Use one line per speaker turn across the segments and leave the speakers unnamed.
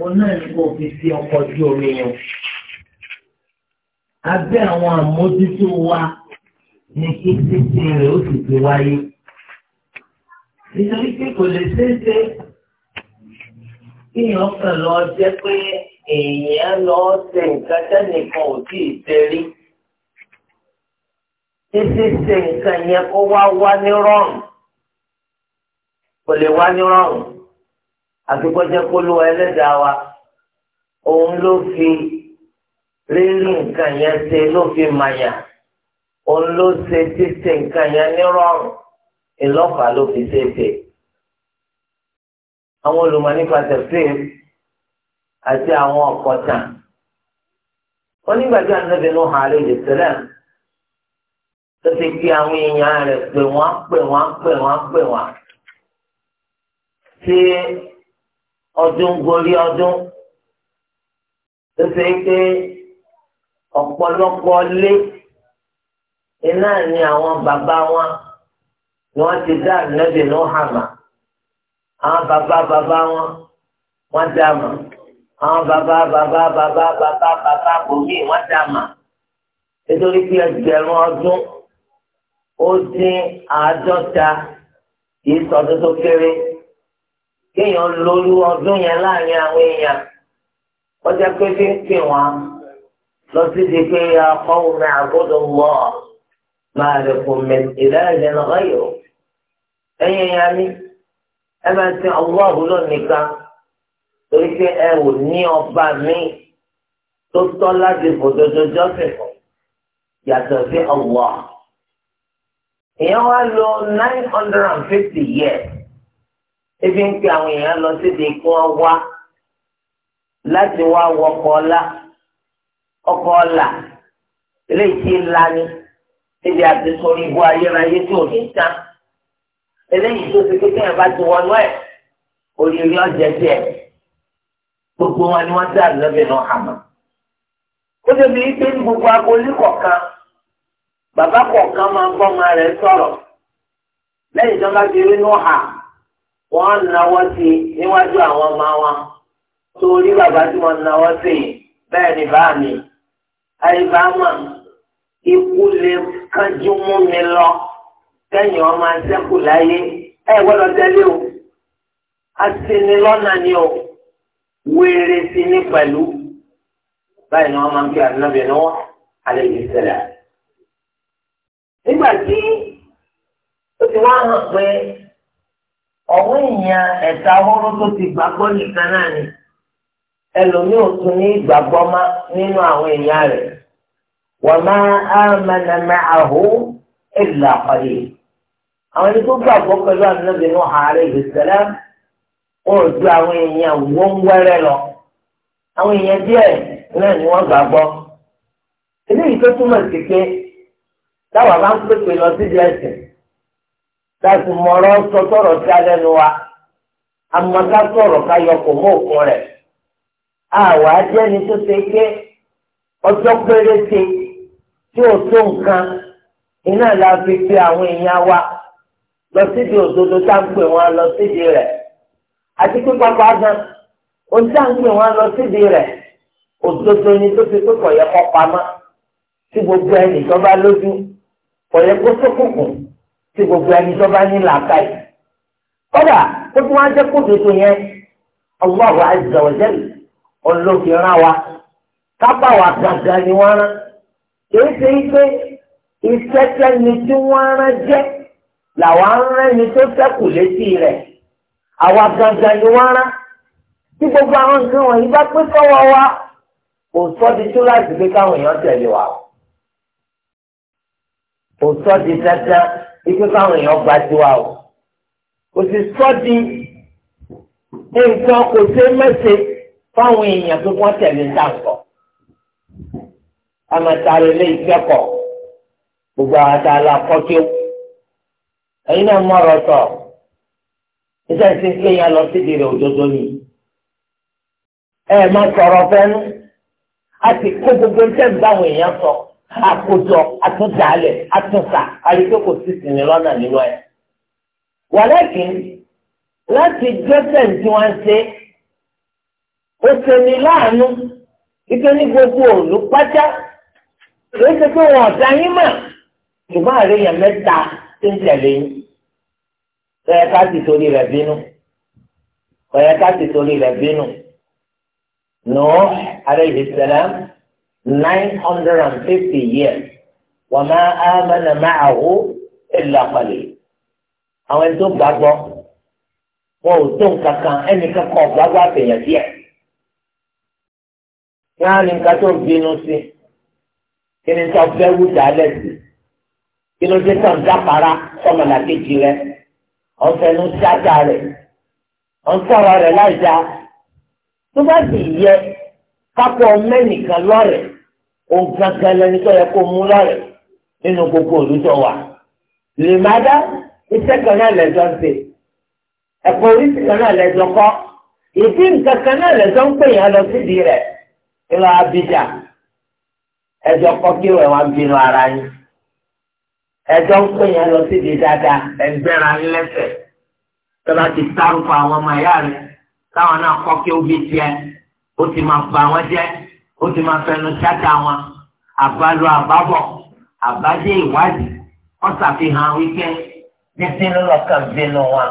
òun náà ní kò fi sí ọkọ̀ ojú omi yẹn. abẹ́ àwọn àmójútó wa ní kí títí rẹ̀ ó sì ti wáyé. nítorí pé kò lè ṣeé ṣe
kíyàn kàn
lọ jẹ́ pé èèyàn lọ ṣe nǹkan tẹ́nìkan ò tí ì ṣe rí. títí ṣe nǹkan yẹn kó wá wá ní rọrùn kò lè wá ní rọrùn àfikọ́jẹ́ polówó ẹlẹ́dàá wa òun ló fi rírí nǹkan yẹn ṣe ló fi màyà òun ló ṣe títí nǹkan yẹn nírọ̀rùn ìlọ́fà ló fi ṣe ṣe. àwọn olùmọ̀ nípa tẹ̀síìn àti àwọn ọ̀kọ̀tàn wọ́n nígbà tí ànábì Nuh alayhi salam tó ti kí àwọn èèyàn rẹ̀ pè wọ́n pè wọ́n pè wọ́n pè wọ́n ṣé ọdún gorí ọdún tó ṣe pé ọ̀pọ̀lọpọ̀ lé iná ni àwọn bàbá wọn ni wọ́n ti dá ànábì ní hàmà àwọn bàbá bàbá wọn wọ́n dá mà àwọn bàbá bàbá bàbá bàbá bàbá bòmíì wọ́n dá mà nítorí pé ẹgbẹ̀rún ọdún ó dín àádọ́ta kì tó kéré kéèyàn lólu ọdún yẹn láàrin àwọn èèyàn ọjà pé fi ń pè wọn lọ sí di pé ọkọ̀wé mi àbúrò wọ̀ máa rẹ̀ fún mi ìlẹ́yìn lọ́wọ́ yìí ẹ̀yìn ẹ̀yà mi ẹ máa ti ọwọ́ àbúrò nìkan torí pé ẹ ò ní ọba mi tó tọ́ láti fòdodo jọ́sìn yàtọ̀ sí ọwọ́. ìyẹn wá lò nine hundred and fifty years. ebi ń pe àwọn èèyàn lọ síbi kí wọ́n wá láti wá wọkọ̀ ọ̀la ọkọ̀ ọ̀la eléyìí tí ì lani ebi àti sọ̀rọ̀ ìbú ayérayé tí ò ní eléyìí tó ti pé bá ti wọnú ẹ̀ oríire ọ̀jẹ̀ tiẹ̀ gbogbo wọn ni wọ́n dá lẹ́bẹ̀ẹ́ náà hàn án pé ní gbogbo agolí kọ̀ọ̀kan bàbá kọ̀ọ̀kan máa wọ́n náwó sí níwájú àwọn ọmọ wọn torí bàbá tí wọ́n náwó sí bẹ́ẹ̀ ni bá mi àìbámà ikú lè kánjú mú mi lọ kẹ́yìn ọmọ asẹ́kù láyé ẹ gbọ́dọ̀ tẹ́lẹ̀ o asinilọ́nà ni o wéèrè sí ní pẹ̀lú báyìí ni wọ́n máa ń fi ànábì ní wọ́n alẹ́ yìí ṣẹlẹ̀ nígbà tí ó ti wá hàn pé ọ̀wọ́n èèyàn ẹ̀ta ọ̀rọ̀ tó ti gbàgbọ́ nìkan náà ni ẹlòmíì ò tún ní ìgbàgbọ́ má nínú àwọn èèyàn rẹ̀ wọ́n máa amana ma'ahu illa qalil àwọn ẹni tó gbàgbọ́ pẹ̀lú ànábì Nuh alayhi salam ó ju àwọn èèyàn wọ́n wẹ́rẹ́ lọ àwọn èèyàn díẹ̀ náà ni wọ́n gbàgbọ́ eléyìí tó túmọ̀ sí pé táwọn bá ń pèpè lọ sí díẹ̀ sìn láti mọ̀rọ̀ sọ sí alẹ́ nu wa àmọ́ ká okun ká yọkọ̀ mọ́ òkun rẹ̀ àwa jẹ́ni tó ṣe pé ọjọ́ péréte tí tó nǹkan iná la pe àwọn èèyàn wa lọ síbi òdodo tá à ń pè wọn lọ síbi rẹ̀ àti pípa pa ohun tá à ń pè wọn lọ síbi rẹ̀ òdodo ni tó fi kọ́ pamọ́ tí gbogbo ẹni tó bá ní làákàyè kódà ó tún wáá jẹ́ kó tuntun yẹn Allahu azza wa jalla olófinra wa kábà wà gàgà ni wọ́n rán kìí ṣe pé iṣẹ́ tẹ́ni tí wọ́n rán jẹ́ làwọn rán ẹni tó ṣẹ́kù létí rẹ̀ àwa gàgà ni wọ́n rán tí gbogbo àwọn nǹkan wọ̀nyí bá pé sọ́wọ́ wa kò sọ́ di tó láti gbé káwọn èèyàn tẹ̀lé wa o kò sọ di dandan ikú káwọn èèyàn gba tiwa o kò sì sọ di nǹkan kò sí mẹsẹ fáwọn èèyàn pé wọn tẹ̀lé dàpọ amatare lé ìkẹ́kọ̀ọ́ gbogbo àti alakọkẹ ẹyin náà mọrọ sọ iṣẹ́ ìsìnkú yẹn lọ síbi rẹ òdodo ni ẹ má sọ̀rọ̀ fẹnu a ti kó gbogbo iṣẹ́ ìbáwọn èèyàn sọ àkójọ àtúndàálẹ̀ àtúnṣà àyíké kò sí sinmi lọ́nà nínú ẹ̀. wàlẹ́kìn láti gbẹ́sẹ̀ tí wọ́n ṣe ó ṣe ní láàánú ike ní gbogbo òòlù pátá èyí ṣe pé wọn ọ̀dà yín mà ṣùgbọ́n àríyàn mẹ́ta ti ń tẹ̀lé yín. ọ̀yẹ́ ká sì torí rẹ̀ bínú ọ̀yẹ́ ká sì torí rẹ̀ bínú. nùú alayhi salam. 950 years wa ma amana ma'ahu illa qalil àwọn ẹni tó gbàgbọ́ wọn ò tó nǹkan kan ẹnì kankan gbàgbọ́ àtẹ̀yàn díẹ̀ kí á ní nǹkan tó bínú sí kí ni tó fẹ́ wù dálẹ̀ sí kí ló dé tán dápara sọmọlàkejì rẹ ọ̀fẹ́nu dáta rẹ ọ̀nsọ̀rọ̀ rẹ láìda tó bá sì yẹ kápọ̀ mẹ́nìkan lọ́rẹ̀ẹ́ òun kankan lẹni tó yẹ kó mú lọ́rẹ̀ nínú gbogbo olùtọ̀ wà lè má dá iṣẹ́ kan náà lẹ́jọ́ ń ṣe ẹ̀kọ́ oríṣi kan náà lẹ́jọ́ kọ́ ìdí nǹkan kan náà lẹ́jọ́ ń pè yàn lọ sídìí rẹ̀ ńlọ abidà ẹjọ́ kọ́ kí wẹ̀ wá bínú ara yín ẹjọ́ ń pè yàn lọ sídìí dáadáa ẹgbẹ́ra ńlẹ́sẹ̀ tó bá ti tárùkọ àwọn ọmọ ẹ̀yà rẹ̀ táwọn náà kọ́ kí ó bí tiẹ̀ ó ti máa bà wọ́n jẹ́ ó ti máa fẹnu ṣáta wọn àbálò àbábọ̀ àbájé ìwádìí wọ́n ṣàfihàn wípé bíbí lọ́kàn bínú wọn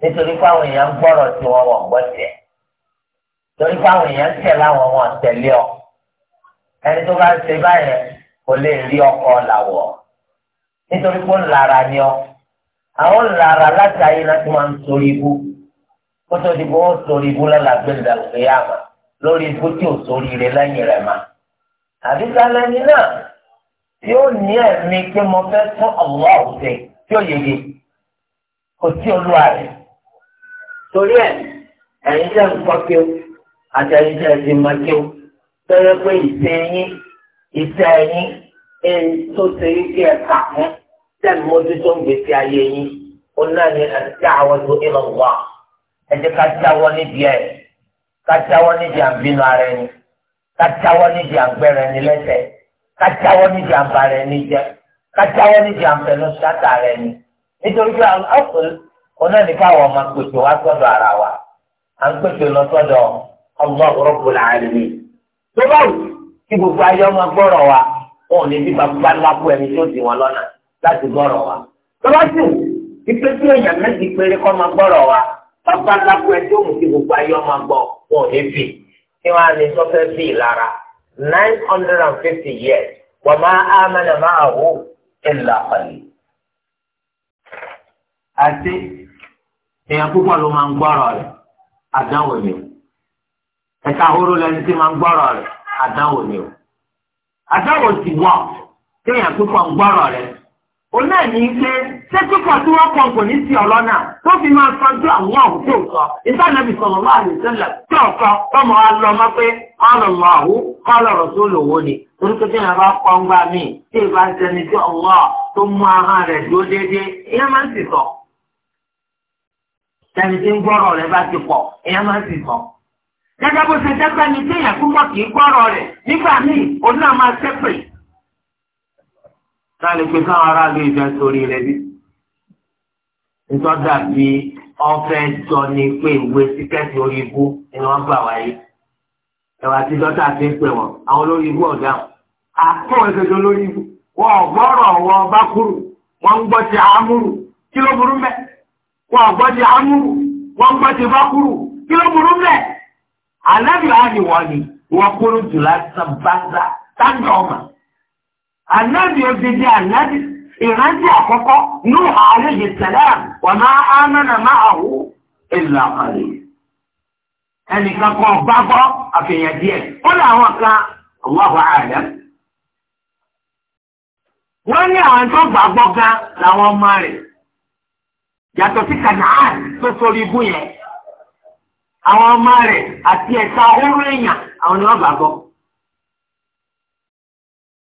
nítorí fáwọn èèyàn ń gbọ́rọ̀ tí wọ́n wọ̀ gbọ́ tẹ̀ torí fáwọn èèyàn ń tẹ̀ láwọn wọn tẹ̀lé ọ ẹni tó bá ń ṣe báyẹn kò lè rí ọkọ làwọ̀ nítorí pé ń lara ni ọ àwọn ń lara láti ayé láti máa ń sori ibú kótó ìdìbò ó sori ibú lọ́la gbẹ̀dàgbéyàmà lórí ikú tí ò sórí rẹ lẹ́yìn rẹ̀ mà. àbí sálẹ́ni náà tí ó ní ẹ̀mí pé mo fẹ́ fún ọ̀wọ́ òde tí ó yege kò sí olúwa rẹ̀. torí ẹ ẹ̀yin tẹ́ ń kọ́ kí o àti ẹ̀yin tẹ́ ń ti máa kí o tẹ́lẹ̀ pé ìṣe yín ìṣe yín ẹni tó ṣe yí kí ẹ kà fún tẹ́lẹ̀ mójútó ń gbèsè ayé yín ó náà ní ẹ̀ka àwọn tó ń lọ wá ẹ̀jẹ̀ ká jáwọ́ níbi ẹ̀ kájáwọ́ nídìí àbínú ara ẹni kájáwọ́ nídìí àgbẹ̀rẹ̀ ẹni lẹ́sẹ̀ kájáwọ́ nídìí àbàrẹ̀ ẹni jẹ kájáwọ́ nídìí àbẹ̀nu sátà rẹ̀ ni nítorí pé ọ̀pọ̀ ọ̀nà nípa àwọn ọmọ pèsè wá sọ́dọ̀ ara wa à ń pèsè lọ sọ́dọ̀ Allah Rabbul Alamin tó bá wù kí gbogbo ayé ọmọ gbọ́rọ̀ wa wọn ò ní bí bàbá wa kú ẹni tó dì wọn lọ́nà láti gbọ́rọ̀ wa tó bá sì wù kí pé kí èèyàn méjì péré kọ́ máa gbọ́rọ̀ wa bàbá wa kú ẹni tó mú kí gbogbo ayé ọmọ gbọ́ wọn ò ní bì kí wọn á ní sọfẹ bì lára nine hundred and fifty years wọn máa amẹnà máa hù ẹlà ọlẹ. àti èèyàn púpọ̀ ló máa ń gbọ́rọ̀ rẹ̀ àdánwò ni o ẹ̀ka ahoro lẹni tí máa ń gbọ́rọ̀ rẹ̀ àdánwò ni o àdánwò ti wọ̀ téèyàn púpọ̀ ń gbọ́rọ̀ rẹ̀. òun náà ní pé ṣé kíkọ tí wọ́n kọ kò ní sí ọ̀rọ̀ náà tó fi máa sọ àwọn ọ̀hún tó ìsànàbì sọ̀rọ̀ wà ní sẹ́lẹ̀ tí ọ̀kọ́ tọmọ wa lọ mọ́ pé ọ̀rọ̀ mọ̀ ọ̀hún kọ́ lọ̀rọ̀ ni torí pé kíyàn bá pọ̀ ń gbà mí tí ìbá ti pọ̀ ìyẹn máa ń sọ. gẹ́gẹ́ bó ṣe téèyàn púpọ̀ kì í gbọ́rọ̀ táàlì pé káwọn aráàlú ìfẹ́ sórí rẹ̀ bí. ìtọ́jà bí ọ̀fẹ́ jọ ni pé ìwé tíkẹ́ẹ̀tì orí ibú ni wọ́n gbà wáyé. ẹ̀wà tí dọ́tà ti ń pè wọ́n àwọn olórí ibú ọ̀gá wọn. àkóhùn ìṣèjọ olórí ibú wọn ò gbọ́rọ̀ wọn bá kúrò wọ́n ń gbọ́ ti àmúrù kí ló burú mẹ́. wọn gbọ́ ti àmúrù wọ́n ń gbọ́ ti bá kúrò kí ló burú mẹ́. àlẹ́ Ànábì odidi ànábì ìrántí a Nuh alayhi salam wa ma amana ma'ahu illa qalil. Ẹnìkan kan gbàgbọ́ àfihàn díẹ̀. Ó lè àwọn kan Allahu a'lam. Wọ́n ní àwọn ya Yàtọ̀ sí Kanaan tó sórí ibú yẹn. Àwọn ọmọ àti ẹ̀ka àwọn ni wọ́n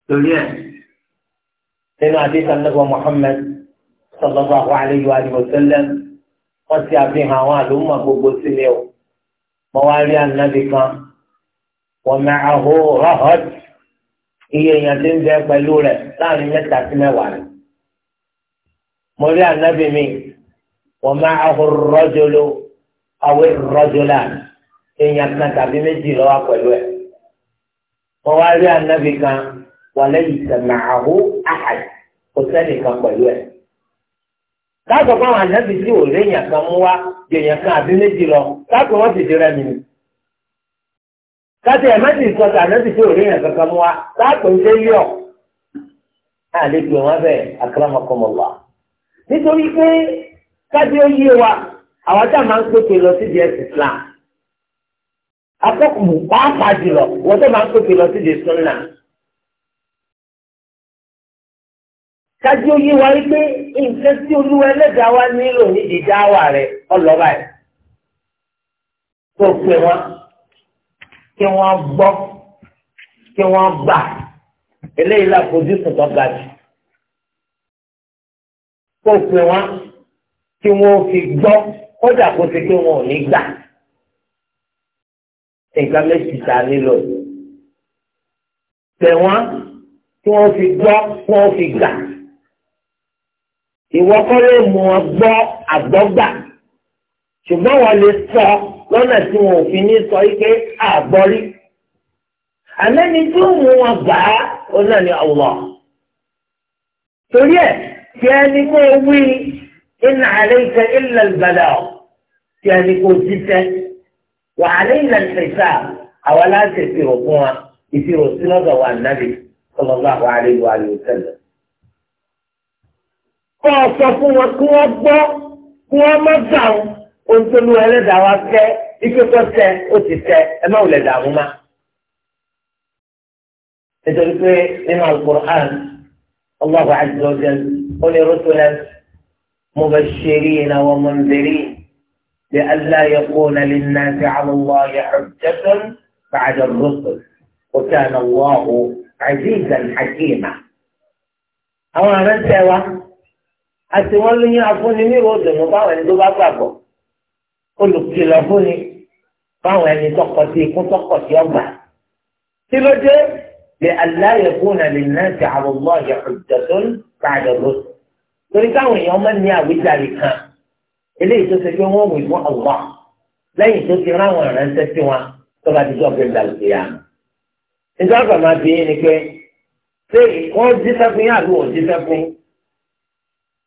Torí لنا عديد أنه محمد صلى الله عليه وآله وسلم وسيا فيها وعد أمه بسنه موالي النبي كان ومعه رهد هي يتم ذي قلولة تاني نتاكنا وعد مولي النبي مي ومعه الرجل أو الرجلان إن يتنا تابي مجيلوا قلوة موالي النبي كان وليس معه أحد وسني كم بلوه káàtó fáwọn anábì tí ò léèyàn kan mú wá kan àbí méjì lọ káàtó wọn sì dira mi. káàtó ẹ̀mẹ́tì sọ̀tà anábì tí ò léèyàn kankan mú wá káàtó ń ṣe yọ̀. àlejò wọn wá. nítorí pé ó wa àwọn a máa ń pèpè lọ sí di Islam. akọ́kùnrin pàápàá jùlọ wọ́n tó di kájú yé wa yí pé nǹkan tí olúwa ẹlẹ́dàá wa nílò ní ìdáwà rẹ̀ ọlọ́ba ẹ̀ tó pè wọ́n kí wọ́n gbọ́ kí wọ́n gbà eléyìí la fojú sùn tó ga jù tó pè wọ́n kí wọ́n fi gbọ́ kódà kó ti kí wọ́n ò ní gbà nǹkan méjì ta nílò pè wọ́n kí wọ́n fi gbọ́ kí wọ́n fi gbà ìwọ kọ́ lè mú ọ gbọ́ àgbọ́gbà ṣùgbọ́n wọn lè sọ lọ́nà tí wọn ò fi ní sọ ike àgbọ́rí àmẹ́ni tí ó mú wọn gbà á ó náà ní ọ̀wọ́ torí ẹ̀ tí ẹni kó wí iná àlẹ́kẹ́ ilẹ̀ ìbàdàn tí ẹni kó jíṣẹ́ wà àlẹ́yìn ìṣẹ̀ṣà àwọn aláṣẹ ìṣirò fún wa ìṣirò sí lọ́dọ̀ wa nàbì sallallahu alaihi wa sallam. ọ̀sọ́ fún wọn kí wọ́n gbọ́ kí wọ́n má gbà wọn ohun tó lu àjíǹdà àjíǹdà. àwọn àrẹ̀ ń tẹ́ wa fẹ́ ike tó tẹ ó ti tẹ ẹ má wulẹ̀ dààmú má. nítorí pé nínú alukur'an Allahu azza wa jalla ó ní rusulan mubashirina wa munzirina li'alla yakuna linnasi 'ala Allahi hujjatun ba'da ar-rusul wa kana Allahu 'azizan hakima. àwọn are te wa. àti wọn ló yín afúnni ní ìròdùnú báwọn ẹni tó bá gbàgbọ́ olùkìlọ̀ fúnni báwọn ẹni tọkọ sí ikú tọkọ sí ọgbà tí ló dé lè aláyẹkùnà lè ná ti àwọn ọmọ ọyà ọjọdún káàdọrọ torí káwọn èèyàn máa ní àwíjàre kan eléyìí tó ṣe pé wọn wì fún ọwọ́ lẹ́yìn tó ti ráwọn ìránṣẹ́ sí wọn tó bá ti jọ pé gbàgbé ya nígbà tó máa bí yín ni pé ṣé wọn jíṣẹ́ fún yín àbí wọn jíṣẹ́ fún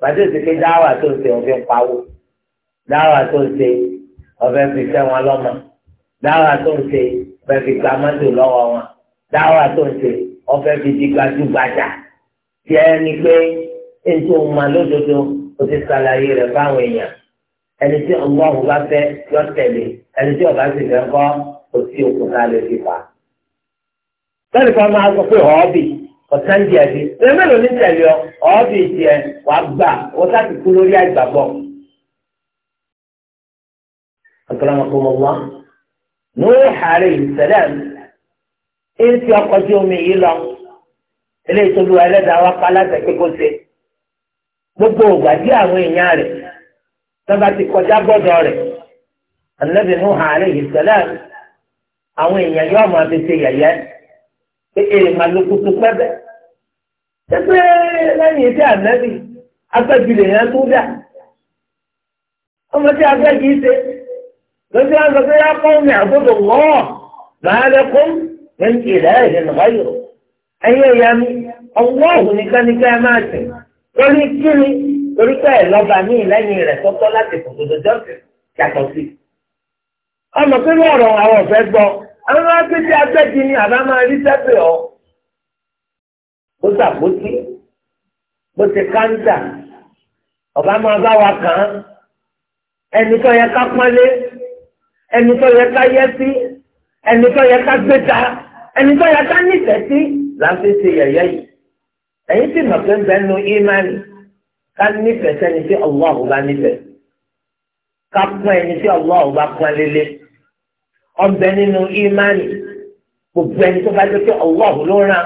pàtó ti pé dáwà tó ń ṣe òfin pawó dáwà tó ń ṣe ọ̀fẹ́ fi fẹ́ wọn lọ́mọ dáwà tó ń ṣe ọ̀fẹ́ fi gba mọ́tò lọ́wọ́ wọn dáwà tó ń ṣe ọ̀fẹ́ fi di gbajúgbajà tí ẹ ní pé ètò ìmọ̀ lódodo o ti ṣàlàyé rẹ̀ fáwọn èèyàn ẹni tí ọgbọ́n bá fẹ́ yọ tẹ̀lé ẹni tí ọba sì fẹ́ kọ́ kò sí òkúta lè fi fà. bẹ́ẹ̀ ni kọ́ máa sọ pé ọ̀ọ́bì ọ̀sán di ẹ̀dí ẹ mélòó ní tẹ̀lé ọ ọ̀ọ́dì ìtìẹ wàá gbà wọ́n sáàtì kú lórí àgbàbọ̀. akramakumullah Nuh alayhi salam ń fi ọkọ̀ tí omi yìí lọ eléyìí tó gbogbo ògbà àwọn èèyàn rẹ̀ tọ́ba ti kọjá gbọ́dọ̀ rẹ̀ àwọn èèyàn ee màlúkutù pẹ́bẹ́ pẹ́pẹ́ lẹ́yìn tí ànábì apẹ́jù lèèyàn tó dà ọmọ tí apẹ́jù ṣe lọ́jọ́ àwọn ọ̀gbẹ́ yà kọ́ mi àgbọ̀dọ̀ màá kún ìyá mi ọwọ́ òhun máa tẹ̀ lórí lọ́ba rẹ̀ tọ́tọ́ láti jọ́sìn yàtọ̀ sí ọmọ àwọn akéde agbẹ́jì ni àbá máa rí sẹ́pẹ̀ ọ́ ó sàbótí bó ti káńtà ọba máa bá wa kàn án ẹni tó yẹ ká pọ́nlé ẹni tó yẹ ká yẹ sí ẹni tó yẹ ká gbéta ẹni tó yẹ ká nífẹ̀ẹ́ sí láti ṣe yẹ̀yẹ́ yìí ẹ̀yin sì mọ̀ pé ń bẹ́ẹ̀ nu ímánì ká nífẹ̀ẹ́ sẹ́ni tí Allah bá nífẹ̀ẹ́ ká pọ́n ẹni tí Allah bá pọ́n lélẹ́ẹ̀ ọbẹ̀ nínú ìmánì gbogbo ẹni tó bá jẹ́ pé Allah ló rán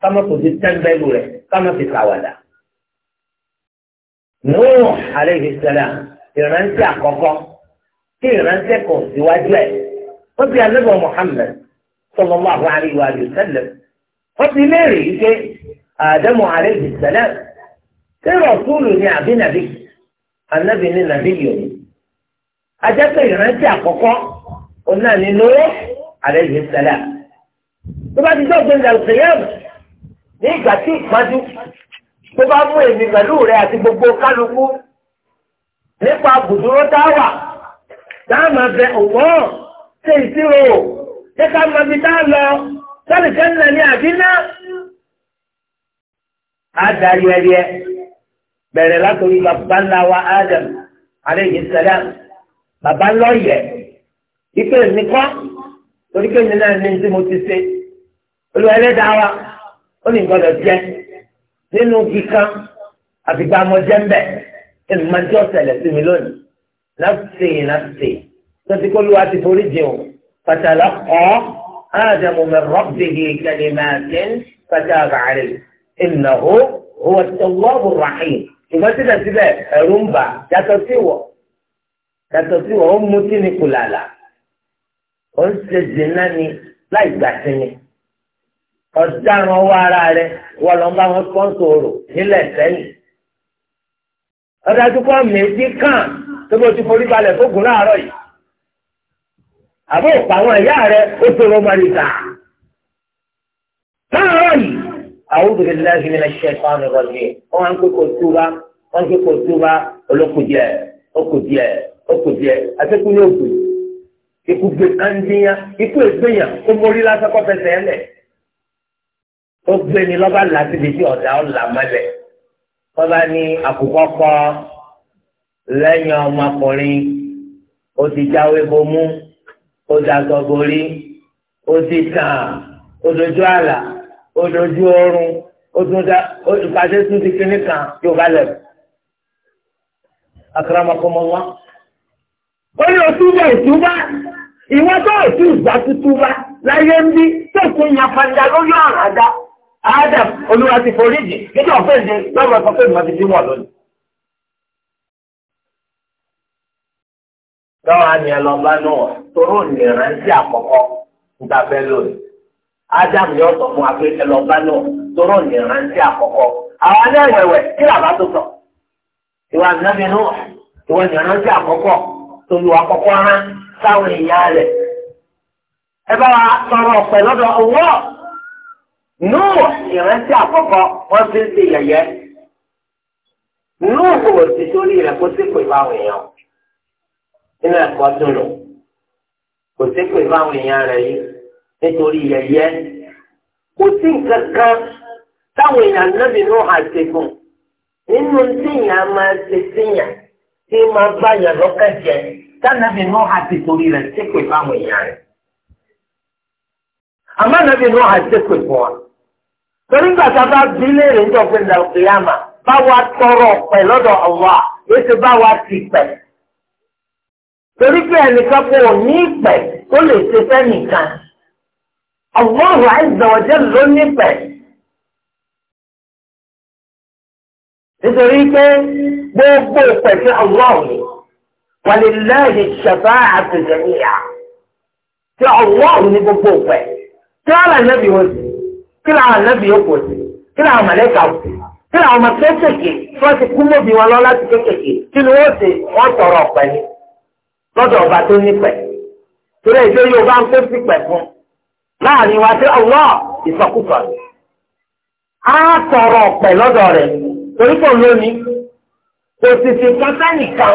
kámọ́ kò sí tẹ́ńbẹ́lú rẹ̀ kámọ́ fi kàwàdà. Nuhu alayhi salam ìrántí àkọ́kọ́ tí ìrántí kò síwájú ẹ̀ ó ti ànábọ̀ Muhammad sallallahu alayhi wa sallam ó ti léèrè yìí pé Adamu alayhi salam ṣé rọ̀súlù ni àbí nàbí nàbí yòó. Ajẹ́ pé ìrántí àkọ́kọ́ onáà ní lóyè àrẹ yìí sẹlẹ tó bá ti dé ògbéǹda òsèyàn ní ìgbà tí ìpájú tó bá mú èmi pẹ̀lú rẹ àti gbogbo kálukú nípa bùdúró táwà táàmà bẹ òwò ṣe ìṣirò ṣé ká mọ ibi tá a lọ sọ́nìkẹ́ ńlá ní àdínà adarí ẹyẹ bẹ̀rẹ̀ látòrí bàbá ńlá wa Adam aleyhi salam bàbá ńlá ọ̀yẹ̀ ipe nìkan torí pé mi náà ní tí mo ti ṣe olùwà ẹlẹ́dàá wa ó ní gbọ́dọ̀ jẹ nínú kíkan àfìgbàmọ̀jẹ́ ń bẹ̀ ẹnu máa ń jẹ́ ọ̀sẹ̀lẹ̀ sí mi lónìí láti láti tọ́sí kó ló ti forí jẹun pàtàlà kọ́ ádámù mi rọ́bìgì kẹlẹ́màkín pàtàlà rẹ̀ ìnáwó owó tẹ̀wọ́bù ràhìn ìgbọ́n síbẹ̀síbẹ̀ ẹ̀rù ń bà yàtọ̀ sí wọ̀ yàtọ̀ sí wọ̀ ó mú sí ni kùlàlà ó ń ṣe zina ni láì gbà sinmi ọ̀daràn ọwọ́ ara rẹ wọ́n lọ bá wọn kọ́ńtò rò nílẹ̀ sẹ́yìn ọ̀dájú kan méjì kàn tó bó ti forí balẹ̀ fógun láàárọ̀ yìí àbọ̀ òpá àwọn ẹ̀yà rẹ ó tóró mọ́lìkà láàárọ̀ yìí àwùjọ kìí lẹ́yìn fún mi náà ṣe ẹ̀ka ọ̀nà ìrọ̀lẹ́ wọn ń kéko túra wọn ń kéko túra olókùdíẹ̀ okùdíẹ̀ okùdíẹ̀ àtẹ́kùn ní òkùdíẹ̀ ikú gbé kandínyá ikú ègbéyàn ó mórí lásán kọ́ fẹsẹ̀ ẹlẹ̀ ó gbé ni lọ́ba là síbi tí ọ̀dà ọ̀là mọ́lẹ̀ wọ́n bá ní àkùkọ kọ lẹ́yìn ọmọkùnrin ó ti jáwé bomú ó daṣọ borí ó ti tàn ó dojú àlà ó dojú oorun ó tún dá ó ìpàdé tún ti kíní kan yóò bá lẹ̀ akérèmọkọmọ wọn. ó ní oṣù bẹ́ẹ̀ ìtúbà. ìwọ́n tó èsì ìgbà tuntun bá láyé ń bí tó ti yan àdá Adam olúwa ti foríjì nígbà ọ̀fẹ́ǹde lọ́rọ̀ ẹ̀fọ́ pé ìmọ̀ ti dín wọ̀ lónìí. Lọ́wọ́ àmì ẹlọ́ba náà toró àkọ́kọ́ nígbà lónìí. Adam yóò sọ fún wa pé ẹlọ́ba náà toró ìrántí àkọ́kọ́. Àwọn sáwọn èèyàn rẹ̀. ẹ bá wa sọ̀rọ̀ ọ̀pẹ̀ lọ́dọ̀ owó nù ìrántí àkọ́kọ́ wọ́n fi ń ṣe yẹ̀yẹ́ nù kò sí sórí rẹ̀ kó sí pè fáwọn èèyàn nínú ẹ̀kọ́ tó lò kò sí pè fáwọn èèyàn rẹ̀ yìí nítorí yẹ̀yẹ́ kò sí nǹkan kan táwọn èèyàn lọ́bì nù àṣekùn nínú tíyàn máa ṣe tíyàn tí máa bá yàn lọ́kàn jẹ́ tánàbì náà àti torí rẹ̀ ṣépè fáwọn èèyàn rẹ̀. àmọ́ nàbì náà àti ṣépè fún wa. torí gbàtà bá bí léèrè ńjọ pé ǹda òkèèyàmà bá wa tọrọ ọ̀pẹ lọ́dọ̀ ọ̀wà èsì bá wa ti pẹ̀. torí pé ẹnìkan kò ní ìpẹ̀ tó lè ṣe fẹ́nìkan. Allahu
azza wa ló ní pẹ̀.
nítorí pé gbogbo ìpẹ̀ sí wàlélẹ́yìn ṣẹ̀fà àtẹ̀jẹ̀míyà tí ọlọ́run ní gbogbo òpẹ́ kí láwọn ànábì ó sì kí láwọn ànábì ó kò sí kí láwọn mọ̀lẹ́kà ó sì kí láwọn ọmọ kéékèèké tí wọ́n ti kú mọ́bí wọn lọ láti kéékèèké kí ni wọ́n sì wọ́n tọrọ ọ̀pẹ ni lọ́dọ̀ ọba tó nípẹ̀ torí èdè yóò bá ń pé sípẹ̀ fún láàrin wa tí ọlọ́ ìsọkúsọ ni á tọrọ ọ̀pẹ lọ́dọ̀ rẹ̀ torí pọ̀ lónìí kò sì sì kọ́sẹ́nìkan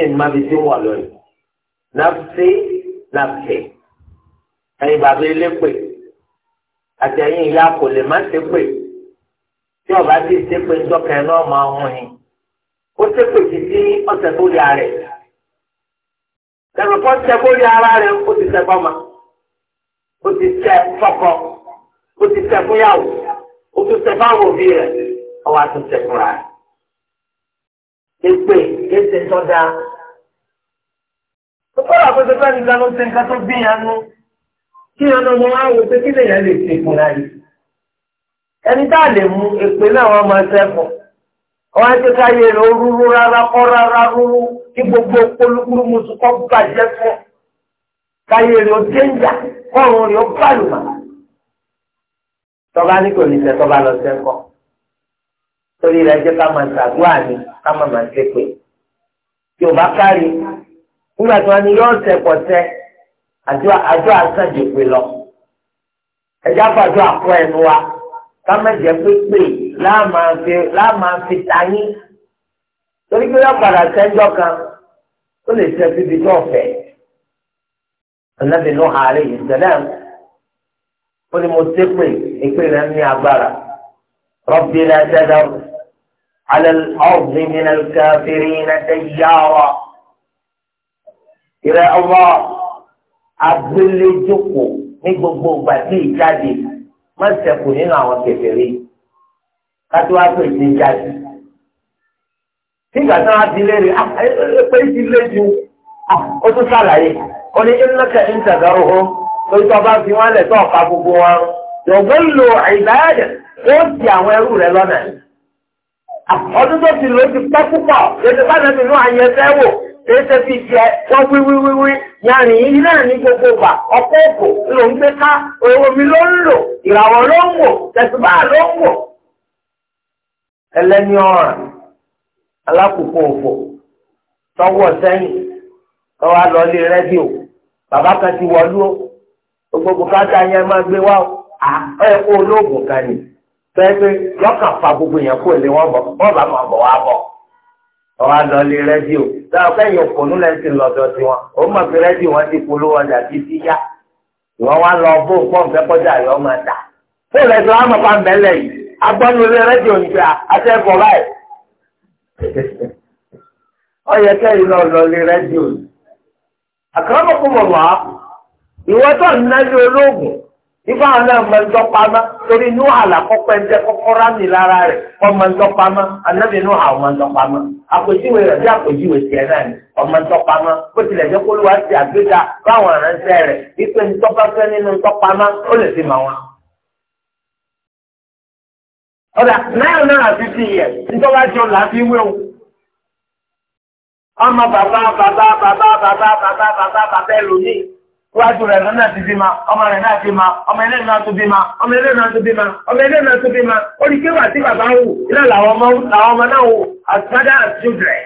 ẹ̀ má fi ti wà lónìí nàfẹ́ nàfẹ́ ẹ̀yin bàbá elépè àti ẹ̀yin ìyá kò lè má ṣe pè tí ọba ti ṣe pé ńdọ́kẹ́ náà máa hún yín ó ṣe pè títí ọ̀sẹ̀ tó rí ara rẹ̀ tẹ̀sán kọ́ ṣe kó rí ara rẹ̀ ó ti ṣe fọ́mà ó ti ṣe fọ́kọ ó ti ṣe fúnyàwó ó ti ṣe fáwọn òbí rẹ̀ ọwọ́ àtúnṣe fúnra rẹ̀ èpè èsè sọ́dá. Ọ̀pọ̀lọpọ̀ àpẹẹsẹ̀ bá nìkan ló ń ṣe nǹkan tó bí ìyanu. Kí ìyanu ọmọ wa wò pé kí lèèyàn lè ṣe fún láyé. Ẹni tá a lè mú èpè náà wọ́n máa ṣẹ́kù. Wọ́n á ti káyé rẹ̀ rúrú rárá kọ́ rárá rúrú kí gbogbo polúkúrú musu kọ́ bàjẹ́ fún. Káyé rẹ̀ ó dénjà kọ́run rẹ̀ ó bàlùmọ̀. Tọ́ba ní kò ní sẹ́ tọ́ba lọ sẹ́kọ̀ọ́ torí rẹ̀ jẹ́ ká máa ṣàdúrà ni ká máa máa ṣe pé tí o bá kárí nígbà tí wọ́n ní yóò ṣe pọ̀ṣẹ́ àjọ àṣàjò pé lọ ẹ̀já fàájọ àpọ̀ ẹnu wa ká má jẹ́ pépè láàmà fi tayín torí pé yóò padà sẹ́jọ́ kan ó lè ṣe bíbi tó fẹ́ anábìnú àárẹ̀ ìṣẹ̀lẹ̀ ó ní mo ṣépè ìpè rẹ̀ ní agbára rọ́bì náà ṣẹ́dá على الأرض من الكافرين ديارا إلى الله abúlé jókòó ní gbogbo ìgbà tí ìjáde má ṣẹ́kù nínú àwọn kèfèrí kátó wá pè sí ìjáde. nígbà tí wọn ti léèrè pé ti lé ju ó tún ṣàlàyé ó ní ìnáka ìntàgàrò ó lórí tó bá fi wọn lẹ̀ tó ọ̀pá gbogbo wọn. yòówó lo ìbáyàdẹ̀ wọ́n ti àwọn ẹrú rẹ̀ lọ́nà yìí ọdún tó ti lò ti pẹ́ púpọ̀ ètò bàbá mi nú àyẹ̀fẹ́ wò ètò fi jẹ wọ́n wí wí wí wí yàrin yìí náà ní gbogbo gbà ọ̀pọ̀ òkò ló ń gbé ká owó mi ló ń lò ìràwọ̀ ló ń wò tẹ̀síbà ló ń wò. ẹlẹ́ni ọ̀ràn alákòókò òfò tọwọ́ sẹ́yìn tọwọ́ lọ́lé rẹ́díò bàbá kan ti wọlú gbogbo káta yẹn máa gbé wá ọ̀ ẹ̀ kan nìyí. tẹ́gbẹ́ lọ́kàn fa gbogbo yẹn kó lè wọ́n bọ̀ wọ́n bá máa bọ̀ wá bọ̀ ọ̀rọ̀ àdọ́lé rẹ́díò táwọn kẹ́yìn òkùnú lọ́dọ̀ sí wọn rédíò wọn ti polówó ọjà tí ti yá wọn wá lọ bó pọ́n fẹ́ kọjá àyọ́ máa dà fún yìí ìfọ̀ àwọn náà mọ ntọ́ pamọ́ torí inú àlà kọ́kọ́ ẹ̀ńtẹ́ kọ́kọ́ rámì lára rẹ̀ ọmọ ntọ́ pamọ́ anábì inú àwọn ọmọ ntọ́ pamọ́ àpèjìwé rẹ̀ bí àpèjìwé tiẹ̀ náà ni ọmọ ntọ́ pamọ́ bó tilẹ̀ jẹ́ kóluwa ti àgbéga báwọn aránṣẹ́ rẹ̀ wípé ntọ́ bá fẹ́ nínú ntọ́ pamọ́ ó lè fi mọ̀ wọn. ọ̀dà náírà náírà fífi yẹ ntọ́ jọ làáfi ọmọ bàbá bàbá bàbá bàbá bàbá bàbá bàbá wájú rẹ̀ lọ́nà ti bímọ ọmọ rẹ̀ náà ti ma ọmọ ilé náà tó bímọ ọmọ ilé náà tó bímọ ọmọ ilé náà tó bímọ oríkèwà tí bàbá wù iná làwọn ọmọ làwọn ọmọ náà wù àtúndá àtúndrẹ̀.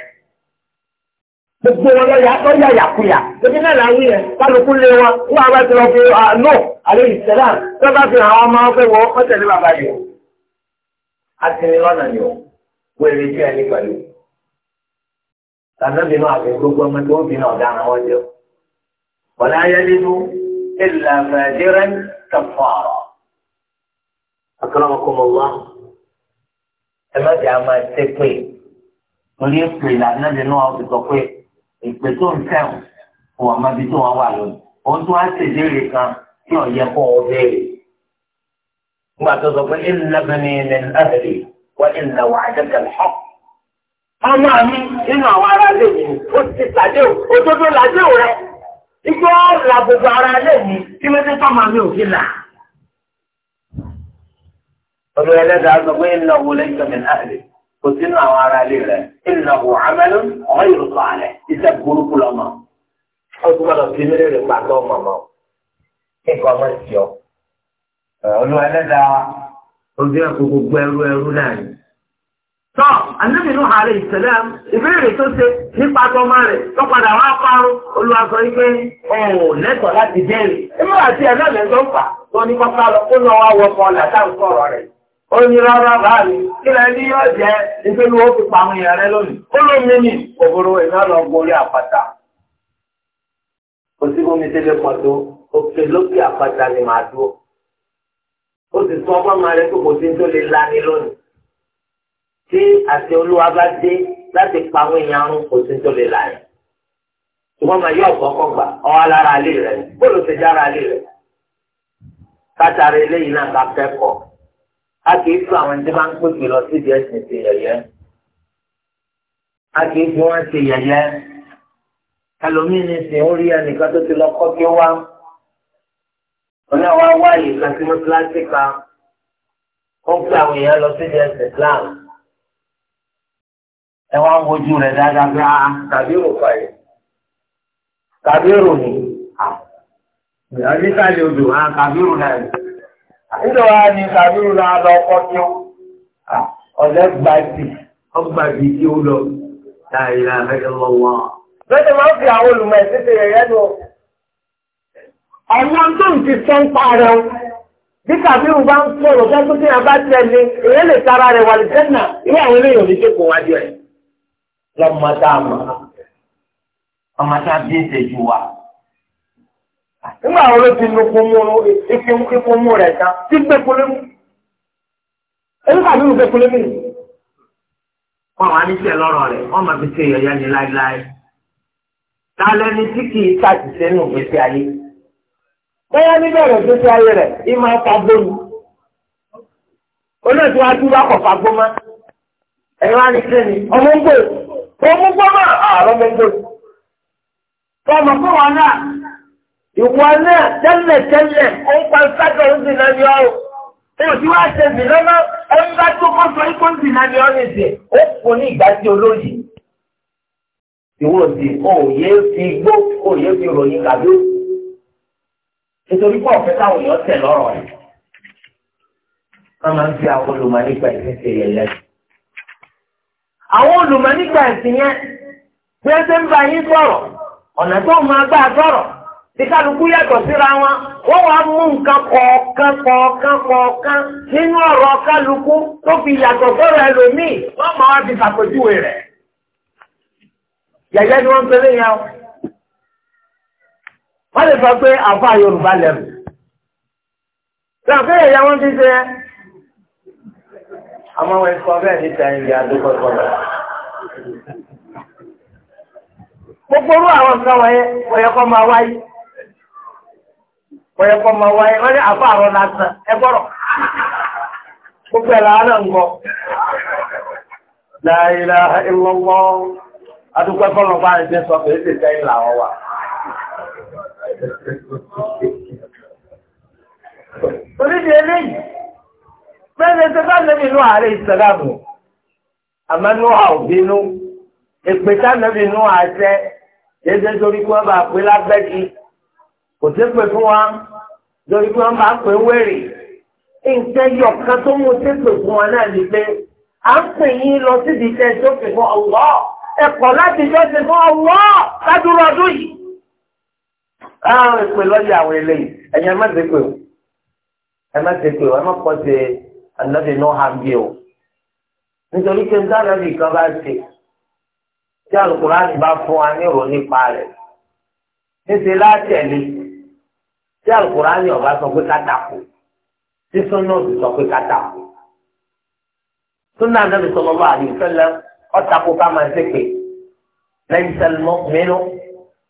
gbogbo wọn lọ́yà tó yà yàkuyà lóbi náà làwọn yẹn kálukú lé wọn wọn àwọn ti lọ fi nù àlẹ́ ìṣẹ̀lá tó bá fi àwọn ọmọ ọfẹ́ wọ ọ tẹ̀lé bàbá yìí o. àtìní lọ́nà ni o wẹ̀rẹ̀ jẹ́ ẹni pẹ̀lú. ولا يلد إلا فاجرا كفارا أكرمكم الله أما جامع التكوين torí èpè ìlànà lẹ́nu àwọn ti sọ pé èpè tó ń tẹ̀wọ̀n kò wà má bí tó wà wà lónìí òun tó wá sì léèrè kan tí ò yẹ kó o béèrè. nígbà tó sọ pé ìlànàbẹ̀ni ìlànàbẹ̀ni wà ìlànà wà àjẹkẹ̀ lọ́ọ̀. ọmọ mi nínú àwọn ará mi ó ti tàdé òdodo làdé òrẹ́. Igbó la gbogbo ara ilé mi kí ló dé sọ́mà mi ò fi là. Olú ẹlẹ́dàá sọ pé ìlànà wo lè jọ mi láàyè kò sínú àwọn ara ilé rẹ̀. Ìlànà wo amẹ́lú ọ̀rọ̀ yóò sọ àlẹ́ iṣẹ́ burúkú lọ́mọ. Ó tún gbọ́dọ̀ fi mílẹ̀ rẹ̀ pàtó ọmọ mọ́. nǹkan mọ̀ sí ọ. Olú ẹlẹ́dàá ojú ẹ̀kú gbogbo ẹrú ẹrú náà ni. Tọ́ọ̀. Ànábì Nuh alayhi salam ìbéèrè tó ṣe nípa tọ́mọ rẹ̀ tó padà wá parun to sọ wípé ọ̀hún lẹ́tọ̀ọ́ láti jẹ́rìí. Ìmọ̀ àti ẹ̀ náà lẹ́tọ̀ọ́ fà tó ní pápá lọ kó lọ wá wọkọ̀ làtà ń sọ̀rọ̀ rẹ̀. Ó ní rárá báàmì kí lẹ ní yóò jẹ́ nítorí ó fi pa àwọn èèyàn rẹ lónìí. Ó ló mi ní òbúrò iná lọ gorí àpáta. Kò sí bómi délé pọ̀ tó, òkè lókè àpáta ni màá dúró. Ó sì sọ ọgbọ́n máa rẹ tó kò sí tó lè lani lónìí tí àti olúwa bá dé láti pa àwọn èèyàn arún kò sí tó lè là yẹn ṣùgbọ́n màá yọ ọ̀kọ́kọ́ gbà ọwọ́ lára alẹ́ rẹ̀ bóòlù ti dára alẹ́ rẹ̀ kátàrí eléyìí náà bá kẹ́kọ̀ọ́ a kì í fún àwọn ẹni tí wọ́n ń pèsè lọ síbi ẹ̀sìn ti yẹ̀yẹ́ a kì í fún wọn ti yẹ̀yẹ́ ẹlòmíín ní sìn ó rí ẹnìkan tó ti lọ kọ́ kí wá oníwàá wáyé kan sínú kíláàsì kan ó gbé àwọn èèyàn lọ síbi ẹ̀sìn Islam ẹ wá ń wojú rẹ̀ dáadáa pé a ah, tàbí rò pa ẹ̀ tàbí rò ní ah. àbísàlẹ̀ odò a ah, tàbí rò náà nígbà wa ni tàbí rò náà lọ ọkọ tí ó ọ̀lẹ́ gba ti ọgbà bí tí ó lọ láàrin àfẹ́kẹ́ lọ́wọ́. lọ́sẹ̀ máa ń fi àwọn olùmọ̀ ẹ̀sìn ti yẹ̀yẹ́ lọ. àwọn tó ń ti sọ ń parẹ́ o bí kàbírù bá ń sọ̀rọ̀ fẹ́ tó ti yàn bá tiẹ̀ ní èyí lè tara rẹ̀ wà lè jẹ́ nà àwọn eléyìí ò ní ṣe kò wájú ẹ̀ lọ́mọ tá a mọ̀ ọmọ tá a bí ìṣèjú wa. nígbà wo ló ti nu ikú mú rẹ̀ tán tí gbẹ́kulé mú èyí kàbí ìwé gbẹ́kulé mú ni. wọ́n wá ní sẹ́ lọ́rọ̀ rẹ̀ wọ́n máa fi ṣe ìyọ̀yá ni láéláé. lálẹ́ ni tí kì í ṣàtìṣe nù gbèsè ayé. bóyá níbẹ̀rẹ̀ gbèsè ayé rẹ̀ ìmọ̀ ọkọ̀ gbóni. olóòtú wa tún bá kọ̀ mọ́. ẹ̀yin wá ní kíni ọmọ ń gbòòrò. Òun gbọ́nà ààrọ mẹ́jọ. Fọ́mọ̀ fún wa náà, ìwọ náà tẹ́lẹ̀ tẹ́lẹ̀, ó ń pa ìsájọ́ oúnjẹ náà ní ọrùn. Ó ti wá ṣe bì lọ́nà, ó ń bá tó kó sọ ikú oúnjẹ náà ní ọrùn ìsẹ̀, ó kò ní ìgbà tí olóyìí. Ìwọ ti òye fi gbó, òye fi ròyìn kàdó. Nítorí pọ̀ fẹ́ táwọn èèyàn tẹ̀ lọ́rọ̀ rẹ̀. Wọ́n máa ń fi àwọn olùmọ̀ nígbà ẹ̀sìn yẹn bí ẹ ṣe ń bá yín sọ̀rọ̀ ọ̀nà tó máa gbà sọ̀rọ̀ tí kálukú yàtọ̀ síra wọn wọ́n wàá mú nǹkan kọ̀ọ̀kan kọ̀ọ̀kan kọ̀ọ̀kan nínú ọ̀rọ̀ kálukú tó fi yàtọ̀ sọ̀rọ̀ ẹlòmíì wọ́n máa wá fi ṣàpèjúwe rẹ̀ yẹ̀yẹ́ ni wọ́n ń pẹ́lẹ́ yẹn o wọ́n lè sọ pé àfa Yorùbá lẹ́rù ṣé àfihàn yẹn wọ́n ti ṣe àmọ́ wọn sọ bẹ́ẹ̀ níta ìyá àdúgbò sọ̀rọ̀. gbogbo orú àwọn nǹkan kọ́ máa wáyé kọ́ máa wáyé wọ́n ní àbá lásán ẹ gbọ́dọ̀ gbogbo ẹ̀ làwọn náà ń adúgbò bá ń sọ pé eléyìí. bẹ́ẹ̀ ṣe bá nàbí inú ààrẹ ìsàlámù àmánú àòbínú èpè tá nàbí inú àṣẹ ṣẹṣẹ torí kí wọ́n bá pè lágbẹ́jì kò sí pè fún wa torí kí wọ́n bá pè wéèrè nǹkan yọ̀kan tó mú sí pè fún wa náà ni pé à ń pè yín lọ síbi iṣẹ́ tó fi fún ọ̀wọ́ ẹ̀kọ́ láti jọ́sìn fún ọ̀wọ́ ládùúrọ̀ ọdún yìí. àwọn èpè lọ́yẹ̀ àwọn eléyìí ẹ̀yin ẹ má ṣe pè ó ànábì náà hàn bí o nítorí pé sànábì kan bá ṣe tí alukurani bá fún wa ní ìròyìn nípa rẹ̀ níṣẹ látẹ̀lé tí alukurani ọba sọ pé kátàkù tí sunnah sọ pé kátàkù sunnah ànábì sallallahu alaihi wasallam ọtakù ká máa ṣe pé lẹ́yìn sẹlẹmọ mìíràn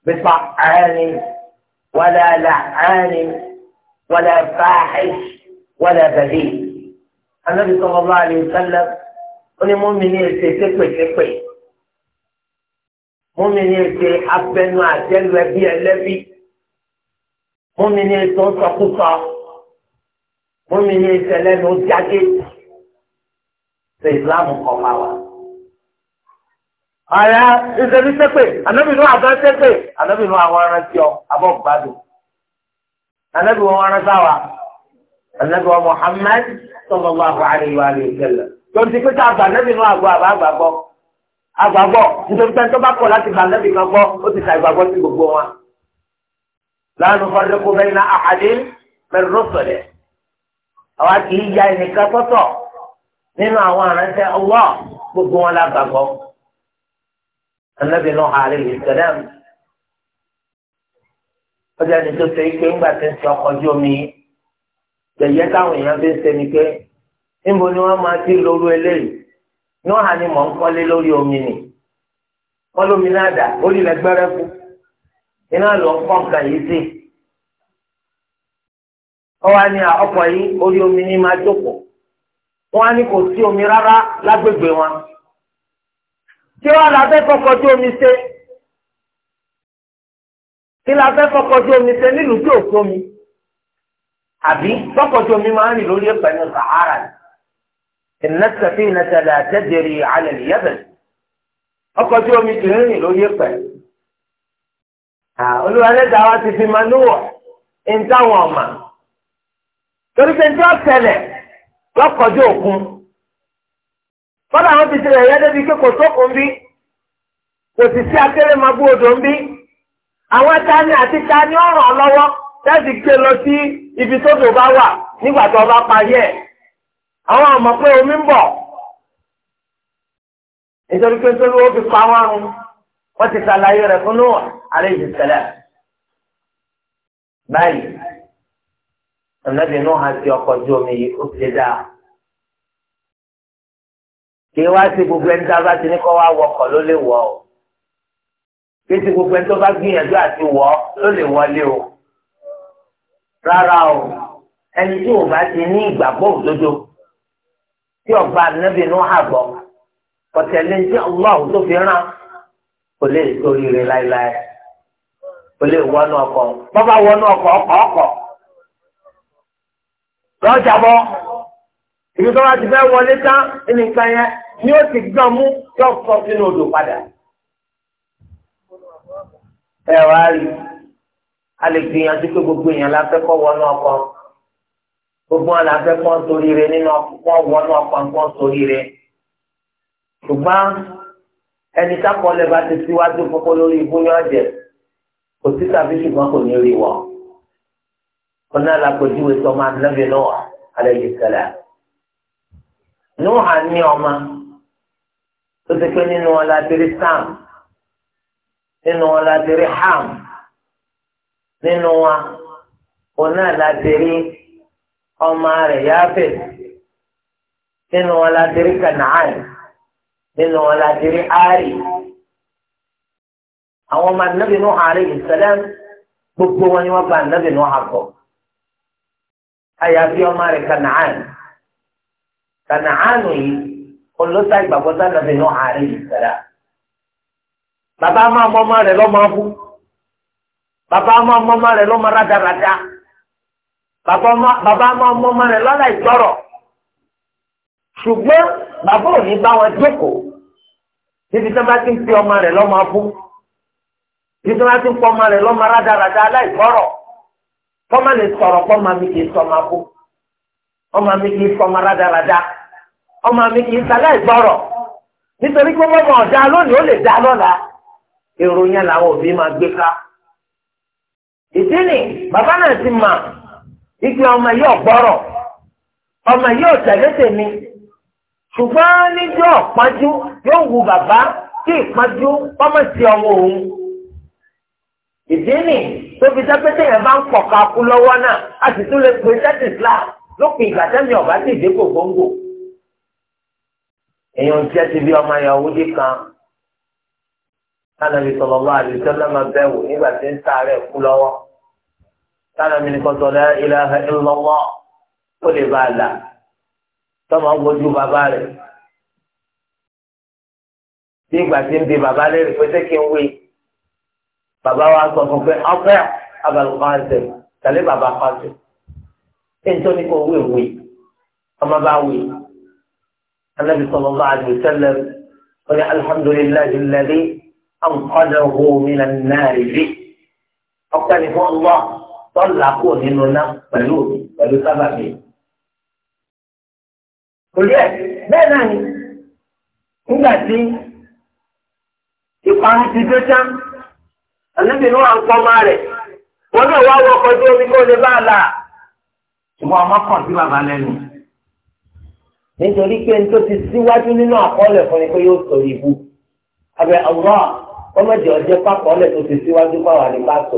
bípa ààrẹ wàlẹ àlẹ ààrẹ wàlẹ fàáhẹ wàlẹ bẹbí anábì sallallahu alaihi wasallam ó ní mú mi ní ètè tépètépè mú mi ní ètè abẹnú àjẹlù ẹbí ẹlẹ́bí mú mi ní ètò sọkúsọ mú mi ní ètè lẹ́nu jáde ṣe ìsìlámù kọ̀ fáwọn àyà ìṣẹ́bí sẹ́pẹ̀ ànábìnú àbá sẹ́pẹ̀ ànábìnú àwọn arántí ọ abọ́ gbádùn ànábìnú àwọn arántí àwa ànábìnú Muhammad sallallahu alaihi wa sallam tó ti pé tá a gbà nẹ́bí inú àgọ́ àbá àgbàgbọ́ àgbàgbọ́ nítorí pé tó bá kọ̀ láti gbà nẹ́bí kan gbọ́ ó ti ka ìgbàgbọ́ sí gbogbo wọn. la nufarriqu bayna ahadin min rusulihi àwa kì í ya ẹnìkan tọ́tọ̀ nínú àwọn aránṣẹ́ ọwọ́ gbogbo wọn lágbàgbọ́. Ànábì Nuh alayhi salam ó jẹ́ ẹni tó ṣe ike ńgbà tí ń sọ ọkọ̀ ojú omi yìí. tẹ̀yẹ táwọn èèyàn fi ń ṣe pé níbo ni wọ́n máa ti lóru eléyìí níwọ̀n ni mò ń kọ́lé lórí omi nì wọ́n lómi náà dà ó lè lẹ́gbẹ́rẹ́ fún iná lọ ń yìí sí wọ́n wá ní ọkọ̀ yìí omi máa jókòó wọ́n á omi rárá lágbègbè wọn tí wọ́n la fẹ́ omi ṣe la fẹ́ àbí tọkọtì omi máa ń rìn lórí ẹ̀pẹ̀ ní sahara ni ìnẹ́sẹ̀fẹ́ ìnẹ́sẹ̀lẹ̀ àtẹ́jẹrì alẹ́ ìyẹ́bẹ̀ ọkọtì omi ti ń rìn lórí ẹ̀pẹ̀ olùwàlẹ́dàá wa ti fi máa lówọ̀ ń táwọn ọ̀mà torí pé njẹ́ ọ̀sẹ̀lẹ̀ lọ́kọ̀ọ́dé òkun kọ́dà àwọn ti tilẹ̀ yẹ́dẹ́ bíi kéko tó bí kò sì sí akéré máa bú odò ń bí àwọn tani àti tani ọ̀ràn lọ́wọ́ tẹ́sí gbé lọ sí ibi tó tó bá wà nígbà tó bá parí ẹ̀ àwọn ọmọ pé omi ń bọ̀ nítorí pé nítorí ó fi pa wọn rún wọ́n ti ṣàlàyé rẹ̀ fún Nuhu alayhi salam báyìí ọ̀nàbì Nuhu àti ọkọ̀ ojú omi yìí ó ti dáa kí wá sí gbogbo ẹni tá a bá ti ní kọ́ wá wọkọ̀ ló lè wọ̀ ọ́ kí sí gbogbo ẹni tó bá gbìyànjú àti wọ̀ ọ́ ló lè wọlé o. rárá o ẹni tí o bá ti ní ìgbàgbọ́ òdodo tí ọba ànábì ní àgbọ̀ ọ̀tẹ̀lẹ̀ tí Allah tó fi rán kò lè sórí rẹ̀ láéláé kò lè wọnú ọkọ̀ bọ́bá wọnú ọkọ̀ ọkọ̀ ọkọ lọ́jà bọ́ tó bá ti fẹ́ wọlé tán ni ó ti gbọ́n mú sọ sínú odò ẹ wá rí i. a lè gbìyànjú pé gbogbo èèyàn la fẹ́ kọ́ wọnú ọkọ gbogbo wọn la fẹ́ kọ́ sórí rẹ nínú ọkọ wọnú ọkọ kọ́ sórí rẹ ṣùgbọ́n ẹni sákọọ́lẹ̀ bá ti síwájú fọ́fọ́ lórí ibú ní ọ̀jẹ̀ kò sí tàbí ṣùgbọ́n kò ní rí wọ kọ́nà làpèjúwe sọmọ àdínlẹ́bí náà alẹ́ yìí sẹ́lẹ̀ nùhà ní ọmọ tó ti pé nínú ọ̀la ti rí sam nínú ọ̀la ti rí ham nínú wa òun náà la ti rí ọmọ rẹ̀ Yáfẹ̀ nínú wa la ti rí Kanaan nínú wa la ti rí Ari àwọn ọmọ anabi nù alayhi salam gbogbo wọn ni wọn bá anabi nù àbọ àyàfi ọmọ rẹ̀ Kanaan Kanaan yìí olóta ìgbàgbọ́sá anabi nù alayhi salam bàbá máa mọ ọmọ rẹ̀ lọ́mọ fún bàbá ọmọ ọmọ rẹ̀ ló mọ rádaràda bàbá ọmọ ọmọ rẹ̀ lọ́la ìgbọ́rọ̀ ṣùgbọ́n bàbá ò ní bá wọn jókòó níbi tí wọ́n bá ti ń pe ọmọ rẹ̀ lọ́mọ abú níbi tí wọ́n ti ń pọ ọmọ rẹ̀ lọ́mọ rádaràda aláìgbọ́rọ̀ kọ́mọ lè sọ̀rọ̀ kọ́ ọmọ mi kì í sọmọ abú ọmọ mi kì í sọmọ rádaràda ọmọ mi kì í sàláìgbọ́rọ̀ nítorí pé wọ́n mọ̀ ọ̀dà lónìí ó lè dá lọ́la èrò yẹn làwọn òbí máa gbé ká ìdí ni bàbá náà ti mà igi ọmọ yóò gbọ́rọ̀ ọmọ yóò tẹ̀lé tèmi ṣùgbọ́n níjọ́ ọ̀pájú yóò wu bàbá kí ìpájú ọmọ sí ọmọ òun ìdí ni tóbi dápẹ́tẹ́ yẹn bá ń pọ̀ka kú lọ́wọ́ náà a sì tún lè pe sẹ́tìsílà lópin ìgbà tẹ́mi ọ̀bá sì dé kò gbóngbò èèyàn jẹ́ ti bí ọmọ Yahudi kan tánàbí sallallahu alaihi wasallam bẹ̀wò nígbà tí ń sáré kú lọ́wọ́ tánà mi nìkan sọ̀rọ̀ ilaha illallah ó lè bá a là tọ́mọ gbójú bàbá rẹ̀ bí ìgbà tí ń bi bàbá lérè pé ṣé kí n wí bàbá wa sọ fún pé ọ̀fẹ́ abalùkọ́ńtẹ̀ tàlẹ́ bàbá kọ́ńtẹ̀ ṣé n tó ní kó wí wí ọmọ bá wí anabi sallallahu alaihi wasallam قل الحمد لله الذي أنقذه من النار به أقتنف الله tọ́lá nínú ná pẹ̀lú pẹ̀lú sábàbí. kò rí bẹ́ẹ̀ náà ni nígbà tí ìparun ti dé tán àlébìnrin ń pọ́ máa rẹ̀ wọn náà wá a là ṣùgbọ́n ọmọ kàn sí bàbá lẹ́nu. nítorí pé n tó ti síwájú nínú àkọọ́lẹ̀ fún ni pé yóò sọ àwòrán ọmọdé ọjọ́ pápọ̀ ọ̀lẹ̀ bá sọ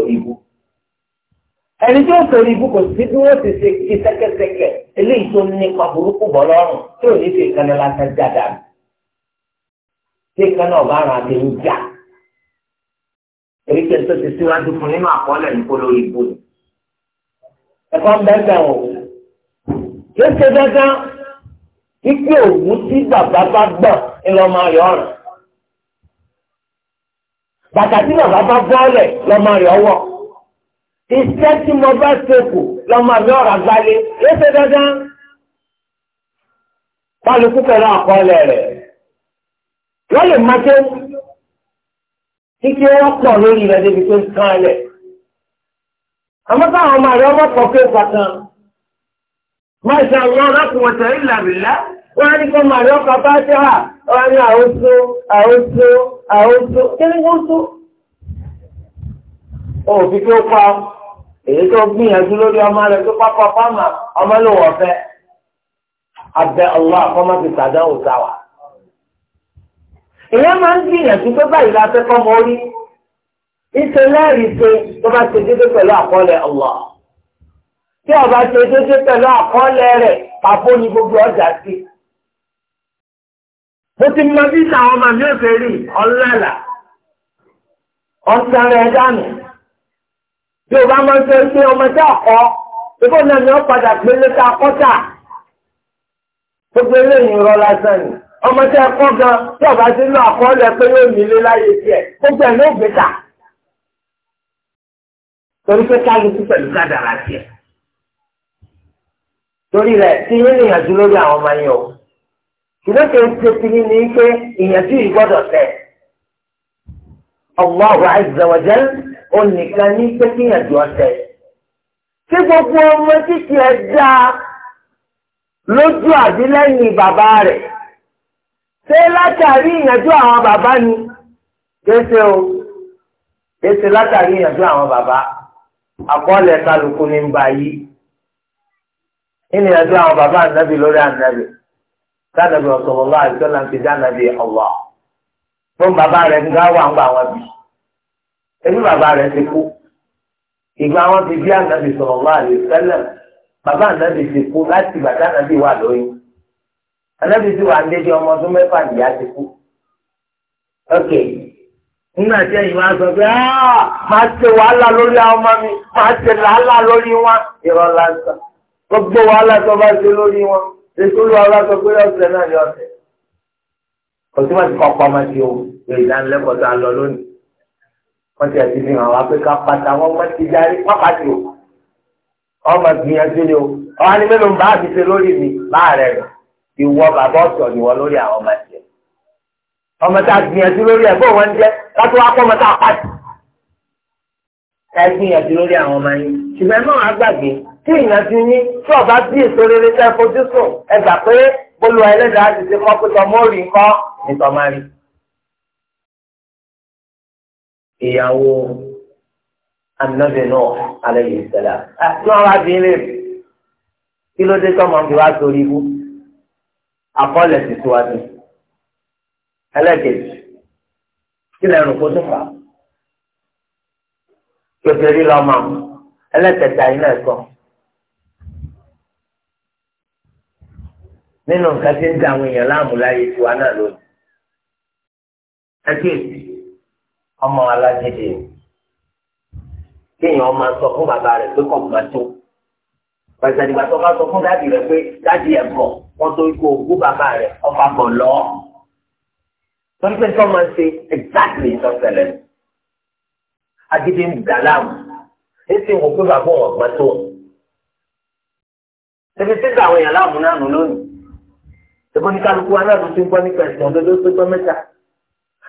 ẹni tí ó sọ̀rọ̀ ibú kò sí bí wọ́n ti ṣe kí sẹ́kẹ́sẹ́kẹ́ eléyìí tó nípa burúkú bọ̀ lọ́rùn tí ò ní fi ìkànnì lásán jáda mi. tí ìkànnì ọ̀bá ara ti ń jà. èyí kẹ́ńtọ́ ti síwájú fún nínú àkọọ́lẹ̀ nípa lórí ibú ni. ẹ̀kọ́ ń bẹ́ẹ̀ o. kí ó ṣe dandan wípé òògùn tí bàbá bá gbọ̀n ni lọ́ máa yọ ọ̀ràn. bàtà tí bàbá bá bọ́ọ̀lẹ̀ lọ́ máa yọ ọwọ́ iṣẹ́ tí mo bá ṣe kù lọ́mọ mi ọ̀rọ̀ àgbáyé yóò ṣe dandan. kálukú pẹ̀lú àkọọ́lẹ̀ rẹ̀ wọ́n lè má tó kíkí wọ́n pọ̀ lórí rẹ̀ débi tó ń kán lẹ̀. àmọ́ káwọn ọmọ rẹ̀ ọmọ kan pé kankan máa ṣe àwọn arákùnrin tẹ̀lé ìlàbìlá wọ́n á ní kó máa rẹ̀ ọkọ̀ bá ṣe hà wọ́n á ní àwòsó àwòsó àwòsó kí ni wọ́n tó. òbí tó èyí tó gbìyànjú lórí ọmọ rẹ̀ tó pápá pàmà ọmọ ló wọ̀ fẹ́ abẹ́ ọwọ́ àkọ́mọ́ ti sàdánwò sáwà. èyí máa ń gbìyànjú pé báyìí la fẹ́ kọ́mọ orí ìṣe lẹ́rìí ṣe tó bá ṣe dédé pẹ̀lú àkọọ́lẹ̀ ọ̀wọ́. tí ọba ṣe dédé pẹ̀lú àkọọ́lẹ̀ ọjà sí. mo ti mọ bí sàwọn bí o bá máa ń sọ pé ọmọ tí ọkọ ìbò náà ni ó padà gbé létà kọ́tà gbogbo eléyìí rọ lásán ni ọmọ tí ẹkọ gan tí ọba ti lọ àkọọ́lẹ̀ pé yóò nílé láyé tiẹ̀ gbogbo ẹ̀ ló gbé ta torí pé kálukú pẹ̀lú kádàrá tiẹ̀ torí rẹ̀ tí yín níyànjú lórí àwọn ọmọ yẹn o ṣùgbọ́n kí n ṣe kiri ni pé ìyànjú yìí gbọ́dọ̀ tẹ̀ Allahu azza wa jalla onìkan ní pé kíyànjú ọ̀sẹ̀. Ṣé gbogbo ọmọ títí ẹ dá lójú àbí lẹ́yìn bàbá rẹ̀? Ṣé látàrí ìyànjú àwọn bàbá ni? Kéṣe o, kéṣe látàrí ìyànjú àwọn bàbá. Àkọọ́lẹ̀ kálukú ní ń bá yí. Ìnìyànjú àwọn bàbá ànábì lórí ànábì. Sádàbí ọ̀sọ̀rọ̀ lọ́wọ́ àìsàn láti dá ànábì ọ̀wọ́. Fún bàbá rẹ̀ ń gá wà ń gbà wọn bì ẹbí bàbá rẹ̀ ti kú ìgbà wọn ti bí ànábì sallallahu alaihi wasallam bàbá ànábì ti kú láti bàtà ànábì wà lóyún ànábì ti wà dédé ọmọ ọdún mẹ́fà nìyá ti kú. ok nínú àti ẹ̀yìn máa sọ pé ah, máa ṣe wàhálà lórí àwọn ọmọ mi máa ṣe làálà lórí wọn ìrọ̀ lásán gbogbo wàhálà tó bá ṣe lórí wọn èso ló wàhálà tó gbé ọ̀sẹ̀ náà ní ọ̀sẹ̀ kò sí wọn ti kọ́ ọkọ ọmọ tí o èrè ìdánilẹ́kọ̀ọ́ tó a lọ lónìí wọ́n ti àti fi hàn wá pé ká pata wọ́n wọ́n ti darí pápákí o ọmọ gbìyànjú ni o ọmọ ni mélòó bá mi ṣe lórí mi bá rẹ̀ rẹ̀ ìwọ bàbá ọ̀sọ̀ ni wọ́n lórí àwọn ọmọ ẹ̀jẹ̀ ọmọ tá a gbìyànjú lórí ẹ̀ bóun wọ́n jẹ́ kátó wá kọ́ ọmọ tá a pàtì ká gbìyànjú lórí àwọn ọmọ yín ṣùgbọ́n ẹ máa gbàgbé tí ìyànjú yín tí ọba bí èso rere tẹ́ fojú sùn ẹ gbà pé bólú ẹlẹ́dàá ti ṣe kọ́ pé tọmọ́ rí nǹkan ní tọmọ́ rí ìyàwó anabi náà alayhi salam àti ah, wọn wá bí lè kí ló dé tọmọ fi wá sórí ibú akọọlẹ ti síwájú ẹlẹ́kejì kí lẹnu kó tó fà á kékeré lọ́mọ ẹlẹ́kẹta yìí náà kọ́ nínú nǹkan tí ń da àwọn èèyàn láàmú láyé tiwa náà lónìí ọmọ alágídí kéèyàn ọmọ sọ fún bàbá rẹ̀ pé kọ̀ọ̀kan tó pẹ̀sẹ̀ nígbà tó bá sọ fún dáàdì rẹ̀ pé dáàdì ẹ̀ bọ̀ wọ́n tó ikú òkú bàbá rẹ̀ ọba bọ̀ lọ. torí pé sọ máa ń ṣe exactly sọ ṣẹlẹ̀ nù. agídí ń dà láàmú èsì wò pé bàbá òun ọ̀gbọ́n tó. ṣèbí sísè àwọn èèyàn láàmú náà lónìí. ṣèbí oníkálukú aláàbò ti ń gbọ́ nípa ẹ̀sìn ọ̀dọ́dọ́ tó gbọ́ mẹ́ta.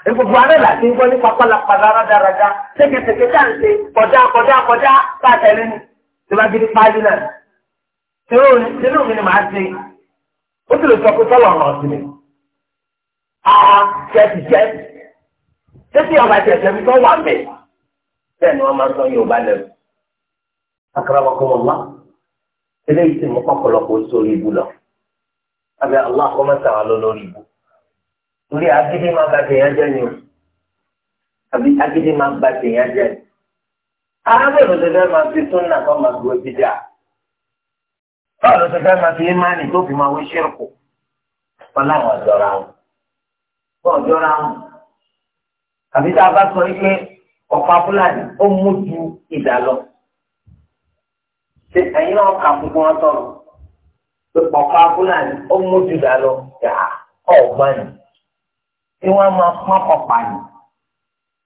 Gbogbo arẹ́ làti ń gbọ́ nípa pálapàla rádaràda, ṣégeṣèké tá à ń ṣe kọjá kọjá kọjá bá tẹ̀lé ni. Ṣé bá gidi páálí náà? Ṣé lóun mi ni màá ṣe? Ó sì lè sọ pé sọ́wọ́ ọ̀rọ̀ ọ̀sìn mi. Àá jẹ́sì jẹ́sì. Ṣé tí ọba jẹ̀jẹ̀ mi sọ wà mí? Bẹ́ẹ̀ ni wọ́n máa ń sọ Yorùbá lẹ́nu. Akaramakọ wọn wá. Eléyìí ti mú ọ̀pọ̀lọpọ̀ sórí ibu lọ. Abẹ́ Allah kọ́ mọ́ta wà lọ lórí torí agídí máa ba tèèyàn jẹ́ ni o àbí agídí máa ba tèèyàn jẹ́ ni arábìnrin tó fẹ́ máa fi súnà kọ́ máa gbọ́ jíjà báwo ló ti fẹ́ máa fi imáàní tó fi máa wí ṣírkù wọn láwọn jọra wọn wọn jọra wọn àbí tá a bá sọ pé ọ̀pá fúlàní ó mú ju ìdá lọ ṣe ẹ̀yin náà kà fún wọn sọ̀rọ̀ pé ọ̀pá fúlàní ó mú ju ìdá lọ yà ọ̀gbọ́n ni tí wọ́n máa pọ́n pọ̀pà ni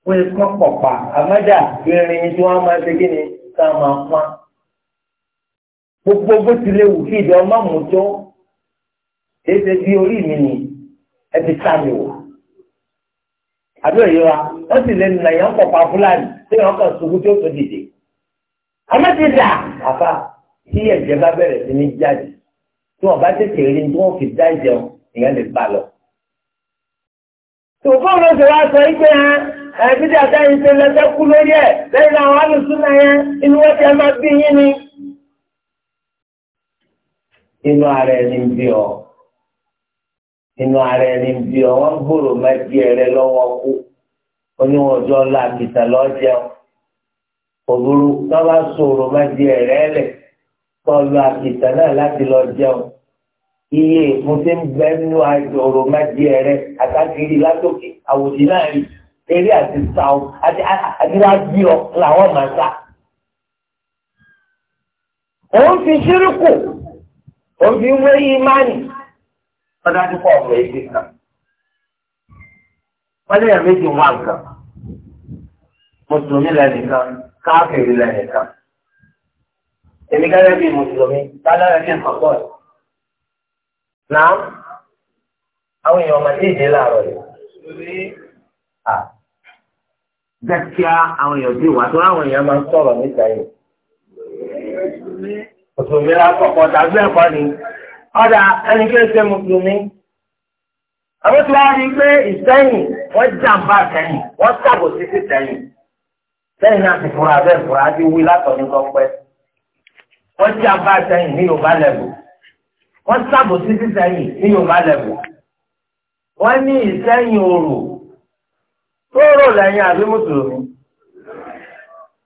wọ́n pọ́n pọ̀pà àmọ́jà irin ni tí wọ́n máa ṣe kí ni ká máa pọ́n. gbogbo bó ti lè wù kí ìdán má mú tó èsè bí orí mi ni ẹ ti ta mi wò. àbí òye wa wọ́n sì lè nà yàn pọ̀pà fúlàní tí wọ́n kàn ṣubú tó tó dìde. àmọ́tí dà àfa tí ẹ̀jẹ̀ bá bẹ̀rẹ̀ sí ní jáde tí wọ́n bá tètè rí ní tí wọ́n fi dá ìjẹun ìyẹn lè bá lọ tòfóònù ló ṣe wá sọ ìgbé hàn ẹ̀ẹ́dídì àtẹ́yìn ṣe lẹ́sẹ̀ kú lórí ẹ̀ lẹ́yìn àwọn alùsùnà yẹn inú wọ́n ti ẹ máa bí yín ni. inú ara ẹni ń bí ọ inú ara ẹni ń bí ọ wọn ń gbòòrò mẹ́tì ẹ̀rẹ́ lọ́wọ́ kú oníwọ̀jọ́ ńlá àbìtà lọ́jẹun òbúrú tó bá sọ̀rọ̀ mẹ́tì ẹ̀rẹ́ lẹ̀ kọ́ lu àbìtà náà láti lọ iye ìfúnṣe ń bẹ nínú ọ̀rọ̀ mẹ́jẹ rẹ àtàkìrì látòkè àwòdì náà rí eré àti sàó àti àdìrábí ọ làwọn máa sá. òun fi ṣírùkù òun fi wé ìmánì ọ̀dà àdúgbò ọ̀fẹ́ ìdí kan. wọ́n lè méjì wá nǹkan
mùsùlùmí lẹ́nìkan
káàkiri lẹ́nìkan. èmi gẹ́gẹ́ bí mùsùlùmí tá a lára ní ẹ̀kọ́ bọ́ọ̀lù náà àwọn èèyàn máa ti dé láàárọ̀ yìí. Dẹ́kíá àwọn èèyàn ti wà tó àwọn èèyàn máa ń sọ̀rọ̀ níta yìí. Mùsùlùmí lákọ̀ọ́kọ́ tàbí ẹ̀kọ́ ni. Ọ̀dà ẹni kí ó ṣe Mùsùlùmí. Àwọn tí wọ́n rí pé ìsẹ́yìn wọ́n jàǹbá sẹ́yìn wọ́n sàbò sí sí sẹ́yìn. Sẹ́yìn náà ti fura bẹ́ẹ̀ fura ti wí látọ̀ ní kọ́pẹ́. Wọ́n jàǹbá sẹ́yìn ní Yorùbá lẹ́gùn wọ́n sábò sí sísẹ́yìn ní yorùbá lẹ́bù wọ́n ní ìsẹ́yìn òrò tó rò lẹ́yìn àbí mùsùlùmí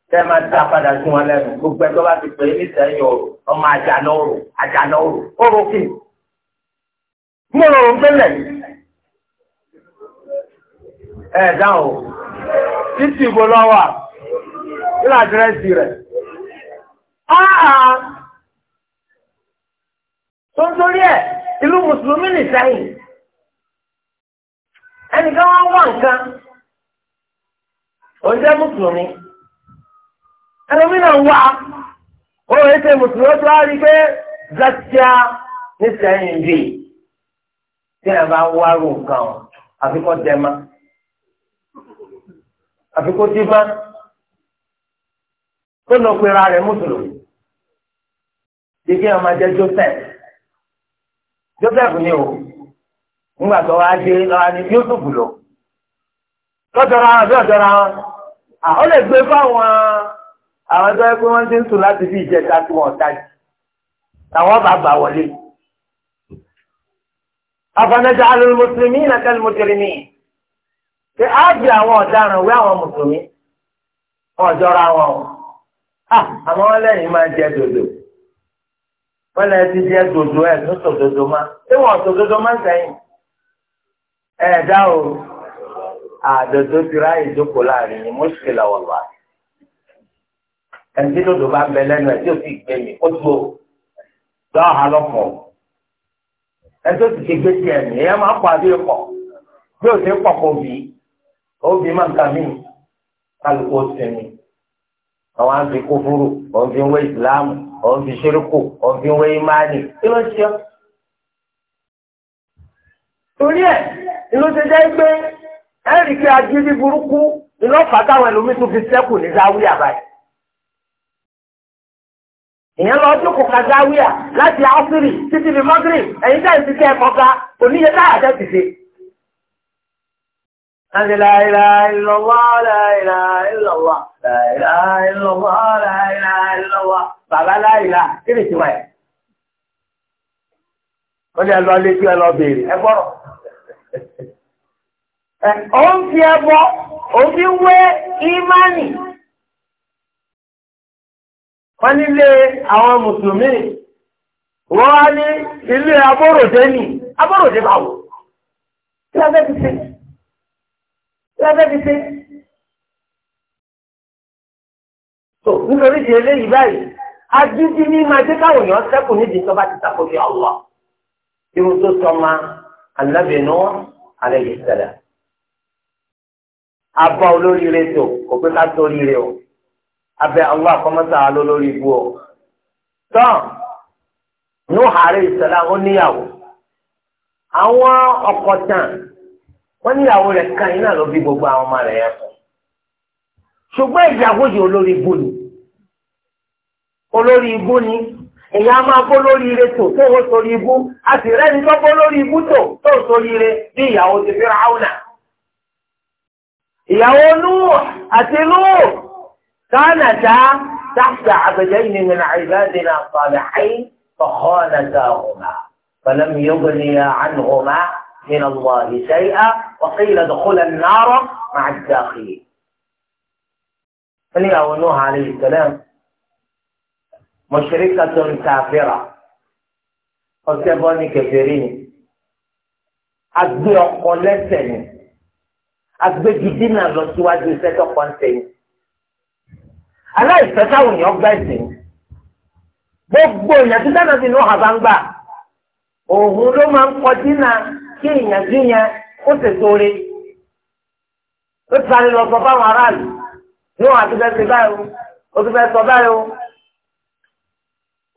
tẹ́ máa dá padà sí wọn lẹ́nu gbogbo ẹgbẹ́ bá ti pè é nísẹ́yìn òrò ọmọ àjànà òrò àjànà òrò òrò kì mú òrò gbélẹ̀ ẹ̀ dáhùn títí ìbò lọ́wọ́ kí ládírẹ́sì rẹ̀ áà tó ń torí ẹ̀ ìlú mùsùlùmí nìsáyìn ẹnìkan wá wá nǹkan òun jẹ́ mùsùlùmí ẹlòmínà ń wá òun ètò mùsùlùmí tó wá rí pé zakia nìsáyìn bì tí ẹ bá wá rò nǹkan ọ̀ àfikún tẹ̀ ma àfikún tí ma tó lọ pera rẹ̀ mùsùlùmí. Ìgbé ọmọ jẹ́ Joseph. Joseph ni o ńgbà tó wá dé lọ́wọ́ ni Yusuf lọ lọ́jọ́ra wọn bí ọ̀jọ́ra wọn àwọn lè gbé fáwọn àwọn tó yẹ pé wọ́n ti ń sùn láti fi ìjẹta tí wọ́n tají làwọn bá gbà wọlé. àfọ̀nẹ́jà alùpùpù mùsùlùmí nàkàlù mùsùlùmí ṣé á fi àwọn ọ̀daràn wé àwọn mùsùlùmí ọ̀jọ́ra wọn o àwọn lẹ́yìn máa jẹ dòdò wọn lè ti jẹ dòdò ẹ ní sòdòdò má ṣé wọn sòdòdò má sẹ́yìn ẹ dá o àdòdò ti ráàyè jókòó láàrin ni mọ́ṣíkì làwọn wà ẹni tí dòdò bá ń bẹ lẹ́nu ẹ tí ò sì gbé mi ó tó lọ́ọ̀hà lọ́pọ̀ ẹ tó ti ṣe gbé tiẹ̀ ní ẹ máa pọ̀ àbí pọ̀ bí ó ti pọ̀ kò bí ó bí má nǹkan mí kálukú ó sinmi àwọn àti kófúrú òun ti ń wé ìsìláàmù ọ̀ ń fi ṣerúkù ọ̀ ń fi wé imáàlì kí ló ṣe ọ́. torí ẹ̀ ló ṣe jẹ́ pé ẹ̀rì kí agídí burúkú ìlọ́pàá táwọn ẹlòmíín tún fi sẹ́kù ní záwíà báyìí. ìyẹn lọ jókòó ka záwíà láti áfírì títí di mọ́gírì ẹ̀yin tẹ̀ ń ti kẹ́ ẹ̀kọ́ ká oníyẹ táyà tẹ̀ ti láti láìlá ìlọ́wọ́ láìlá ìlọ́wọ́ láìlá ìlọ́wọ́ láìlá ìlọ́wọ́ bàbá láìlá kí ni tiwa ẹ̀. ó ní ẹlọ létí ẹlọ béèrè ẹ gbọ́rọ̀. ń fi ẹbọ òbí wé ìmánì. wọ́n nílé àwọn mùsùlùmí wọ́n ní ilé abóròdé nì abóròdé báwo. kí ló dé ti lọ́fẹ́ fi ṣe. tó nítorí ìdí eléyìí báyìí adúdí ní máa jẹ́ káwọn èèyàn sẹ́kù nídìí tó bá ti sàkóso ọ̀wọ́ irun tó sọ ma Ànábì Nuh alayhi salam. abọ́ olóríire tó kò pé ká tó ríire o abẹ́ Allah àkọ́mọ́sá alólórí ibú o. tán Nuh alayhi salam ó níyàwó àwọn ọkọ̀ tán wọ́n ní ìyàwó rẹ̀ kan yìí náà ló bí gbogbo àwọn ọmọ rẹ̀ yẹn fún ṣùgbọ́n ìyàwó yìí olórí ibú ni olórí ibú ni èyí á máa bó lórí ire tò tó o sórí ibú a sì rẹ́ni tó bó lórí ibú tò tó o sórí ire bí ìyàwó ti fi ráúnà ìyàwó lúwò àti lúwò kánàtà táṣà àbẹ̀lẹ́ yìí nínú àìbáde náà fàlàyé fọ̀hánà dáhùnmá fàlàmì yóò gbẹ̀lẹ́ àánú ọ̀má. من الله شيئا وقيل ادخل النار مع الداخلين فليأو نوح عليه السلام مشركة كافرة أسباني كافرين أgbé ọkọ lẹ́sẹ̀ ni agbé gidi náà lọ síwájú iṣẹ́ tọkọ ń sẹ́yìn aláìsẹ táwọn èèyàn gbà ẹsìn gbogbo ìyàtúndà náà ti nù hàbá ń gbà òun ló máa ń kọjú náà kí ìyànjú yẹn ó sì sóore ó ti sáré lọ sọ fáwọn aráàlú níwọ̀n àti bẹ́ẹ̀ ṣe báyìí o ti bẹ́ẹ̀ sọ báyìí o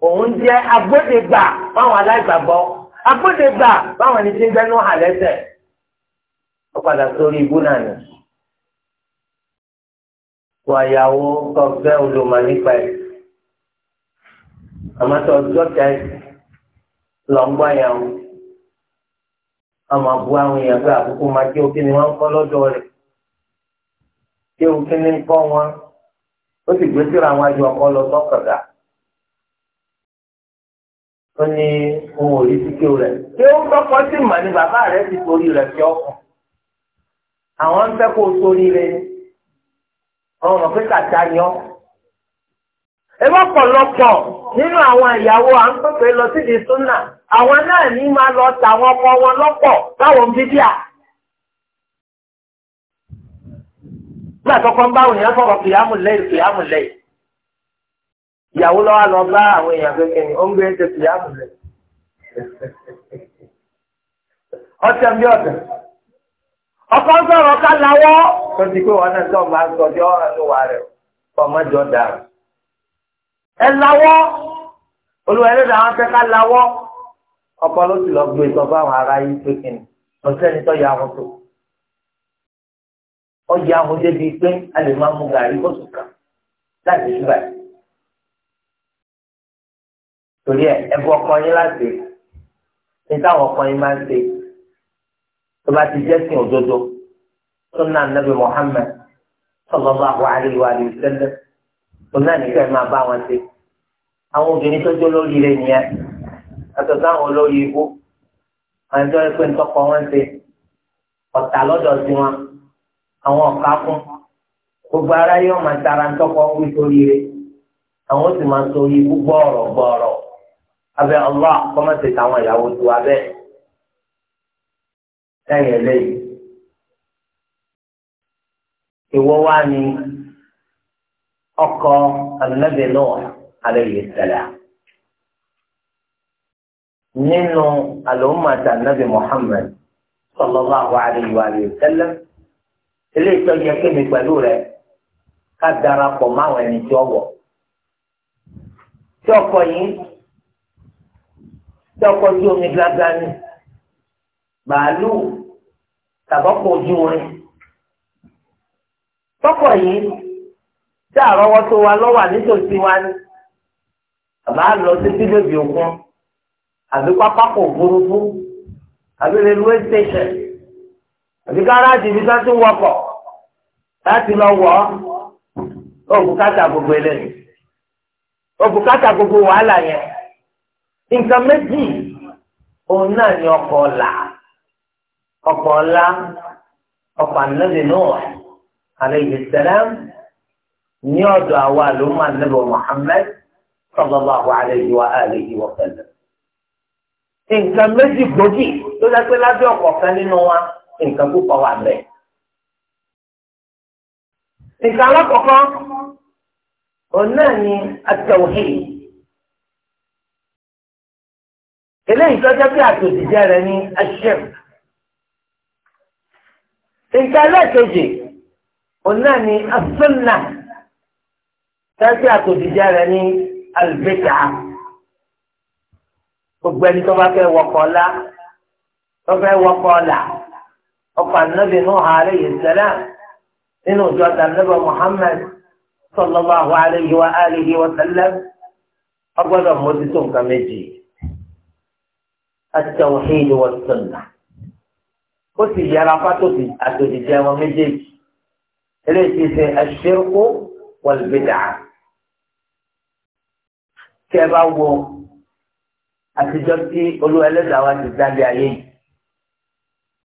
òun jẹ́ agbódegbà fáwọn aláìgbàgbọ́ agbódegbà fáwọn ẹni tí ń gbẹ́nu hà lẹ́sẹ̀ ó padà sórí ibú náà ni. wọ́n àyàwó tó fẹ́ olùmọ̀ nípa ẹ̀ àmọ́ tó ọjọ́ tẹ lọ́ngbọ́n yẹn o ọmọ bu àwọn èèyàn pé àkókò máa jẹ́ òkè ni wọ́n ń kọ́ lọ́dọ̀ rẹ̀ jẹ́ òkè ní kọ́ wọn ó sì gbé síra àwọn àjọ ọkọ lọ sọ́kàdá ó ní ohun òrí síkè rẹ̀ ṣé ó kọ́kọ́ sí mà ní bàbá rẹ̀ ti torí rẹ̀ fi ọkàn àwọn ń fẹ́ kó torí rẹ̀ ọmọ mọ̀ pé kàtá ni ẹ bá pọ̀ lọ́pọ̀ nínú àwọn ìyàwó à ń pèpè lọ sídìí súnà àwọn náà ní máa lọ tàwọn ọkọ wọn lọ́pọ̀ láwọn bíbíà. Nígbà tó kọ́ ń bá àwọn èèyàn sọ̀rọ̀ kìyàmù lẹ́yìn kìyàmù lẹ́yìn. Ìyàwó lọ́wọ́ lọ bá àwọn èèyàn pé kẹ́ni ó ń gbé ṣe kìyàmù lẹ́yìn. Ọ̀sẹ̀ bí ọ̀sẹ̀. Ọkọ ń sọ̀rọ̀ ká lawọ́. Tó ti pé wọn náà máa sọ ọjọ́ ẹnu wa rẹ̀ ọmọdé ọ̀daràn. Ẹ lawọ́. Olúwa ẹlẹ́dàá wọn fẹ́ ká lawọ́ ọkọ ló sì lọ gbé sọ fáwọn ará yìí pé kìnnì ọ̀sẹ́ni tó yà wọn tó ọjà àwọn débi pé a lè máa mú gàrí bọ́sù kan láti ṣúgbà yìí torí ẹ ẹbú ọkọ yín láti ní táwọn ọkọ yín máa ń ṣe tó bá ti jẹ́ sìn òdodo tó náà nàbì Muhammad sallallahu alaihi wa alihi wasallam tó náà nìkan máa bá wọn ṣe àwọn obìnrin tó jó lórí rẹ nìyẹn àtọ̀ sáwọn olóyè ibú àwọn ìjọ pé ńtọ́kọ wọn ń ṣe ọ̀tà lọ́dọ̀ sí wọn àwọn ọ̀ka fún gbogbo ara yóò máa tara ńtọ́kọ wí sórí rẹ àwọn ó sì máa sórí ibú gbọ́ọ̀rọ̀ gbọ́ọ̀rọ̀ abẹ́ ọlọ́ àkọ́mọ̀tì táwọn ìyàwó tó abẹ́ lẹ́yìn eléyìí ìwọ wá ní ọkọ Ànábì Nuh alayhi salam nínú àlùmọ̀tà nàbì Muhammad sallallahu alayhi wa sallam ilé ìtọ́jú ẹ̀kẹ́ mi pẹ̀lú rẹ̀ ká darapọ̀ máwọn ẹni tí ó wọ̀. tí ọkọ yìí tí ọkọ ojú omi gbágbá ni bàálù tàbọ́kọ̀ ojú orin tọkọ yìí tí àrọ́wọ́ tó wa lọ́wọ́ ànítòsí wa ni bàbá lọ sí síbèbí òkun àbí pápákọ̀ òfurufú àbí railway station àbí gáràjì ibi tó ti wọkọ̀ láti lọ wọ̀ ọ́ òbúkátà gbogbo eléyìí òbúkátà gbogbo wàhálà yẹn nǹkan méjì òun náà ni ọkọ̀ ọ̀la ọkọ̀ ọ̀la ọkọ̀ ànábì Nuh alayhi salam ní ọ̀dọ̀ àwa àlùmọ́ ànábì Muhammad sallallahu alayhi wa alihi wa sallam nǹkan méjì gbòógì ló jẹ́ pé lábẹ́ ọ̀kọ̀ọ̀kan nínú wa nǹkan púpọ̀ wà bẹ́ẹ̀. nǹkan alákọ̀ọ́kọ́
òun náà ni at-tawhid
eléyìí tó jẹ́ pé àtòjìjẹ́ rẹ ní ash nǹkan ẹlẹ́ẹ̀kejì òun náà ni as tó jẹ́ pé àtòjìjẹ́ rẹ ní al gbogbo ẹni tó bá fẹ́ wọkọ̀ ọ̀la tó fẹ́ wọkọ̀ ọ̀la ọkọ̀ ànábì Nuh alayhi salam nínú ìjọ ànábì Muhammad sallallahu alayhi wa alihi wa sallam ọgbọ́dọ̀ mójútó nǹkan méjì at-tawhid wa sunnah ó sì yára pátó àtòjìjẹ wọn méjèèjì eléyìí ṣe ash-shirku wal bid'ah kẹ́ ẹ bá wọ àtijọ́ tí olúwa ẹlẹ́dàá wa ti dábẹ́ ayé yìí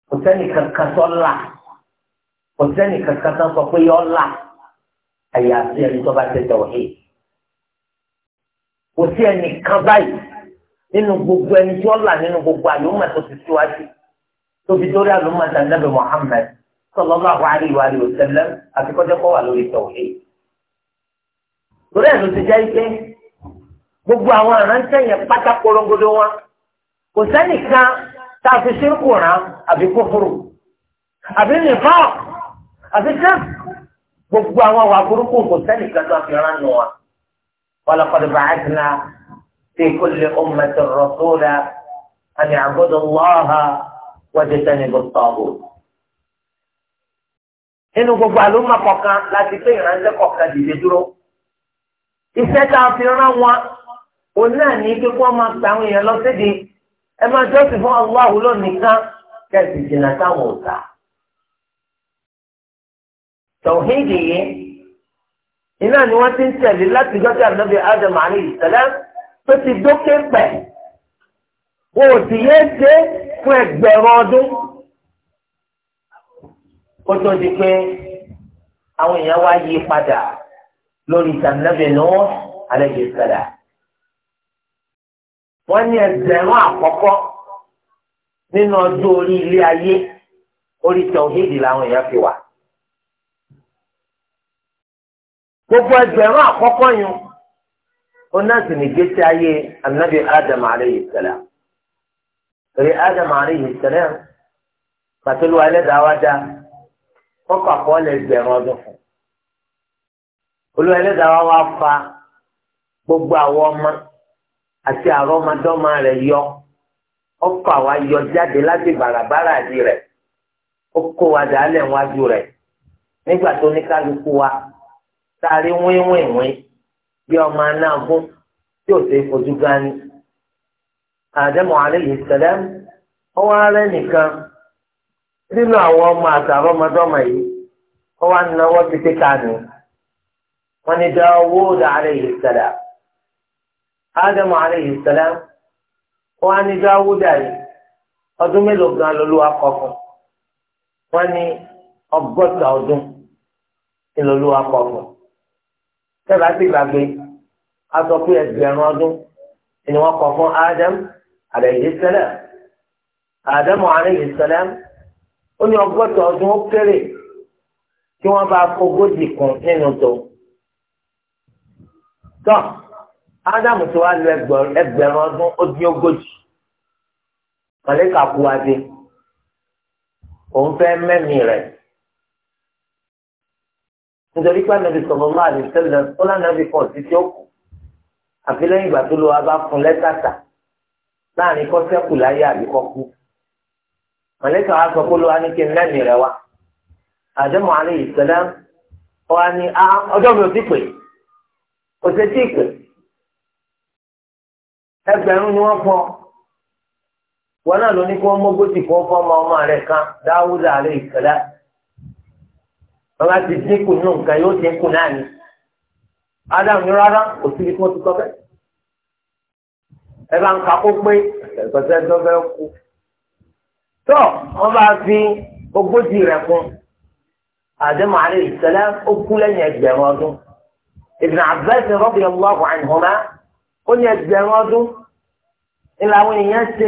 kò sẹ́ni kankan tó là kò sẹ́ni kankan tó sọ pé yọ là àyàfi ẹni tó bá tẹ̀sẹ̀ wọ̀ yìí kò sí ẹnì kan báyìí nínú gbogbo ẹni tí ó là nínú gbogbo àlùmọ̀ tó ti síwájú tóbi dórí àlùmọ̀ tàǹdàbí Muhammad sallallahu alaihi wa alihi wa sallam àti kọjá kọ wà lórí tọwọ yìí. torí ẹ̀ ló ti jẹ́ ike. gbogbo àwọn àránṣẹ́ yẹn pátá korongodo wọn kò sẹ́nìkan tá a fi ṣe ń kùnrán àbí kókòrò àbí nìfọ́ àbí sẹ́f gbogbo àwọn wà burúkú kò sẹ́nìkan tó a fi rán nù wọn. ولقد بعثنا gbogbo àlùmọ̀ kọ̀ọ̀kan láti ìránṣẹ́ kọ̀ọ̀kan dìde dúró. Iṣẹ́ tá a fi wọn òun náà ní pé kó máa gba àwọn èèyàn lọ síde ẹ máa jọ́sìn fún Allah lónìí kan kẹ́sì jìnnà táwọn ò ta. tọ̀hídì yìí iná ni wọ́n ti ń tẹ̀lé láti gbọ́dọ̀ ànábì Adam alayhi salam tó ti dókè pẹ̀ wọn ò sì yé ṣe fún ẹgbẹ̀rún ọdún kó tó di pé àwọn èèyàn wá yí padà lórí ìtàn nábì Nuh alayhi wọ́n ní ẹgbẹ̀rún àkọ́kọ́ nínú ọjọ́ orí ilé ayé orí tọ̀hídì làwọn èèyàn fi wà. gbogbo ẹgbẹ̀rún àkọ́kọ́ yẹn onáàtì nìgbésí ayé anabi adam aleyhi sẹlẹm torí adam aleyhi sẹlẹm pàtólù ẹlẹ́dàá wá dá kọ́kọ́ àkọọ́lẹ̀ ẹgbẹ̀rún ọdún fún olú ẹlẹ́dàá wá fa gbogbo àwọn ọmọ. àti àrọ́mọdọ́mọ rẹ̀ yọ ọkọ̀ àwa yọ jáde láti bàràbàrà di rẹ̀ ó kó wa dàálẹ̀ wájú rẹ̀ nígbà tó ní kálukú wa sáré bí ọmọ anágún tí ò ṣe fojú gani. nìkan nínú àwọn ọmọ yìí wọn ni ádámù alayhi salam wọn á ní dáwúdà yìí ọdún mélòó gan lọ́lọ́wọ́ akọ̀kọ̀ wọn ní ọgọ́ta ọdún ìlọ́lọ́wọ́ akọ̀kọ̀ tẹ́lá ti gbàgbé a sọ pé ẹgbẹ̀rún ọdún ni wọ́n kọ fún ádámù alayhi salam ádámù alayhi salam ó ní ọgọ́ta ọdún ó kéré kí wọ́n bá fogójì kún nínú tó. tán ádámù tó wá lọ ẹgbẹ̀rún ọdún ó dín ogójì mọ̀lẹ́kà kú adé òun fẹ́ mẹ́mí rẹ̀ nítorí pé ànábì sọ̀rọ̀ máa lè tẹ́lẹ̀ ó lánàbì kan títí ó kù àfi lẹ́yìn ìgbà tó lọ wá bá fún lẹ́tàtà láàrin kọ́ sẹ́kù láyé àbí kọ́ kú mọ̀lẹ́kà wá sọ pé ló ní kí n mẹ́mí rẹ̀ wá àdéhùn àlẹ́ ìṣẹ̀lẹ̀ wá ní ah, ọjọ́ mi ò ti pè kò ṣe tí pè ẹgbẹ̀rún ni wọ́n fọ́ wọn náà ló ní kí wọ́n mógójì kó fọ́mọ ọmọ rẹ̀ kan dáwúdà àlẹ́ ìkẹlẹ́ wọn bá ti dínkù nù nǹkan yóò dínkù náà ni ádámù ní rárá kò síbi tí wọ́n ti kọ́ bẹ́ẹ̀ ẹ bá ń ka kó pé ẹ̀kọ́sẹ́ tó fẹ́ kú tó wọ́n bá fi ogójì rẹ̀ kún àdéhùn àlẹ́ ìkẹlẹ́ ó kú lẹ́yìn ẹgbẹ̀rún ọdún Ibn Abbas radiyallahu anhuma ó ní ẹgbẹ̀rún ọdún ńlá àwọn èèyàn ṣe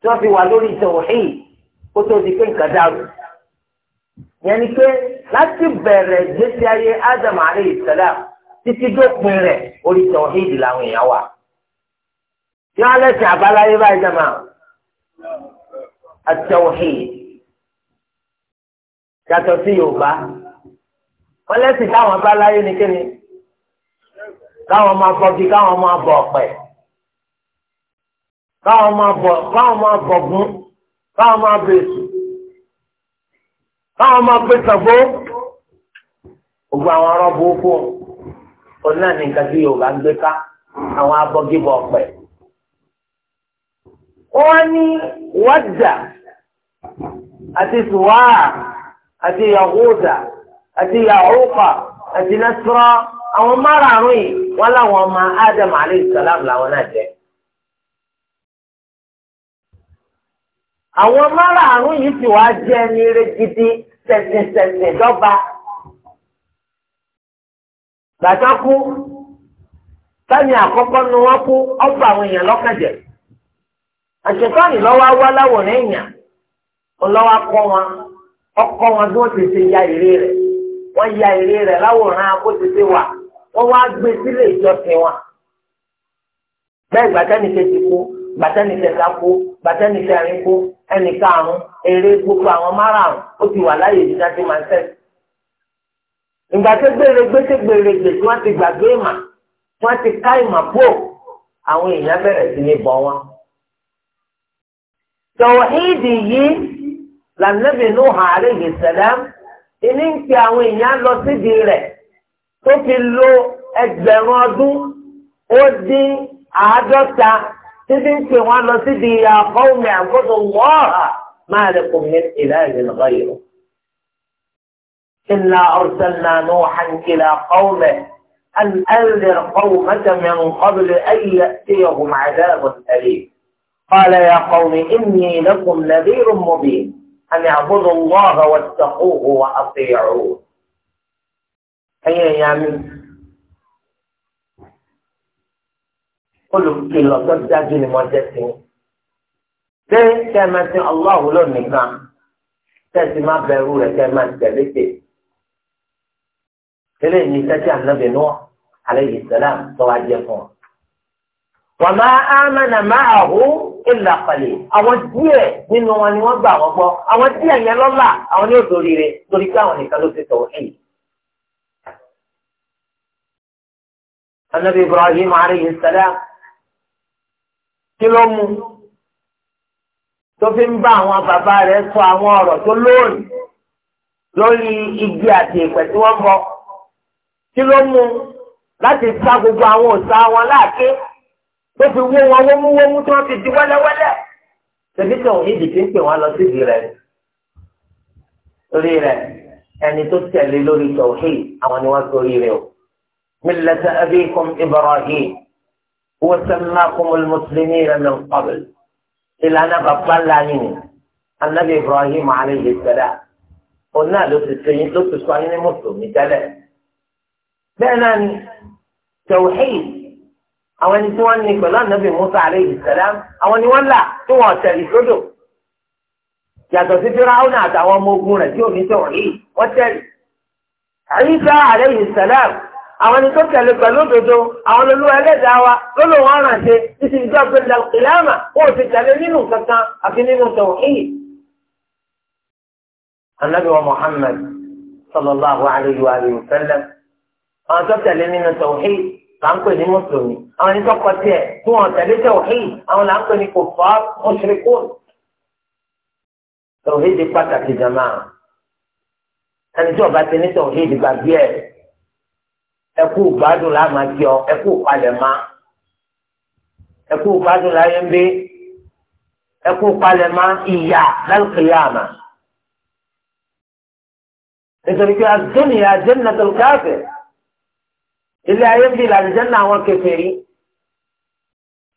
tí wọ́n fi wà lórí tauhid kó tó di pé nǹkan dàrú yẹn ni pé láti bẹ̀rẹ̀ ìgbésí ayé Ádámù alayhi salam títí dópin rẹ̀ orí tauhid làwọn èèyàn wà tí wọ́n lẹ́sìn àbáláyé báyìí jẹ́ máa yàtọ̀ sí Yorùbá wọ́n lẹ́sìn táwọn abáláyé ni káwọn máa bọgi káwọn máa bọ ọ̀pẹ káwọn máa bọ káwọn máa bọgún káwọn máa bẹsù káwọn máa pè sàgbó gbogbo àwọn arọ́bù kú ọ̀nà nìkan tí yorùbá ń gbé ká àwọn abọ́gi bọ ọ̀pẹ. wọ́n ní wọ́dà àti sùwáà àti yahoo àti àti àwọn márààrún yìí wọ́n láwọn ọmọ Adam alayhi salam làwọn náà jẹ́. àwọn márààrún yìí sì wá jẹ́ ẹni rẹ gidi sẹ̀sìnsẹ̀sìn dọ́gba. gbàtà kú sani àkọ́kọ́ ni wọ́n kú ọba àwọn èèyàn lọ́kàjẹ́. àṣetọ́ni lọ́wọ́ wá láwòrán èèyàn ọlọ́wọ́ kọ́ wọn ọkọ́ wọn bí wọ́n ti ṣe ya ère rẹ̀ wọ́n ya ère rẹ̀ láwòrán bó ti ṣe wà. wọ́n wá gbé sílé ìjọsìn wọn. bẹ́ẹ̀ gbàtẹ́ni ṣe ti kú gbàtẹ́ni ṣe ta kú gbàtẹ́ni ṣe àárín kú ẹnì karùn-ún eré gbogbo àwọn márààrún ó ti wà láyé ìdí láti máa tẹ̀sí. ìgbà tó gbére gbèsè gbére gbèsè wọ́n ti gbàgbé ìmà wọ́n ti ká ìmà pò àwọn èèyàn bẹ̀rẹ̀ sí ní bọ̀ wọn. tọ̀wọ̀hídì yìí lànàbì Nuh alayhi salam ìní ń pe àwọn èèyàn lọ sídìí rẹ̀. tó fi lo ẹgbẹ̀rún ọdún ó dín àádọ́ta títí ń pè wọ́n lọ síbi ìyàkọ́ omi àkóso wọ́ọ̀hà máa lè kò ní ìlànà ìlọ́gọ́ yìí. إنا أرسلنا نوحا إلى قومه أن أنذر قومك من قبل أن يأتيهم عذاب أليم قال يا قوم إني لكم نذير مبين أن اعبدوا الله واتقوه وأطيعوه ẹ̀yin ẹ̀yà mi olùkìlọ̀ tó dájú ni mo jẹ́ sí i ṣé kẹ́ ẹ máa sin ọlọ́hùn lónìí kan tẹ́sí má bẹ̀rù rẹ̀ kẹ́ ẹ máa tẹ̀lé tè tẹ́lẹ̀ ní sẹ́tì ànábì náà alayhi salam tó wá jẹ́ fún ọ. wà má amana ma'ahu illa qalil àwọn díẹ̀ nínú wọn ni wọ́n gbà wọ́n gbọ́ àwọn díẹ̀ yẹn lọ́la àwọn ní òdòrí rẹ̀ torí pé àwọn nìkan ló ti tọ̀ ẹ̀yìn. anabi ibrahim aleyhi salam kí ló mú tó fi ń bá àwọn bàbá rẹ̀ sọ àwọn ọ̀rọ̀ tó lóòrì lórí igi àti ìpẹ tí wọ́n bọ kí ló mú láti sá gbogbo àwọn òòṣà wọn láàké tó fi wó wọn wómúwómú tí wọ́n fi di wẹ́lẹ́wẹ́lẹ́ tẹ̀lé tí òun yìí ti ń pè wọ́n lọ síbi rẹ̀ lórí rẹ̀ ẹni tó tẹ̀lé lórí tọ̀hìn àwọn ni wọ́n sọ orí rẹ̀ o. ملة أبيكم إبراهيم وسماكم المسلمين من قبل إلى أن بطلع لنا النبي إبراهيم عليه السلام قلنا له تسعين له تسعين مصر مثلا بأن توحيد أو أن يتوان نقول النبي موسى عليه السلام أو أن يولى توا تلسلو يا تسي فرعون أتوا موقونة يومي توحيد وتل عيسى عليه السلام àwọn ẹni tó tẹ̀lé pẹ̀lú òdodo àwọn olú ẹlẹ́dàá wa lọ́nà wọn ràn ṣe títí ìjọ gbẹ̀dà ìlànà wọn ò ti tẹ̀lé nínú kankan àfi nínú tọ̀hún èyí. anabi wa muhammad sallallahu alayhi wa alayhi wa sallam àwọn tó tẹ̀lé nínú tọ̀hún èyí là ń pè ní mùsùlùmí àwọn ẹni tó kọ tiẹ̀ tí wọn tẹ̀lé tọ̀hún èyí àwọn là ń pè ní kò fọ́ mọ́ṣíríkù. tọ̀hún èyí di pàtàkì jama ẹni tí ọba ti ní tọ̀hún èyí di gbàgbé ẹ̀ ẹkú gbádùn láàmà jẹ ọ ẹkú palẹ̀ má ẹkú gbádùn láyé ń bẹ ẹkú palẹ̀ má ìyá lálùkìyàmà nítorí pé àdúnyà jannatul kafir ilé ayé ń bí làlùjẹ́ náà wọn kèfèrí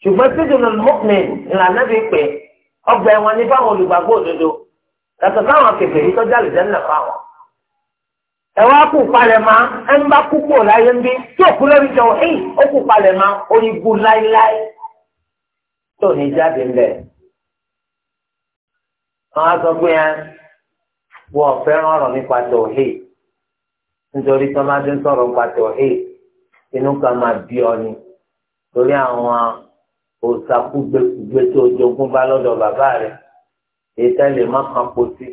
ṣùgbọ́n sidnul mu'min ìlànà bíi pé ọgbà ẹ̀wọ̀n ní báwọn olùgbàgbọ́ òdodo yàtọ̀ sáwọn kèfèrí tọ́jú àlùjẹ́ náà fáwọn ẹwà kù palẹ̀ ma ẹ ń bá kúkú láyé ń bí tí òkú lórí jọ ẹyìn ó kù palẹ̀ ma onígun láéláé tó ní jáde ńlẹ̀. wọ́n á sọ pé ẹ wọ́n fẹ́ràn ọ̀rọ̀ nípa tòhé nítorí tí wọ́n bá ti ń sọ̀rọ̀ nípa tòhé inú kan máa bí ọ ni torí àwọn òsàkúgbèkúgbè tó jogún bá lọ́dọ̀ bàbá rẹ̀ èyí tẹ́lẹ̀ má kan pọ̀ sí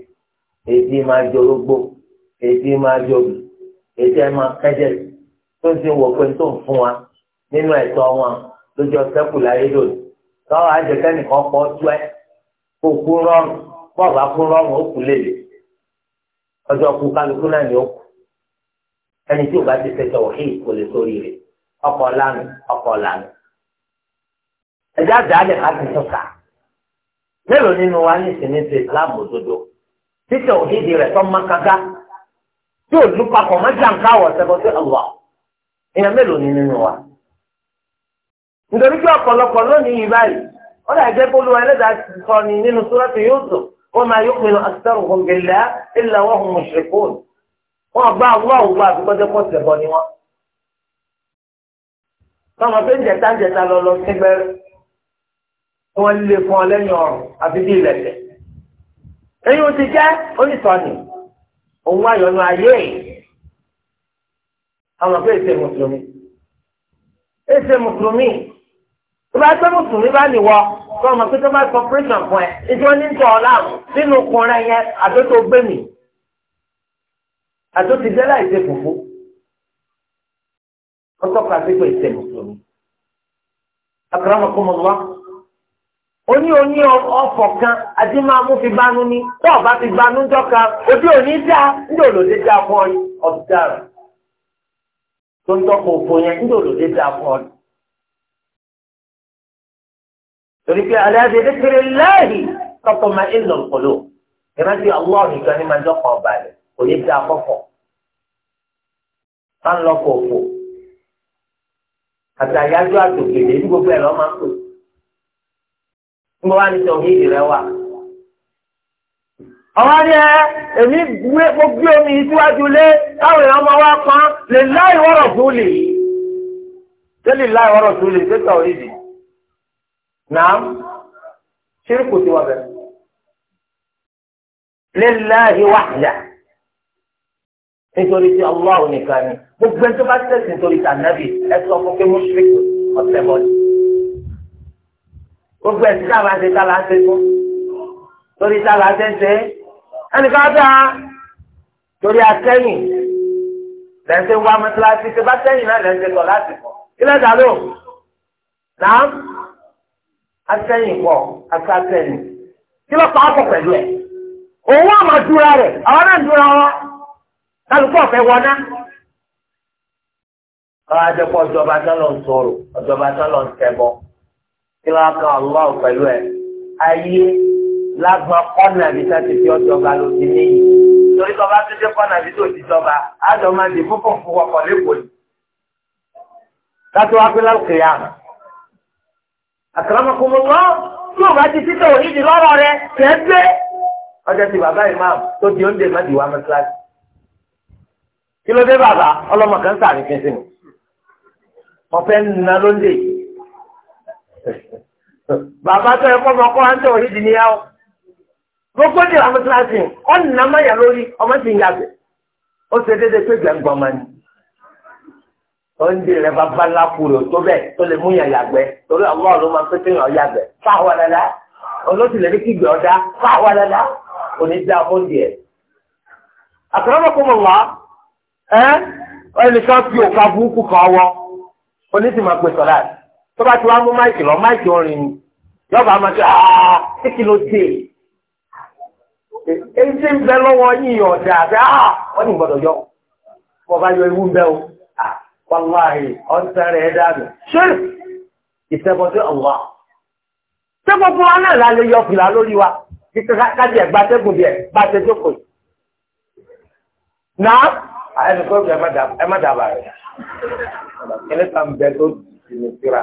èyí tí máa jogún gbòó ètí máa yọbi ètí ẹ máa kẹjẹ tó ń ti wọ pé tó ń fún wa nínú ẹ̀tọ́ wọn lójó sẹkù láyé lòdì káwọn àjẹkẹ nìkan pọ tú ẹ kó kú rọrùn kó ọba kú rọrùn ó kú lélẹ ọjọ́ kú kálukú náà ni ó kú ẹni tí ò bá ti tẹsẹ̀ wọ híì kò lè sórí rẹ̀ ọkọ lánàá ọkọ lánàá ẹjẹ àdáálẹ ká ti tún kà mélòó nínú wa ní sinmi ti islam òdodo títẹ òdìdí rẹ̀ tó má kágá tí ò ní papọ̀ má jà ń káwọ̀ ṣẹbọ sí ọ̀wà èèyàn mélòó ni nínú wa. nítorí pé ọ̀pọ̀lọpọ̀ lónìí yìí báyìí ó dà jẹ́ pé olúwa ẹlẹ́dàá ti sọ ni nínú Suratu Yusuf wa ma yu'minu aktharuhum billahi illa wa hum mushrikun wọn gba àwọn àwùjọ àfikọ́jọ́ pọ̀ ṣẹbọ ni wọn. tọ́mọ pé jẹta jẹta lọ lọ sígbẹ́rẹ́ tí lè fún ọ lẹ́yìn ọ̀rùn àfi bí ilẹ̀ tẹ̀. èyí ò ti jẹ́ onítọ́ni òun wá yọnu ayé àwọn pé èsè mùsùlùmí èsè mùsùlùmí tó bá tó mùsùlùmí bá nìwọ tó ọmọ pé tó bá sọ pírẹsàn fún ẹ ìjọ ní tọ ọláàmù nínú kùnrin yẹn àtúntò gbẹmí àtúntò ìdẹ́lá ìṣe fùfú wọ́n tọ́ka sí pé èsè mùsùlùmí. Akramakumullah oní oní ọ̀fọ̀ kan àti máa mú fi banú ni tó ọba ti banú jọka ojú òní dá ní òlòdì dá fún ọ ọ̀dàrà tó ń tọ́kọ̀ òfò yẹn ní òlòdì dá fún ọ. torí pé alẹ́ àti ẹ̀dẹ́kẹ̀rẹ́ láàyè tọkọ̀ máa ń lọ pọ̀lọ́ ìrántí ọlọ́ nìkan ní máa jọkọ̀ ọba rẹ̀ òní dá fọ́fọ́ máa ń lọ́kọ̀ òfò àtàyájọ́ àtòkèlè ní gbogbo ẹ̀ lọ́ máa ń pè mo wá ní tọ̀hídì rẹ wà. àwọn ni ẹ èmi gbé mo gbé omi síwájú lé táwọn èèyàn máa wá pọn lè láì wọ́rọ̀ tó ṣé lè láì wọ́rọ̀ tó ṣé tọ̀hídì náà ṣírí kò wà bẹ̀rẹ̀ lè láì wàhálà nítorí tí Allah nìkan ni gbogbo ẹni tó bá tẹ̀sí nítorí tànàbì ẹ sọ fún pé mùsùlùmí ọ̀sẹ̀ bọ́ọ̀lù gbogbo ẹ̀sìn táwa ṣe táwa ṣe fún torí táwa ṣe ń ṣe ẹnìkan dá torí akẹ́yìn lẹ́sẹ̀ wá mọ́tíláṣí ṣe bá kẹ́yìn náà lẹ́sẹ̀ lọ láti pọ̀ ilé ìdálò náà akẹ́yìn pọ̀ akẹ́yìn kí ló pa á pọ̀ pẹ̀lú ẹ̀ òun àmà dúra rẹ̀ àwọn náà dúra wọn kálukọ́ ọ̀fẹ́ wọn náà káwá jẹ́ pọ̀ ọjọba tán lọ sọ̀rọ̀ ọjọba tán lọ sẹ́bọ̀ kí ló wá kan Allah pẹ̀lú ẹ̀ ayé lágbọn kọ́nà àbí tá ti fi ọjọ́ ba ló ti níyì torí tó bá tún dé kọ́nà àbí tó ti jọba àjọ máa dé fúnfún fún ọkọ̀ lẹ́kọ̀ọ́ ni kátó wá pé láwùjọ yà hàn àkàràmọ̀kùnmọ̀ tí o bá ti títọ̀ òyìnbí lọ́rọ̀ rẹ tẹ̀ gbé ọjọ́ ti bàbá ìmáàmù tó di oúnjẹ má di wá mẹ́tíláṣí kí ló dé bàbá ọlọ́mọ kan sàmì kí n sí mi mo fẹ́ nà lóúnjẹ yìí bàbá tó yẹ kọ́ ọmọ kọ́ àǹtẹ̀ òní di níyàwó gbogbo di àwọn kíláàsì ọ̀nà mayà lórí ọmọ sì ń yàgbẹ́ ó ṣe déédéé pé gbẹ̀ngbọ̀n máa ní. oúnjẹ rẹ bàbá ńlá kúrò tó bẹ́ẹ̀ tó lè mú yàn yàgbẹ́ torí àwọn ọ̀rọ̀ máa ń pété yàn yàgbẹ́ fáwọn dada olóṣèlú ní kígbe ọ̀dá fáwọn dada onídà oúnjẹ. àtàlámọ̀kọ́mọ̀ wá ẹ́ ẹnìkan fi òkà burúkú kan wọ oníṣìmọ̀ pẹ̀sọ̀ láti tó bá ti wá mú máìkì lọ máìkì orin ni yọba máa ti aa ah, ṣé kí ló dé èyí tí ń bẹ lọ́wọ́ yìí ọ̀dà àbí aa ah, wọ́n ní gbọ́dọ̀ yọ wọ́n bá yọ ewu ń bẹ́ o ah, wàláhì ọ̀sẹ̀rẹ̀ ẹ̀dá mi ṣé ìṣẹ́bọ̀dé ọ̀wà ṣé gbogbo wa náà la lè yọ fìlà lórí wa kíkẹ́ kájí ẹ̀ gba tẹ́gùn díẹ̀ gba tẹ́jókòó náà ẹnì kan ẹ má dábàá rẹ̀ ẹlẹ́ta ń bẹ tó ti ní síra.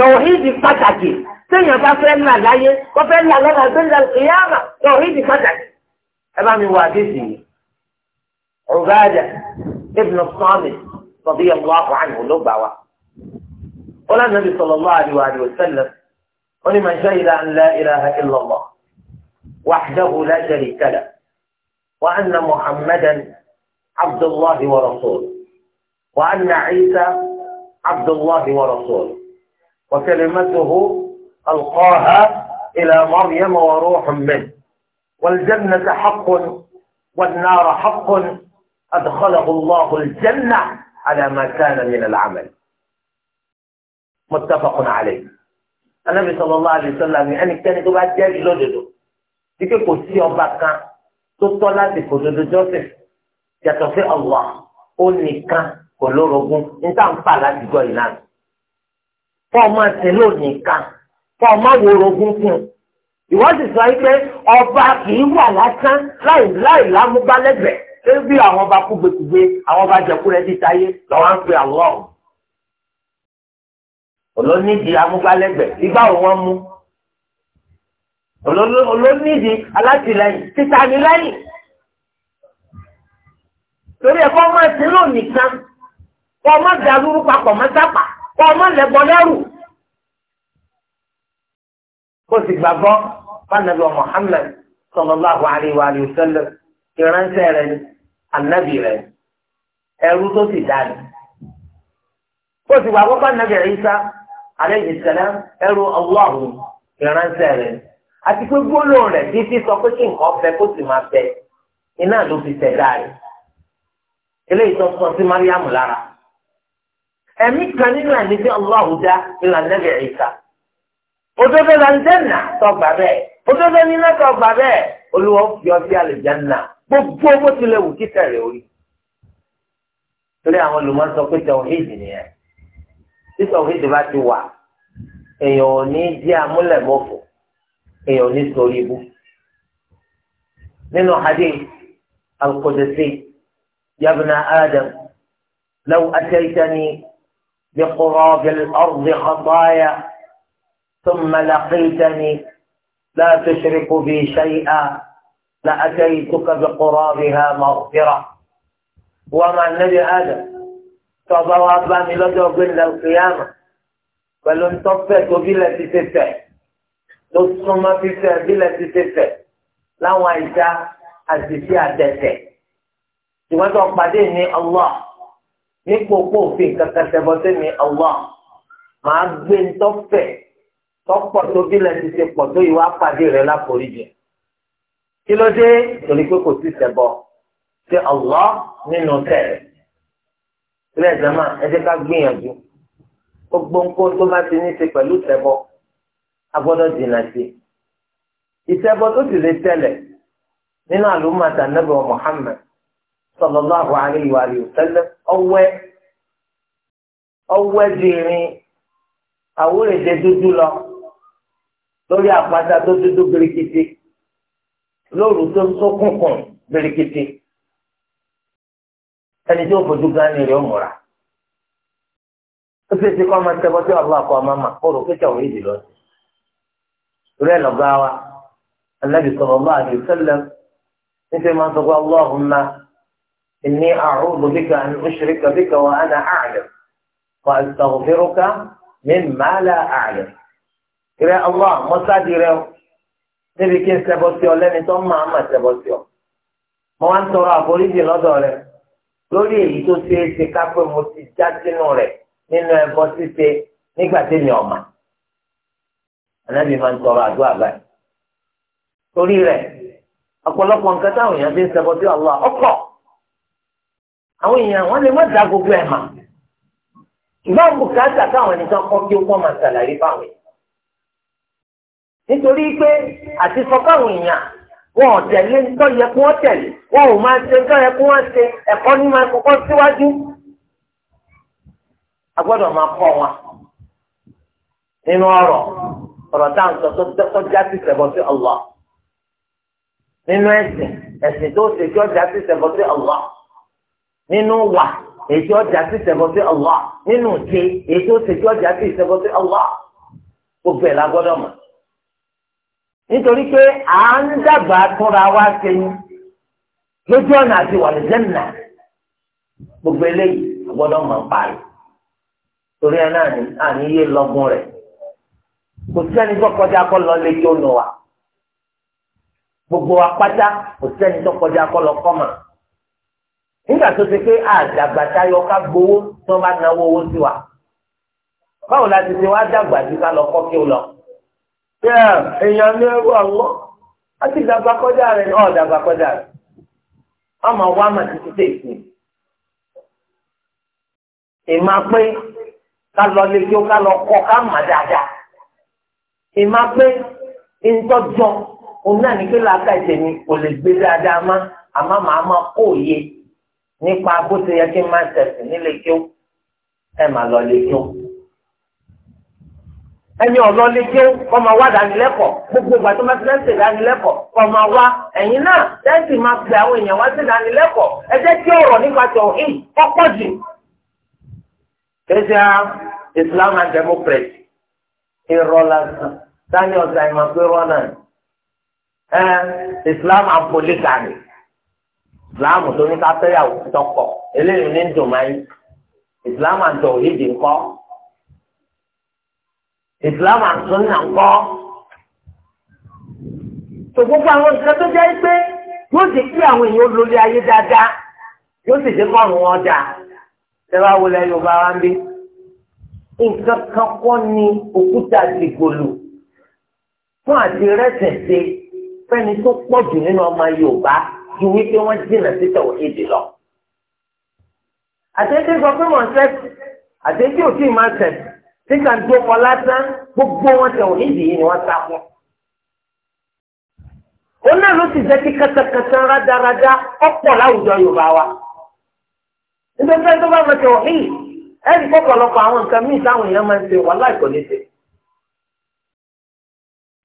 tọ̀hídì pàtàkì téèyàn bá fẹ́ là láyé wọ́n fẹ́ là lọ́la gbẹ́lá ìyáàmà tọ̀hídì pàtàkì. ẹ bá mi wà àdéhùn yìí ọ̀gáàjà ibn sọ́ọ̀mì sọ̀bí ọ̀gbọ́n àkọ́hàn ló gbà wá. ó lánà bí sọlọ́lá àdìwà àdìwà sẹ́lẹ̀ ó ní màá ṣe ìlà ńlá ìlà ìlọ̀lọ̀ wàhídàbù láṣẹ̀rì kẹlẹ̀ wà á nà muhammadan abdullahi wa rasuluhu wà á nà ciisa abdullahi wa rasuluhu. وكلمته ألقاها إلى مريم وروح منه والجنة حق والنار حق أدخله الله الجنة على ما كان من العمل متفق عليه النبي صلى الله عليه وسلم يعني كان تبع جاي لوجدو dike kò sí ọba kan tó tọ́ láti kò dodo joseph yàtọ̀ sí allah ó nìkan kọ́ ọmọ ẹsẹ̀ lónìí kan kọ́ ọmọ wòrò gúngún ìwádìí sọ pé ọba kì í wà lásán láì láì lámúgbálẹ́gbẹ̀ẹ́ ṣé bí àwọn ọba kú gbẹkùgbẹ àwọn ọba jẹkú rẹ ti táyé lọ́wọ́ ń pe àwọn ọ̀hún. olónídìí amúgbálẹ́gbẹ̀ẹ́ igbá òun wọn mú olónídìí alátìlẹ́yìn títànílẹ́yìn torí ẹ̀kọ́ ọmọ ẹ̀sìn lónìí kan kọ́ ọmọ dàlúrú papọ̀ mọ́sápà kọ́ ọmọ lẹ́gbọ́n lẹ́rù kó sì gbàgbọ́ fanabi wa Muhammad sallallahu alayhi wa sallam ìránṣẹ́ rẹ̀ ni anabi rẹ̀ ẹrú tó sì dáni kó sì gbàgbọ́ fanabi Isa alayhi salam ẹrú Allahu ìránṣẹ́ rẹ̀ àti pé gbólóhùn rẹ̀ títí sọ pé kí nǹkan fẹ́ kó sì máa fẹ́ iná ló fi tẹ̀ dáa rẹ̀ eléyìí tó sọ sí Mariam lára ẹ̀mí kan nínú ẹ̀mí tí Allahu dá ìlànà bẹ̀rẹ̀ ìta òdodo la ń dẹ́nà tọgbà bẹ́ẹ̀ òdodo nínú tọgbà bẹ́ẹ̀ olúwa fi ọ sí àlùjánnà gbogbo owó ti lè wù kíkẹ́ rẹ̀ orí torí àwọn olùmọ̀ sọ pé tẹ̀wọ̀hídì nìyẹn tí tẹ̀wọ̀hídì bá ti wà èèyàn ò ní jẹ́ amúlẹ̀mọ́fò èèyàn ò ní sọrí ibú nínú hadith al بقراب الأرض خطايا ثم لقيتني لا تشرك بي شيئا لأتيتك بقرابها مغفرة ومع النبي آدم tọba wa bá mi lọ́jọ́ gbẹ̀ndà òkèèyàmà pẹ̀lú ntọ́fẹ́ tó bílẹ̀ ti ṣe fẹ̀ tó súnmọ́ fífẹ́ bílẹ̀ ti ṣe fẹ̀ láwọn àìsá àṣìṣe àtẹ̀tẹ̀ ìwọ́n tó pàdé ní Allah nípò pòfin kankan sẹ́bọ̀ sẹ́mi Allah màá gbé ntọ́fẹ̀ tọ́pọ̀ tó bílẹ̀ ti ṣe pọ̀ tó ìwà pàdé rẹ̀ láforíjì kí ló dé torí pé kò sí sẹ́bọ̀ sí Allah nínú tẹ̀rẹ̀ sílẹ̀ jama ẹ jẹ́ ká gbìyànjú gbogbo nǹkan tó bá ti ní ṣe pẹ̀lú sẹ́bọ̀ a gbọ́dọ̀ sí ìṣẹ́bọ̀ tó ti lè tẹ̀lẹ̀ nínú àlùmọ̀tà nàbẹ̀ Muhammad صلى الله عليه وآله ọwẹ́ ọwẹ́ dìrín àwòrán dúdú lọ lórí àpáta tó dúdú birikiti lóru tó sókùnkùn birikiti ẹni tí ó fojú gánni rẹ̀ ó múra ó sì ti kọ́ ọmọ tẹ́gbọ́ tí wàá kọ́ ọmọ mà kó yìí lọ sí rẹ̀ lọ́gá wa anabi sallallahu alayhi wa sallam níṣẹ́ máa ń sọ pé allahumma. إني أعوذ بك أن أشرك بك وأنا أعلم وأستغفرك مما لا أعلم إلى الله مصادره níbi kí n ṣẹbọ sí ọ lẹ́ni tó máa máa ṣẹbọ sí ọ mo wá ń tọrọ àforíjì lọ́dọ̀ rẹ lórí èyí tó ṣeé ṣe ká pé mo ti já sínú rẹ nínú ẹbọ ṣíṣe nígbà tí mi ọmọ ànábì máa ń tọrọ àdúrà báyìí torí rẹ ọ̀pọ̀lọpọ̀ nǹkan táwọn èèyàn fi ń ṣẹbọ sí Allah ọkọ. àwọn èèyàn wọn lè má da gbogbo ẹ̀ mà ìbá bùkátà káwọn kọ́ kí ó kọ́ máa ṣàlàyé nítorí pé àti sọ èèyàn wọn ò tẹ̀lé yẹ wọ́n tẹ̀lé wọn ò ní máa kọ́kọ́ síwájú a gbọ́dọ̀ máa kọ́ wọn nínú ọ̀rọ̀ ọ̀rọ̀ tá sọ tó nínú ẹ̀sìn ẹ̀sìn nínú wà èyí ọjà sí ìṣẹ̀bọ sí Allah nínú ṣe èyí ọjà sí ìṣẹ̀bọ sí gbogbo ẹ̀ la gbọ́dọ̀ mọ̀ à ń dàgbà túnra wá lójú ọ̀nà àti gbogbo eléyìí àgbọ́dọ̀ mọ̀ ń parí torí ẹ náà ní àní lọ́gùn rẹ̀ kò sẹ́ni tó kọjá kọ́ lọ lé gbogbo apáta kò sẹ́ni tó kọjá kọ́ lọ kọ́ nígbà tó ṣe pé àdàgbàtà yọ ká gbowó tí wọ́n bá náwó owó sí wa báwo la ti ṣe wá dàgbà ju ká lọ kọ́ kí o lọ. ṣé èèyàn ní ẹrú àwọn ti dàgbà kọjá rẹ ọ dàgbà kọjá rẹ ọmọ wa mà ti ti ìmọ̀ pé ká lọ lè kí o ká lọ kọ́ ká mà dáadáa. ìmọ̀ pé òun náà ní kí làákà ìṣẹ̀ni kò lè gbé dáadáa má àmọ́ màá má kó nípa bó ti yẹ kí n máa tẹ̀sìn nílé kí ó ẹ máa lọ lé kí ó. ẹni ọ̀lọ́ lé kí ó kọ́ máa wá dánilẹ́kọ̀ọ́ gbogbo ìgbà tó máa ti lẹ́sìn dánilẹ́kọ̀ọ́ kọ́ máa wá ẹ̀yin náà lẹ́sìn máa pe àwọn èèyàn wá sí dánilẹ́kọ̀ọ́ ẹ jẹ́ kí ọ̀rọ̀ nípa tọ̀hìn kọ́kọ́ jù. kẹ́síà Islam and democracy irọ́ lásán daniel zaimá pé rọ́nà Islam and police army ìsìláàmù tó ní ká fẹ́yàwó tọkọ eléyìí ní dùn máa yí ìsìláàmù àti òhídì ńkọ́ ìsìláàmù àti sunna ńkọ́ tó gbogbo àwọn nǹkan tó jẹ́ pé yóò sì kí àwọn èèyàn lórí ayé dáadáa yóò sì dé kọ́rùn wọn dáa tẹ́wá wọlé Yorùbá wa ń bí nǹkan kan kọ́ ni òkúta ti gòlò fún àti rẹ́sẹ̀ ṣe fẹ́ni tó pọ̀ jù nínú ọmọ Yorùbá. ju wípé wọ́n jìnnà sí tàwíìdì lọ. àtẹ̀tẹ̀ sọ pé wọ́n sẹ́ àtẹ̀tẹ̀ ò tí ì máa ń dókọ lásán gbogbo wọn tàwíìdì yìí ni wọ́n sá fún. ó náà ló ti jẹ́ kí katakata rádaràda ọ̀pọ̀ láwùjọ Yorùbá wa. nígbà tí wọ́n bá mọ̀ tàwíìdì ẹ̀rí kọ́kọ́lọ́kọ́ àwọn nǹkan míì táwọn èèyàn máa ń ṣe wàhálà ìkọ̀lẹ́sẹ̀.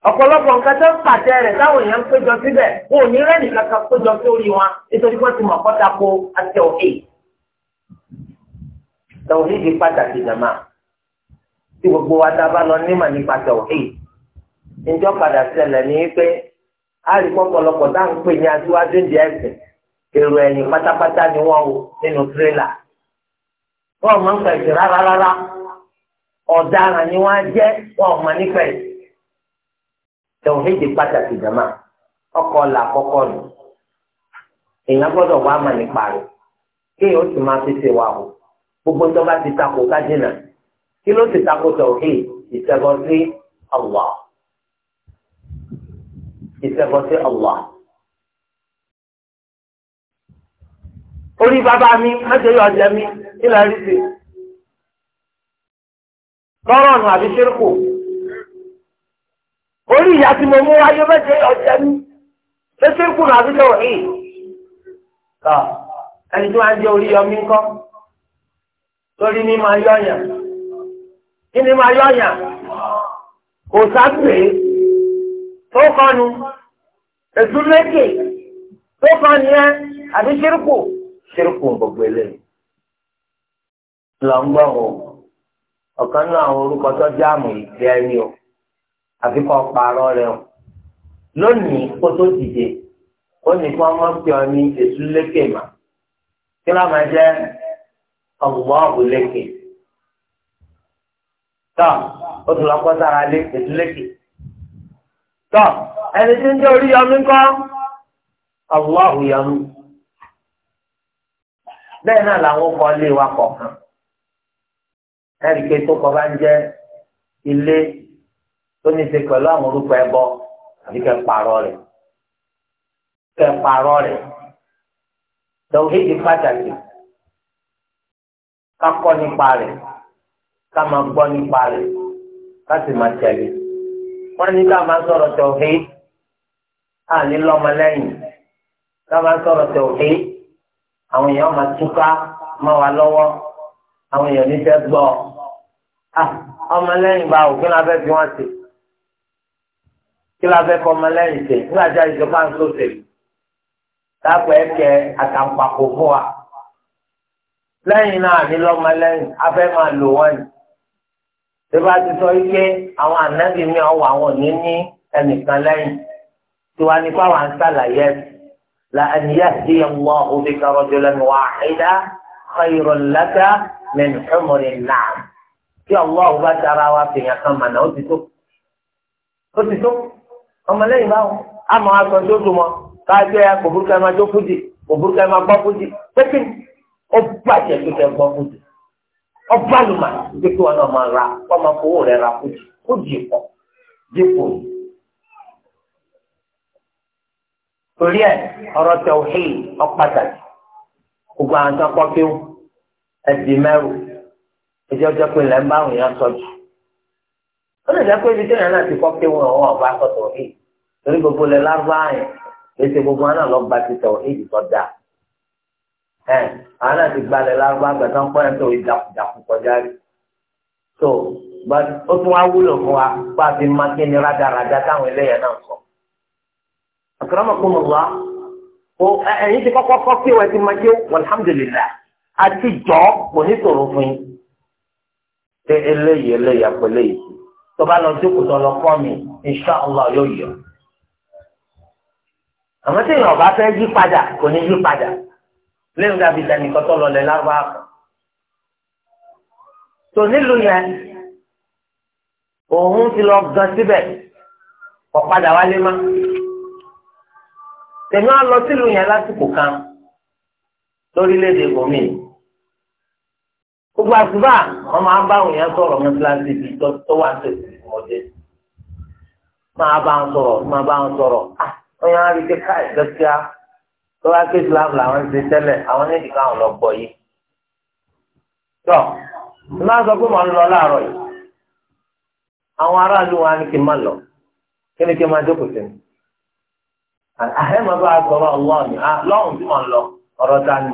ọ̀pọ̀lọpọ̀ nǹkan tó ń pàtẹ rẹ̀ táwọn èèyàn ń péjọ síbẹ̀ wọn ò ní rẹ́ẹ̀nì kankan péjọ sórí wọn nítorí wọ́n ti mọ̀ kọ́ta po àti òkè. tọ̀hìn di pàtàkì jàmá tí gbogbo wa ta bá lọ nímọ̀ nípa tọ̀hìn. ìjọ padà ṣẹlẹ̀ ní pé a rí pọ̀pọ̀lọpọ̀ tá à ń pè ní aṣíwájú ìdí ẹ̀sìn èrò ẹ̀yìn pátápátá ni wọ́n o nínú tírélà. wọ́n mọ̀ nípa ẹ̀sìn rárá rárá ọ̀daràn ni wọ́n jẹ́ wọ́n mọ̀ nípa ẹ̀sìn tẹ̀wọ̀hídì pàtàkì jama ọkọ̀ ọ̀la àkọ́kọ́ nù èèyàn gbọ́dọ̀ wá mà nípa rẹ̀ kéèyàn ó sì máa fi ṣe wà o gbogbo tó bá ti takò kájínà kí ló ti takò tẹ̀wọ̀hídì ìṣẹ́gbọ́ sí Allah ìṣẹ́gbọ́ sí Allah. orí bàbá mi májèlé ọ̀jẹ̀ mi kí lóò rí sí. lọ́rọ̀ ọ̀nà àbí ṣírkù. orí ìyá tí mo mú wáyé mẹ́jẹ ọ̀jẹ́ mi lẹ́sẹ̀ kùnà àbíkẹ́ òní. tọ́ ẹni tí wọ́n á jẹ́ orí yọmí ńkọ́ lórí ní máa yọ̀yàn kí ni máa yọ̀yàn kò sábẹ́ tó kọ́nu lékè tó kọ́nu yẹn àbí gbogbo eléyìí. o ọ̀kan náà àwọn orúkọ tó àfi kọ́ parọ́ rẹ o lónìí kó tó dìde ó ní kí wọ́n mọ̀ pé ọ ní èṣù lékè mà kí ló máa jẹ́ Allahu lékè tọ́ ó tún lọ kọ́ sára lé èṣù lékè tọ́ ẹni tí ń jẹ́ orí yọmí kọ́ Allahu yọmí bẹ́ẹ̀ náà làwọn kọ́ lé wa kọ̀ọ̀kan ẹ̀ríkẹ́ tó kọ́ bá ń jẹ́ ilé tó ní ṣe pẹ̀lú àwọn orúkọ ẹbọ àbí kẹ́ parọ́ rẹ̀ kẹ́ parọ́ rẹ̀ tẹ̀wéjì pàtàkì ká kọ́ nípa rẹ̀ ká máa gbọ́ nípa rẹ̀ ká sì máa tẹ̀lé wọ́n ní ká máa sọ̀rọ̀ tẹ̀wéjì àní lọ́mọlẹ́yìn ká máa sọ̀rọ̀ tẹ̀wéjì àwọn èèyàn máa túká mọ́ wa lọ́wọ́ àwọn èèyàn níṣẹ́ gbọ́ ah, ọmọlẹ́yìn bá òfin lábẹ́ fi wọ́n ṣe kí la fẹ́ fọmọ lẹ́yìn tẹ̀ nígbà tí a jọ máa ń sọ̀tẹ̀ dápò ẹ̀kẹ́ àtàǹpàkò fún wa lẹ́yìn náà ní lọ́mọ lẹ́yìn a máa lò wọ́n ni ìbá ti sọ wípé àwọn ànábì mi ọ̀wọ́ àwọn òní ní ẹnìkan lẹ́yìn tiwa ní fáwọn àǹsàlàyé ẹ̀sìn la an yahdiyallahu bika rajulan wahidan khayran laka min humurin na'am tí ọlọ́wọ́ bá tara wa fìyàn kan mànà ó ti tó ó ti tó ọmọlẹ́yìn báwo àmọ́ aṣọ tó dùn mọ́ káàjọ ya kò burúkú ẹ máa jó fújì kò burúkú ẹ máa gbọ́ fújì pékin ó bàjẹ́ tó tẹ gbọ́ fújì ó bá lù mà pé kí wọn náà máa ra wọn máa fowó rẹ ra fújì fújì pọ̀ dípò yìí. torí ẹ ọ̀rọ̀ tẹ òhì ọpàtàkì gbogbo àwọn tó kọ́ kí ó ẹ̀dì mẹ́rù ẹjọ́ jẹ́ pé lẹ́ńbà àwọn èèyàn sọ ó lè jẹ́ pé ibi tẹ́yìn náà ti kọ́ pé wọn àwọn ọba kọ́ tọ̀hìn torí gbogbo lẹ lábáyìn ètò gbogbo wọn náà lọ gba ti tọ̀hìn tó da ẹ àwọn náà ti gbalẹ̀ lábá gbàtà ń pọ́n tó ìdàkùdàkù kọjá rí so but ó tún wá wúlò fún wa bá a fi máa kéde rádaràda táwọn eléyàn náà sọ. akramakumullah o ẹ̀yin ti kọ́kọ́ kọ́ pé wọ́n ti máa jẹ́ walhamdulillah àti jọ́ kò ní sọ̀rọ̀ fún yín. ṣé eléyìí eléyìí àpẹlẹ yìí tó bá lọ jókòó tó lọ kọ́ mi insha allah yóò yọ. àmọ́ tí èèyàn bá fẹ́ yí padà kò ní yí padà lẹ́yìn dàbí ìdánìkan tó lọ lẹ̀ lárúbá kan. tò nílùú yẹn òun ti lọ gan síbẹ̀ kò wálé mọ́. tèmi á lọ sílùú yẹn lásìkò kan lórílẹ̀‐èdè gómìnà gbogbo àtúbà wọn máa bá àwọn èèyàn sọ̀rọ̀ mọ́sálásí ibi tó wà ní ìmọ̀jẹ́ máa bá wọn sọ̀rọ̀ máa bá wọn sọ̀rọ̀ ah wọ́n yàn án rí pé káì lọ́síá tó wá pé Islam làwọn ń ṣe tẹ́lẹ̀ àwọn ní ìdíkà àwọn lọ gbọ́ yìí. tọ́ ní máa sọ pé màá lọ láàárọ̀ yìí àwọn aráàlú wa ní kí n má lọ kí ni kí n máa jókòó sí mi. àhẹ́ bá a sọ̀rọ̀ ọlọ́ọ̀ni ah, lọ́hùn tí mò ń lọ ọ̀rọ̀ ta ni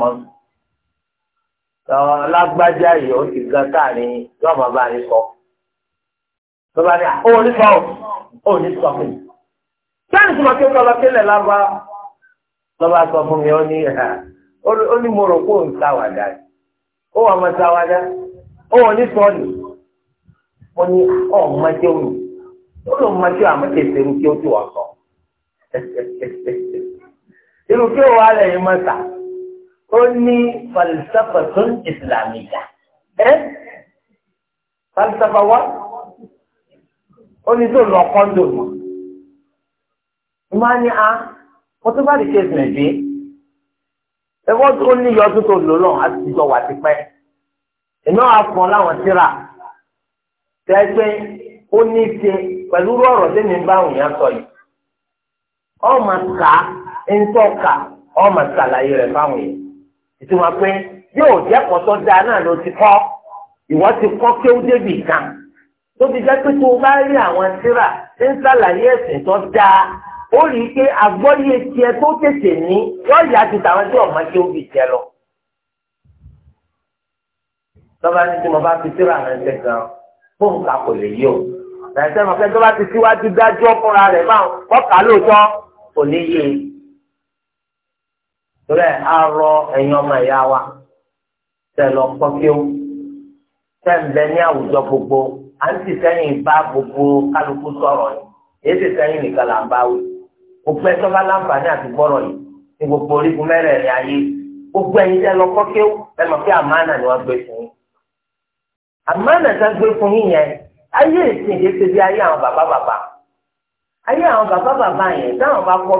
lágbájá yìí ó ti ga káàrin yóò máa bá yín sọ bá ní ó ní sọ ó ní sọ fún sẹ́ni tí mo ti sọ lọ sílẹ̀ lába lọ́ba sọ fún mi ó ní ó ní mo rò pé òun ó wà máa wọ ní ní ọ̀ òun ó kí ó ti wà sọ irú kí ó ní falsafatun islamiyya ẹ́ falsafa wa ó ní tó lọ kọ́ńdò mọ́ ìmọ̀ ni a wọ́n tó bá lè ṣe ìsìnbí ẹ̀fọ́ tó ní iye ọdún tó lò lọ́wọ́ àti ìjọ wà ti pẹ́ iná àfọ̀n láwọn síra tẹ́gbẹ́ ó ní í ṣe pẹ̀lú ọ̀rọ̀ tẹ́mi bá àwọn èèyàn sọ yìí ọmọ ká ń tọ́ka ọmọ ṣàlàyé rẹ̀ fáwọn èèyàn ìtumọ̀ pé yóò jẹ́ kọ́tọ́ da náà ló ti kọ́ ìwọ ti kọ́ kéwú débì kan tó fi jẹ́ pé tó o bá rí àwọn síra tí ń sàlàyé ẹ̀sìn tó dáa ó rí i pé agbọ́yé tiẹ̀ tó tètè ní yóò yá ti tàwọn tí ọ̀mọ kéwú bì tiẹ̀ lọ. lọ́ba ní tí mo bá fi síra ránṣẹ́ gan fóun kà kò lè yí o ránṣẹ́ mọ̀ pé tó bá ti síwájú dájú ọkùnrin rẹ̀ máa ń kọ́ kà lóòótọ́ kò ní yé e torí a arọ ẹ̀yin ọmọ ìyá wa tẹ lọ kọ́ kí ó tẹ ń bẹ ní àwùjọ gbogbo à ń sì sẹ́yìn bá gbogbo kálukú sọ̀rọ̀ yìí èyí sì sẹ́yìn nìkan là ń bá wí gbogbo ẹ sọ́ba láǹfààní àti gbọ́rọ̀ yìí ní gbogbo orígun mẹ́rẹ̀ẹ̀rin ayé gbogbo ẹ̀yin tẹ lọ kọ́ kí ó ẹ mọ̀ pé àmánà ni wọ́n gbé fún yín àmánà tẹ gbé fún yín yẹn ayé ìsìn ìdí ti di ayé àwọn bàbá bàbá ayé àwọn bàbá bàbá yẹn táwọn bá kọ́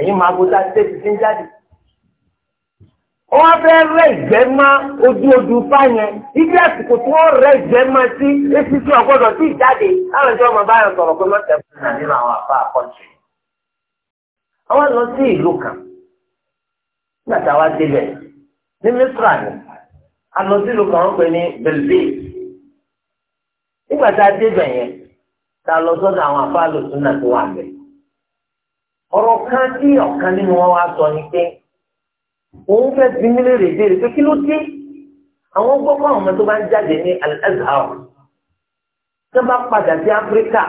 ẹ̀yin máa gbọ́dá tẹ́sí sí ń jáde. wọ́n fẹ́ rẹ̀ ìgbẹ́ má ojú ojú fáyẹn ibi àsìkò tí wọ́n rẹ̀ ìgbẹ́ má sí etí tí ọgbọ́dọ̀ sí ìjáde láwọn ìjọ ọmọ báyọ̀ sọ̀rọ̀ pé mọ́tẹ́ fún mi nínú àwọn àbá àkọ́jù. àwọn lọ sí ìlú kan nígbà tá a wá débẹ̀ ní mísírà ni a lọ sí ìlú kan wọ́n pè ní bèlbè nígbà tá a débẹ̀ yẹn tá lọ sọ́dọ̀ àwọn àbá àlòsùn náà tó wà bẹ́ẹ̀ ọ̀rọ̀ kan tí ọ̀kan nínú wọn wá sọ ni pé òun fẹ́ bí mi léèrè béèrè pé kí ló dé àwọn gbọ́ fún àwọn ọmọ tó bá ń jáde ní Al-Azhar tó bá padà sí Áfíríkà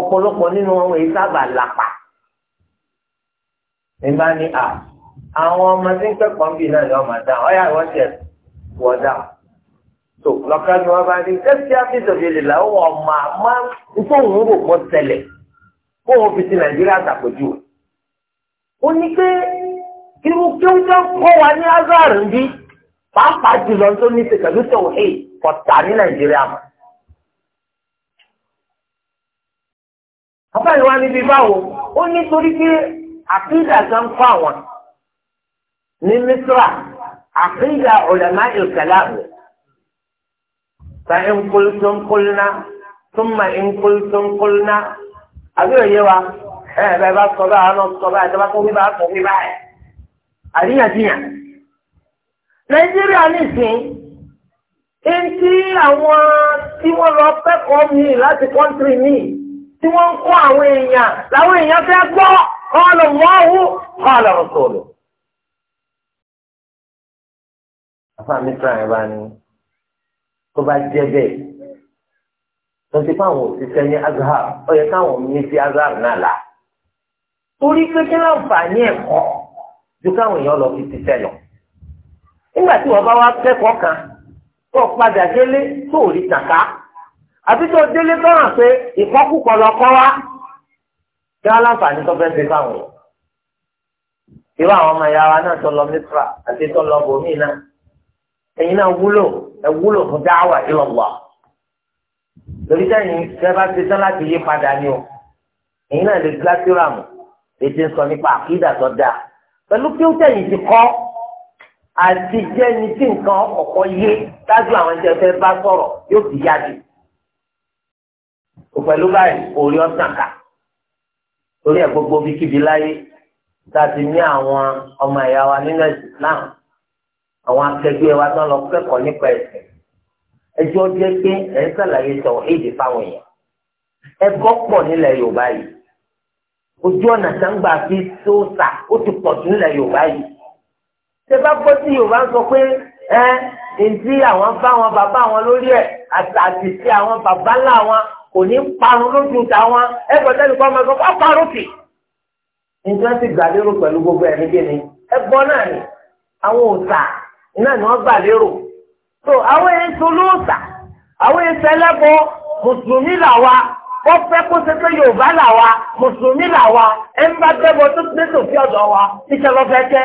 ọ̀pọ̀lọpọ̀ nínú àwọn èyí sábà lápá nígbà ní à àwọn ọmọ tí ń kẹ́kọ̀ọ́ ń bì náà lọ́ọ́ máa dá ọ̀yà ìwọ́n tiẹ̀ wọ̀ dá tó lọ́kàn ni wọ́n bá ní tẹ́sí àfíìsì òbí lè là ó wọ̀ ọ̀ma máa ń fóun rò pọ̀ tẹ̀lẹ̀ kó o fi ti nàìjíríà ṣàpèjú o. ó ní pé irú kí ó jẹ́ kọ́ wa ní azar ń bí pàápàá jùlọ tó ní ṣe pẹ̀lú tòwé kọ̀tà ní nàìjíríà mọ́. àbáyé wa níbi báwo ó ní torí pé àfíìdà kan kọ́ àwọn ní mísírà àfíìdà ulama al-kalam fa in qultum qulna thumma in qultum qulna àbí òye wa ẹ ẹ bá bá sọ báyìí lọ sọ báyìí tọ́ba kó wíwá kó wíwá ẹ̀ àríyànjiyàn. nàìjíríà nìsín ń tí àwọn tí wọ́n lọ kẹ́kọ̀ọ́ mi láti kọ́ńtírì mi tí wọ́n ń kọ́ àwọn èèyàn làwọn èèyàn fẹ́ gbọ́ kọ́ọ̀lù wọ́ọ̀hù kọ́ọ̀lù rọ̀sọ̀lù. àfa mi sàn ẹ̀ bá ní tó bá jẹ́ bẹ́ẹ̀. tọ́sí fáwọn òṣìṣẹ́ ní azhar ó káwọn mi sí azhar náà la torí pé kí láǹfààní ẹ̀kọ́ ju káwọn èèyàn lọ fi ṣiṣẹ́ lọ nígbà tí wọ́n kan tó padà délé tó rí tàká àbí tó délé tó hàn pé ìkọ́kùkọ lọ kọ́ wá kí àwọn ọmọ wa náà tó àti tó torí sẹ́yìn tẹ́ bá ti tán láti yí padà ni o èyí náà lè gíláṣíráàmù ètò ń sọ nípa àkídà tó dáa pẹ̀lú kí ó tẹ̀yìn ti kọ́ àti jẹ́ni tí nǹkan ọ̀kọ̀ọ̀kọ̀ yé dájú àwọn ẹ̀jẹ̀ fẹ́ bá sọ̀rọ̀ yóò fi yá jù pẹ̀lú báyìí orí ọ̀sán kà torí ẹ̀ gbogbo bíkíbi láyé tá a ti ní àwọn ọmọ ẹ̀yà wa nínú Islam àwọn akẹgbẹ́ wa tán lọ kẹ́kọ̀ọ́ nípa ẹ̀sìn ẹjọ́ jẹ́ pé ẹ̀ ń sàlàyé sọ̀rọ̀ èdè fáwọn èèyàn ẹ̀kọ́ pọ̀ nílẹ̀ yorùbá yìí ojú ọ̀nà sàǹgbà fi sóòsà ó ti pọ̀ jù nílẹ̀ yorùbá yìí ṣé bá gbọ́ sí yorùbá sọ pé ẹ ǹtí àwọn bá wọn bàbá wọn lórí ẹ̀ àti sí àwọn bàbá ńlá wọn kò ní parun lójú tàwọn ẹ̀kọ́ tẹ́lẹ̀ kọ́ máa sọ fún parun kì nítorí wọn ti gbà lérò pẹ̀lú gbogbo ẹ̀ nígbè ni ẹ̀gbọ́n náà ni àwọn òòsà náà ni wọ́n gbà lérò so àwọn èso lóòsà àwọn èso ẹlẹ́bọ mùsùlùmí làwa wọ́n fẹ́ kó ṣe pé yorùbá làwa mùsùlùmí làwa ẹ̀ ń bá tó ọ̀dọ̀ wa níṣẹ́ lọ́ fẹ́ kẹ́.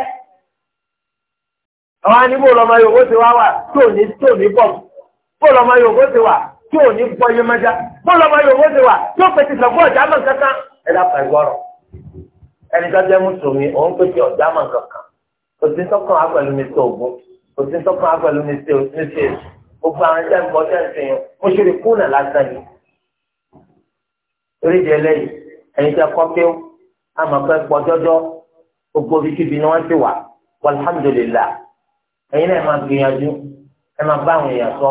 àwọn anígbò lọmọ yorùbá ti wá wà tí ò ní tí ò ní bọ̀ bó lọmọ ti wà tí ò ní bọ́ yé bó lọmọ ti wà tí ọ̀já mọ̀ kankan ẹ̀ dá kò sí sọ́kàn àgbẹ̀lú ní ṣe òsì ṣe gbogbo àwọn ẹgbẹ́ ìmọ̀ ọjọ́ ìsìn mo ṣe lè kúnà lásán yìí. orí ìdí ẹlẹ́yìí ẹ̀yin tí a kọ́ pé àmọ̀ pé pọ̀ jọjọ́ gbogbo ibikíbi ni wọ́n ti wà walhamdulillah ẹ̀yin náà máa gbìyànjú ẹ máa bá àwọn èèyàn sọ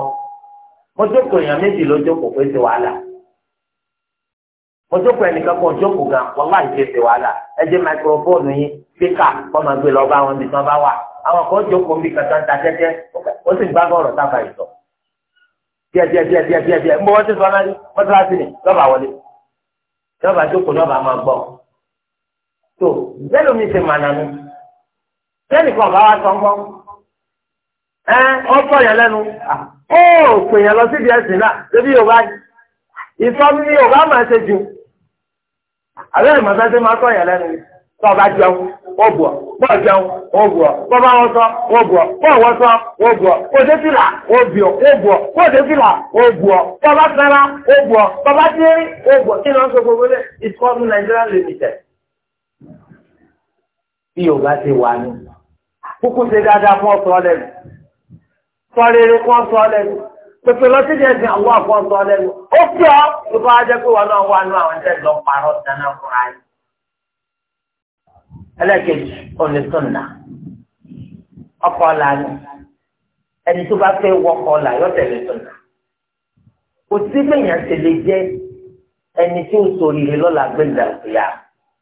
mo jókòó èèyàn méjì ló jókòó pé ṣe wàhálà mo jókòó ẹnìkan kan jókòó gan wàhálà ìṣe ṣe wàhálà ẹ jẹ́ máikrófóònù yín píkà kọ́ máa gbé lọ bá wọn bí wọ́n àwọn kan jókòó bí kàtà tẹ́tẹ́ ó sì ń bá bọ̀rọ̀ tábà ìtọ̀ díẹ̀ díẹ̀ díẹ̀ díẹ̀ díẹ̀ díẹ̀ ń bọ́ ti sọ náà mọ́tíláṣí ni lọ́ba wọlé lọ́ba jókòó lọ́ba máa gbọ́ tó bẹ́ẹ̀ lómi ṣe mànà nu bẹ́ẹ̀ nìkan bá wa sọ ńkọ́ ẹ ọkọ̀ yẹn lẹ́nu ó pè yẹn lọ síbi ẹ̀sìn náà débi Yorùbá ìsọmi Yorùbá máa ṣe jù àbẹ́rẹ́ màtá ṣe máa sọ yẹn lẹ́nu tó ọba jẹun ó bù ọ́. bọ́ jẹun wọ́n bù ọ́ bọ́ bá wọ́n sọ wọ́n bù ọ́ bọ́ wọ́n sọ wọ́n bù ọ́ kò dé fìlà it's called Nigeria limited. bí yorùbá ti wà ní kúkú ṣe dáadáa fún ọ̀sán ọ̀lẹ́nu sọ rere fún ọ̀sán ọ̀lẹ́nu lọ sí àwọn ó pé náà wà àwọn ẹlẹ́kejì òní sunna ọkọ̀ ọ̀la ni ẹni tó bá fẹ́ wọkọ̀ ọ̀la yóò tẹ̀lé sunna kò sí bẹ́yàn ṣe lè jẹ́ ẹni tí ó sori rẹ lọ́la gbẹ̀dà ìyá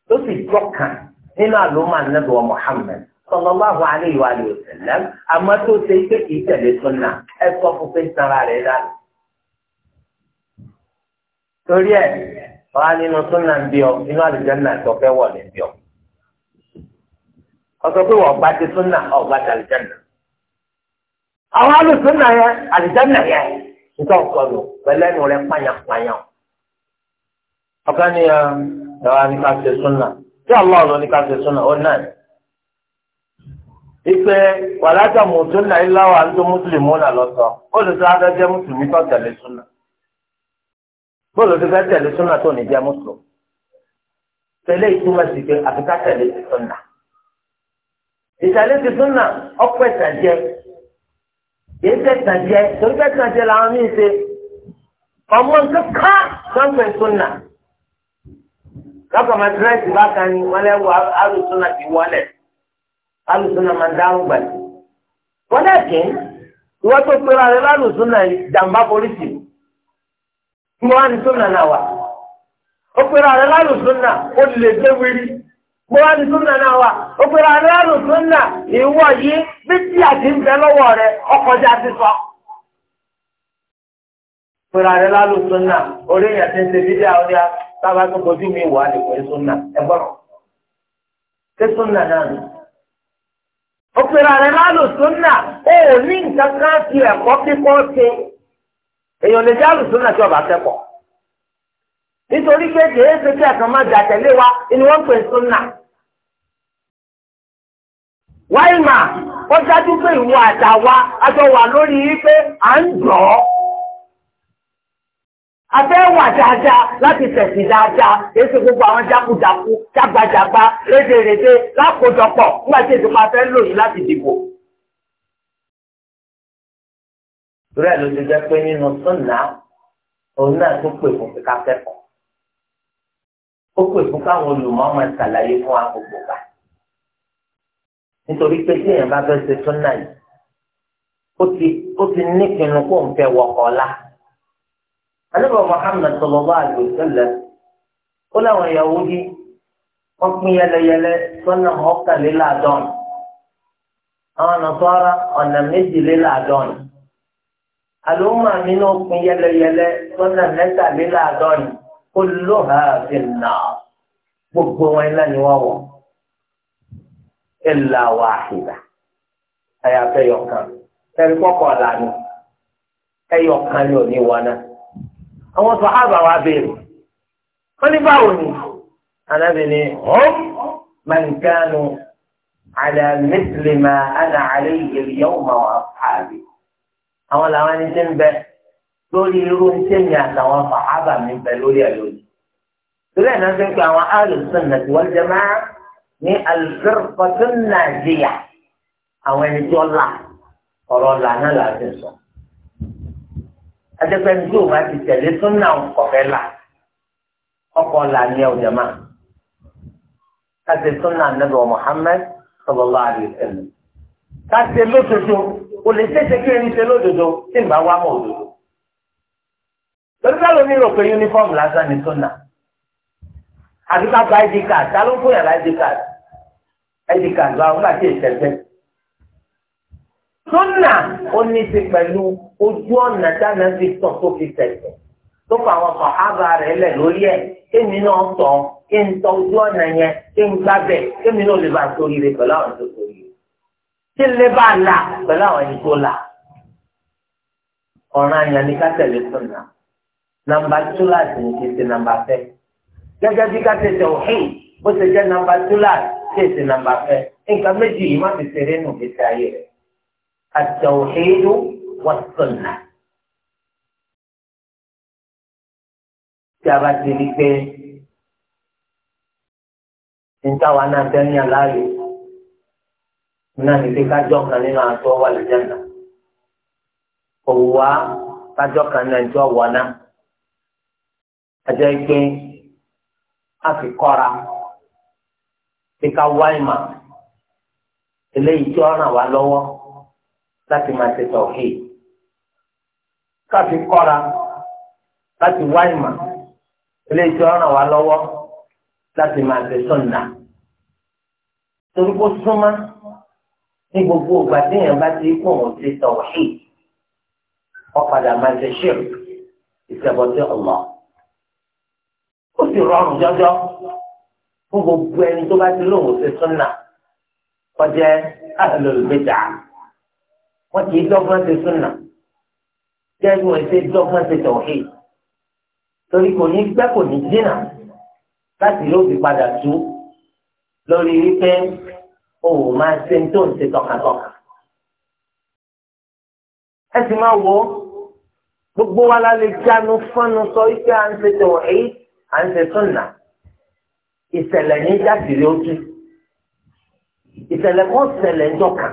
tó sì jọ́kàn nínú àlùmọ́ ànábì wa Muhammad sallallahu alayhi wa sallam àmọ́ tó ṣe pé kì í tẹ̀lé sunna ẹ sọ fún pé sara rẹ̀ dànù. torí ẹ wàá nínú sunna ń bí ọ nínú àlùjànnà àti ọ̀fẹ́ wọ̀ ní ọ ọsọ pé wọ́n gba ti súnà ọ̀gbà ti àlìjáná. àwọn alùsúnà yẹn àlìjáná yẹn nítorí ọ̀sọ̀lù pẹ̀lú ẹnu rẹ̀ pàyàpàyàn. ọ̀kan ni um, ẹ̀rọ ní ká ṣe súnà tí ọlọ́run ló ní ká ṣe súnà ó náà ní. ìpè wàlájà mùsùlùmí náà ilá wa ń tó mùsùlùmí náà lọ́sọ̀ olùsọ adájẹ́ mùsùlùmí tó tẹ̀lé súnà. bóòlù tó fẹ́ tẹ̀lé súnà tó ní jẹ́ mùsùlùmí. tẹ̀lé ìtumọ̀ sí pé àfikà tẹ̀lé súnà ìsàlẹ̀ ti súnà ọ̀pọ̀ ìtàjẹ kìí ṣe ìtàjẹ torí pé ìtàjẹ làwọn míì ṣe ọmọ nǹkan ká sọ́pọ̀ ìsúnà lọ́kàn máa dírẹ́sì bákan ni wọ́n lẹ́wọ́ alùsúnà ti wọlé alùsúnà máa dáhùn gbàdé wọ́n lẹ́kìn ìwọ́n tó pera rẹ lálùsúnà jàǹbá polisi ìwọ́n á ní súnà náà wà ó pera rẹ lálùsúnà ó lè dé wíri. mo wá ní súnà náà wà ó pèrè aráàlú yìí bí tí àti ń bẹ lọ́wọ́ ọkọjá ti sọ. pèrè aráàlú súnà orí èèyàn ti ń ṣe fídíà orí sábà tó kojú mi wà ní pé súnà ẹ gbọ́dọ̀ ṣé súnà náà ni. ó pèrè ó ní nǹkan kan ti ẹ̀kọ́ kíkọ́ ṣe èèyàn lè jẹ́ tí kẹ́kọ̀ọ́. nítorí pé kìí ṣe kí ẹ̀kan máa jà tẹ̀lé wa ni wọ́n pè súnà. wáyé mà ó dájú pé ìwọ àtà wa a jọ wà lórí pé à ń jọ ọ́. a fẹ́ wà dáadáa láti tẹ̀sí dáadáa kìí ṣe gbogbo àwọn jákujàku jágbajàgba rédèrèdè lákòjọpọ̀ nígbà tí ètò máa fẹ́ lò yìí láti dìbò. ìrẹ́ ló ti jẹ́ pé nínú súnà òun náà tó pè fún kíkà kẹ́kọ̀ọ́ ó pè fún káwọn olùmọ̀ máa ṣàlàyé fún wa gbogbo wa nítorí pé tí èèyàn bá fẹ́ ṣe súnà yìí ó ti ó ti nípinnu kó ń fẹ́ wọkọ̀ ọ̀la anábọ̀ Muhammad sallallahu alaihi wasallam ó láwọn Yahudi wọ́n pín yẹlẹyẹlẹ sọ́nà mọ́kànléláàádọ́rin àwọn Nasara ọ̀nà méjìléláàádọ́rin àlùmọ́ àmì pín yẹlẹyẹlẹ sọ́nà mẹ́tàléláàádọ́rin kulluha fin nar gbogbo wọn iná ni wọ́n wọ̀ illa wahida àyàfẹ́ yọkan tẹ̀lé kọ́kọ́ lànà ẹ̀yọkan ni ò ní wọn náà àwọn sàhábà wa béèrè wọ́n ní báwo ni anábìíní hom mankanu ala mithli ma ana alayhi al-yawma wa ashabi àwọn làwọn ẹni tí ń bẹ lórí irú iṣẹ́ mi àtàwọn sàhábà mi bẹ lórí ẹ̀ lónìí. Torí ẹ̀ náà ṣe pé àwọn al-sunnah wal jama'ah ní al-firqatun najiyah àwọn ẹni tí ó là ọ̀rọ̀ là náà là ti sọ. Adékọ́ ẹni tí ò bá ti tẹ̀lé súnà ọ̀fẹ́ là ọkọ̀ là ní ẹ̀ òjàmá. Káṣe súnà Ànábì Muhammad sallallahu alaihi wasallam. Káṣe lódodo, olè torí ká ló ní rò pé yúnífọ́ọ̀mù lásán ní sọ́nà àti ká gba id card ta ló ń fòyà lá id card id card wa nígbà tí èsì ẹgbẹ́ sọ́nà ó ní í ṣe pẹ̀lú ojú ọ̀nà dáná fi tàn tó fi tẹ̀sẹ̀ tó fa àwọn kan ábà rẹ̀ lẹ̀ lórí ẹ̀ kémi náà tọ̀ kí n tọ ojú ọ̀nà yẹn kí n gbábẹ̀ kémi náà lè bá a sórí rẹ̀ pẹ̀lú àwọn tó sórí rẹ̀ kí n lè bá a là pẹ̀lú àwọn ẹni tó là ọ̀ràn yẹn ni ká tẹ̀lé sọ́nà nàmbà túláàsì ní kí n ṣe nàmbà fẹ́ gẹ́gẹ́ bí ká ṣe ṣe òhìn bó ṣe jẹ́ nàmbà túláàsì kí ṣe nàmbà fẹ́ nǹkan méjì yìí má fi ṣeré nù kí ṣe ayé rẹ̀ التوحيد والسنة tí a bá ti rí pé nítawà náà tẹ́lẹ̀ aláàyè náà ní pé kájọ́ kan nínú àtọ́ wà lẹ́jẹ̀ náà òwúwa kájọ́ kan náà jọ wọ̀ náà ajá igbe a fi kọ́ra fi ká wá ìmọ̀ eléyìí tí ó ràn wá lọ́wọ́ láti máa ṣe tọ̀hí ká fi kọ́ra láti wá ìmọ̀ eléyìí tí ó ràn wá lọ́wọ́ láti máa ṣe sọ̀nà torí kó súnmọ́ ní gbogbo ìgbà tí èèyàn bá ti kó òun ṣe tọ̀hí ó máa ṣe ṣírk ìṣẹ̀bọ̀tì Allah ó sì rọrùn jọjọ fún gbogbo ẹni tó bá ti lóhùn ṣe súnà kọjá àlòlùbẹjà wọn kì í dọ́gbọ́n ṣe súnà jẹ́rìí wọn ṣe dọ́gbọ́n ṣe tọ̀hí torí kò ní gbẹ́ kò ní dínà láti ló fi padà tú lórí wípé o ò máa ṣe tó ń ṣe tọkàtọkà. ẹ sì máa wo gbogbo wa la lè jánu fọ́nu sọ wípé à ń ṣe tọ̀hí à ń ṣe súnà ìṣẹ̀lẹ̀ ní jáde ojú ìṣẹ̀lẹ̀ kan ṣẹlẹ̀ ńjọ kan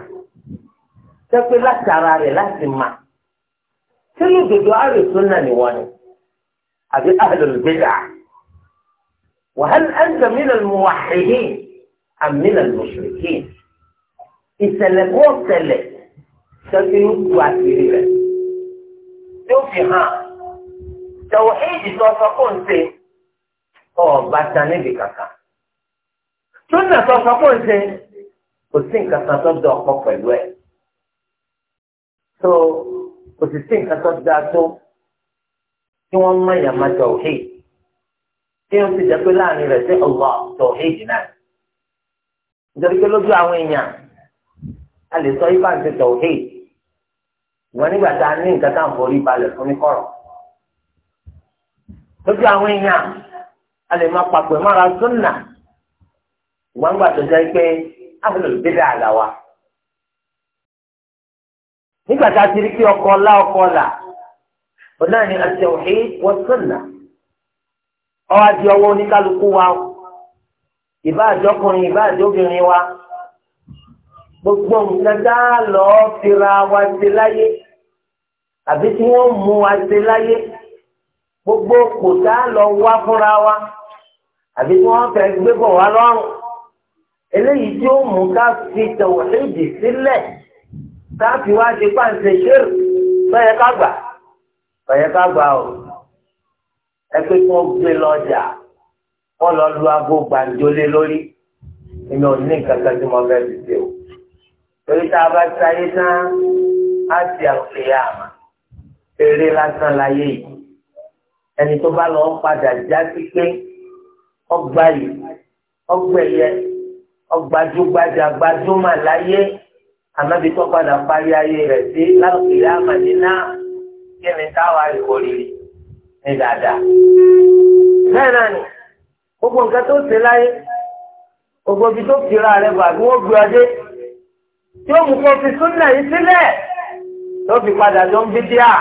tẹ́pẹ́ láti ara rẹ̀ láti mà ṣé lódodo àrè súnà ni wọ́n ni àbí ahlul bid'ah wa hal anta minal muwahhidin am minal mushrikin ìṣẹ̀lẹ̀ kan ṣẹlẹ̀ tẹ́pẹ́ yóò tu àṣírí rẹ̀ yóò fi hàn tẹ̀wọ̀ éèdì tó sọ fún un ṣe. ọba ta níbi kàkà tó nà tó sọ pé ṣe kò sí nǹkan kan tó dọ̀ ọ̀pọ̀ pẹ̀lú ẹ̀ tó kò sì sí nǹkan tó dáa tó tí wọ́n mọ ìyàmá tọ̀hí tí wọ́n ti jẹ́ pé láàrin rẹ̀ sí nítorí pé lójú àwọn èèyàn a lè sọ ibà ti tọ̀hí ìwọ nígbà tá a ní nǹkan tá à ń balẹ̀ fún a lè máa papọ̀ mọ́ra súnà wọ́n gbà tó ala pé ló wa. nígbà ti rí ọkọ ọlá ọkọ ọlà ọ̀ náà ni àti òhìn wọ́n súnà ọ̀ àti ọwọ́ oníkálukú wa ìbá àjọkùnrin ìbá gbogbo nǹkan tá a lọ fira wa ṣe láyé àbí tí wọ́n mú wa ṣe gbogbo kò tá a lọ àbí tí wọ́n fẹ́ gbé bọ̀ wá lọ́rùn eléyìí tí ó mú ká fi tẹ̀wọ̀lẹ́dì sílẹ̀ ká fi wá ṣe pàǹṣẹ ṣéèrè bẹ́ẹ̀ ká gbà bẹ́ẹ̀ ká gbà o ẹ pé kí gbé lọ́jà kọ́ lọ lu aago gbàǹjọ́lé lórí èmi ò ní nǹkan tí mo fẹ́ fi ṣe o torí tá a bá sáyé tán á ti àpèyà àmà eré lásán láyé yìí ẹni tó bá lọ ń padà já sí pé ọgbà yìí ọgbà ẹ̀yẹ ọgbà jógbàjà gbajúmọ̀ láyé àmọ́bi tó padà parí ayé rẹ̀ sí lálùkìlẹ̀ àmàdínà kí ni táwa ìkórìrì ní dáadáa. bẹ́ẹ̀ náà ni gbogbo nǹkan tó ṣe láyé gbogbo ibi tó fi ra rẹ̀ bà bí wọ́n gbé ọdẹ tí ó mú kó fi súnà yìí sílẹ̀ tó fi padà jọ ń bí díà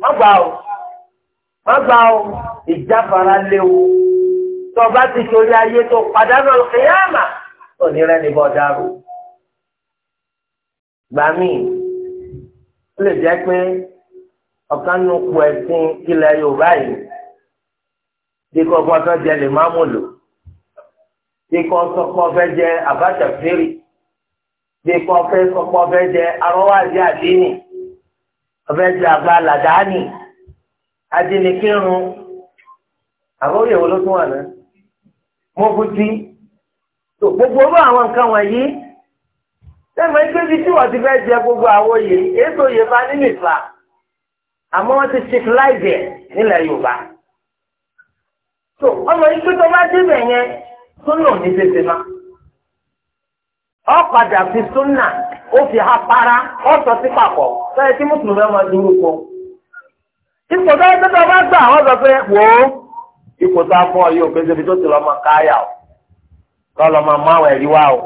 má gbà ó má gbà ó ìjáfara léwu tó o bá ti torí ayé tó padànù ọ̀kẹ́yàmà òní rẹ ní bọ́ọ̀dà rò. gbà mí ó lè jẹ́ pé ọ̀kan nu pọ̀ ẹ̀sìn ilẹ̀ Yorùbá yìí bí kò bọ́ tó jẹ lè má mú lò bí kò sọ pé ọfẹ́ jẹ àbájá fèrè bí kò fẹ́ sọ pé ọfẹ́ jẹ arọ́wájẹ àdínì ọfẹ́ jẹ àgbà làdáni adínikírun àbóyè wo ló tún wà náà. mọ́kútí tó gbogbo orú àwọn nǹkan wọ̀nyí sẹ́gbẹ̀ẹ́ ike bíi tí wọ́n ti fẹ́ jẹ gbogbo àwọn oyè èso oyè bá nínú ìfà àmọ́ wọ́n ti ṣèkìláìdì nílẹ̀ Yorùbá tó ọmọ ike tó bá débẹ̀ yẹn ọ padà fi súnà ó fi ha para ọ sọ sí papọ̀ mùsùlùmí ọmọ dúró kọ. tó bá gbà wọ́n sọ ipò tá a fún ọ yìí ò kéde ibi tó ti lọ máa káyà o kọ́ lọ máa mú àwọn ẹ̀rí wá o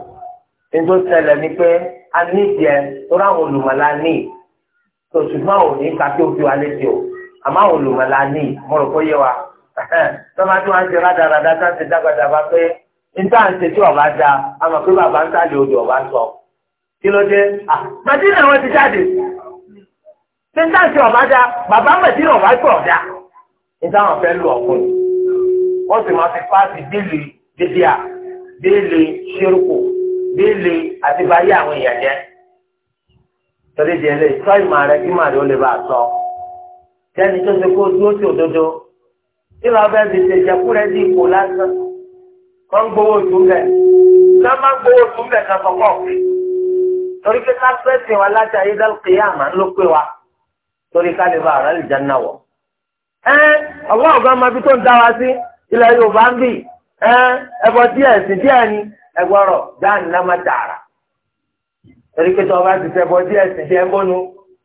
ní tó ṣẹlẹ̀ ni pé a ní ìjẹ tó ráwọn olùmọ̀lá ní tó ṣùgbọ́n ò ní ká tó fi wá létí o àmọ́ àwọn olùmọ̀lá ní mo rò kó yé wa tọ́ba tí wọ́n ti rádaràdá tá a ti dágbàdàgbà pé níta ń ṣe tí ọba da àmọ́ pé bàbá ń sàlẹ̀ odò ọba sọ kí ló dé màdínà wọn ti jáde níta ń ṣe ọba da bàbá màdínà ọba sọ ọ̀dà níta wọn fẹ́ wọ́n sì máa fi páàsì bíìlì bíbíà bíìlì ṣírùkù bíìlì àti àwọn èèyàn jẹ́ torí di ẹlẹ́yìí sọ ìmọ̀ rẹ kí màrí ó lè bá a sọ kẹ́ni tó ṣe kó dúró sí òdodo tí lọ́ọ́ bẹ́ẹ̀ fi ṣe ipò lásán wa láti ló pé wa torí ká lè bá àrà lè jẹ́ wa sí. ilẹ̀ yorùbá ń bì ẹ ẹbọ díẹ̀ sí díẹ̀ ni ẹgbọ́rọ̀ jáàní náà má tààrà torí pé tí wọ́n bá ti fẹ́ ẹbọ díẹ̀ sí díẹ̀ bọ́nu bonu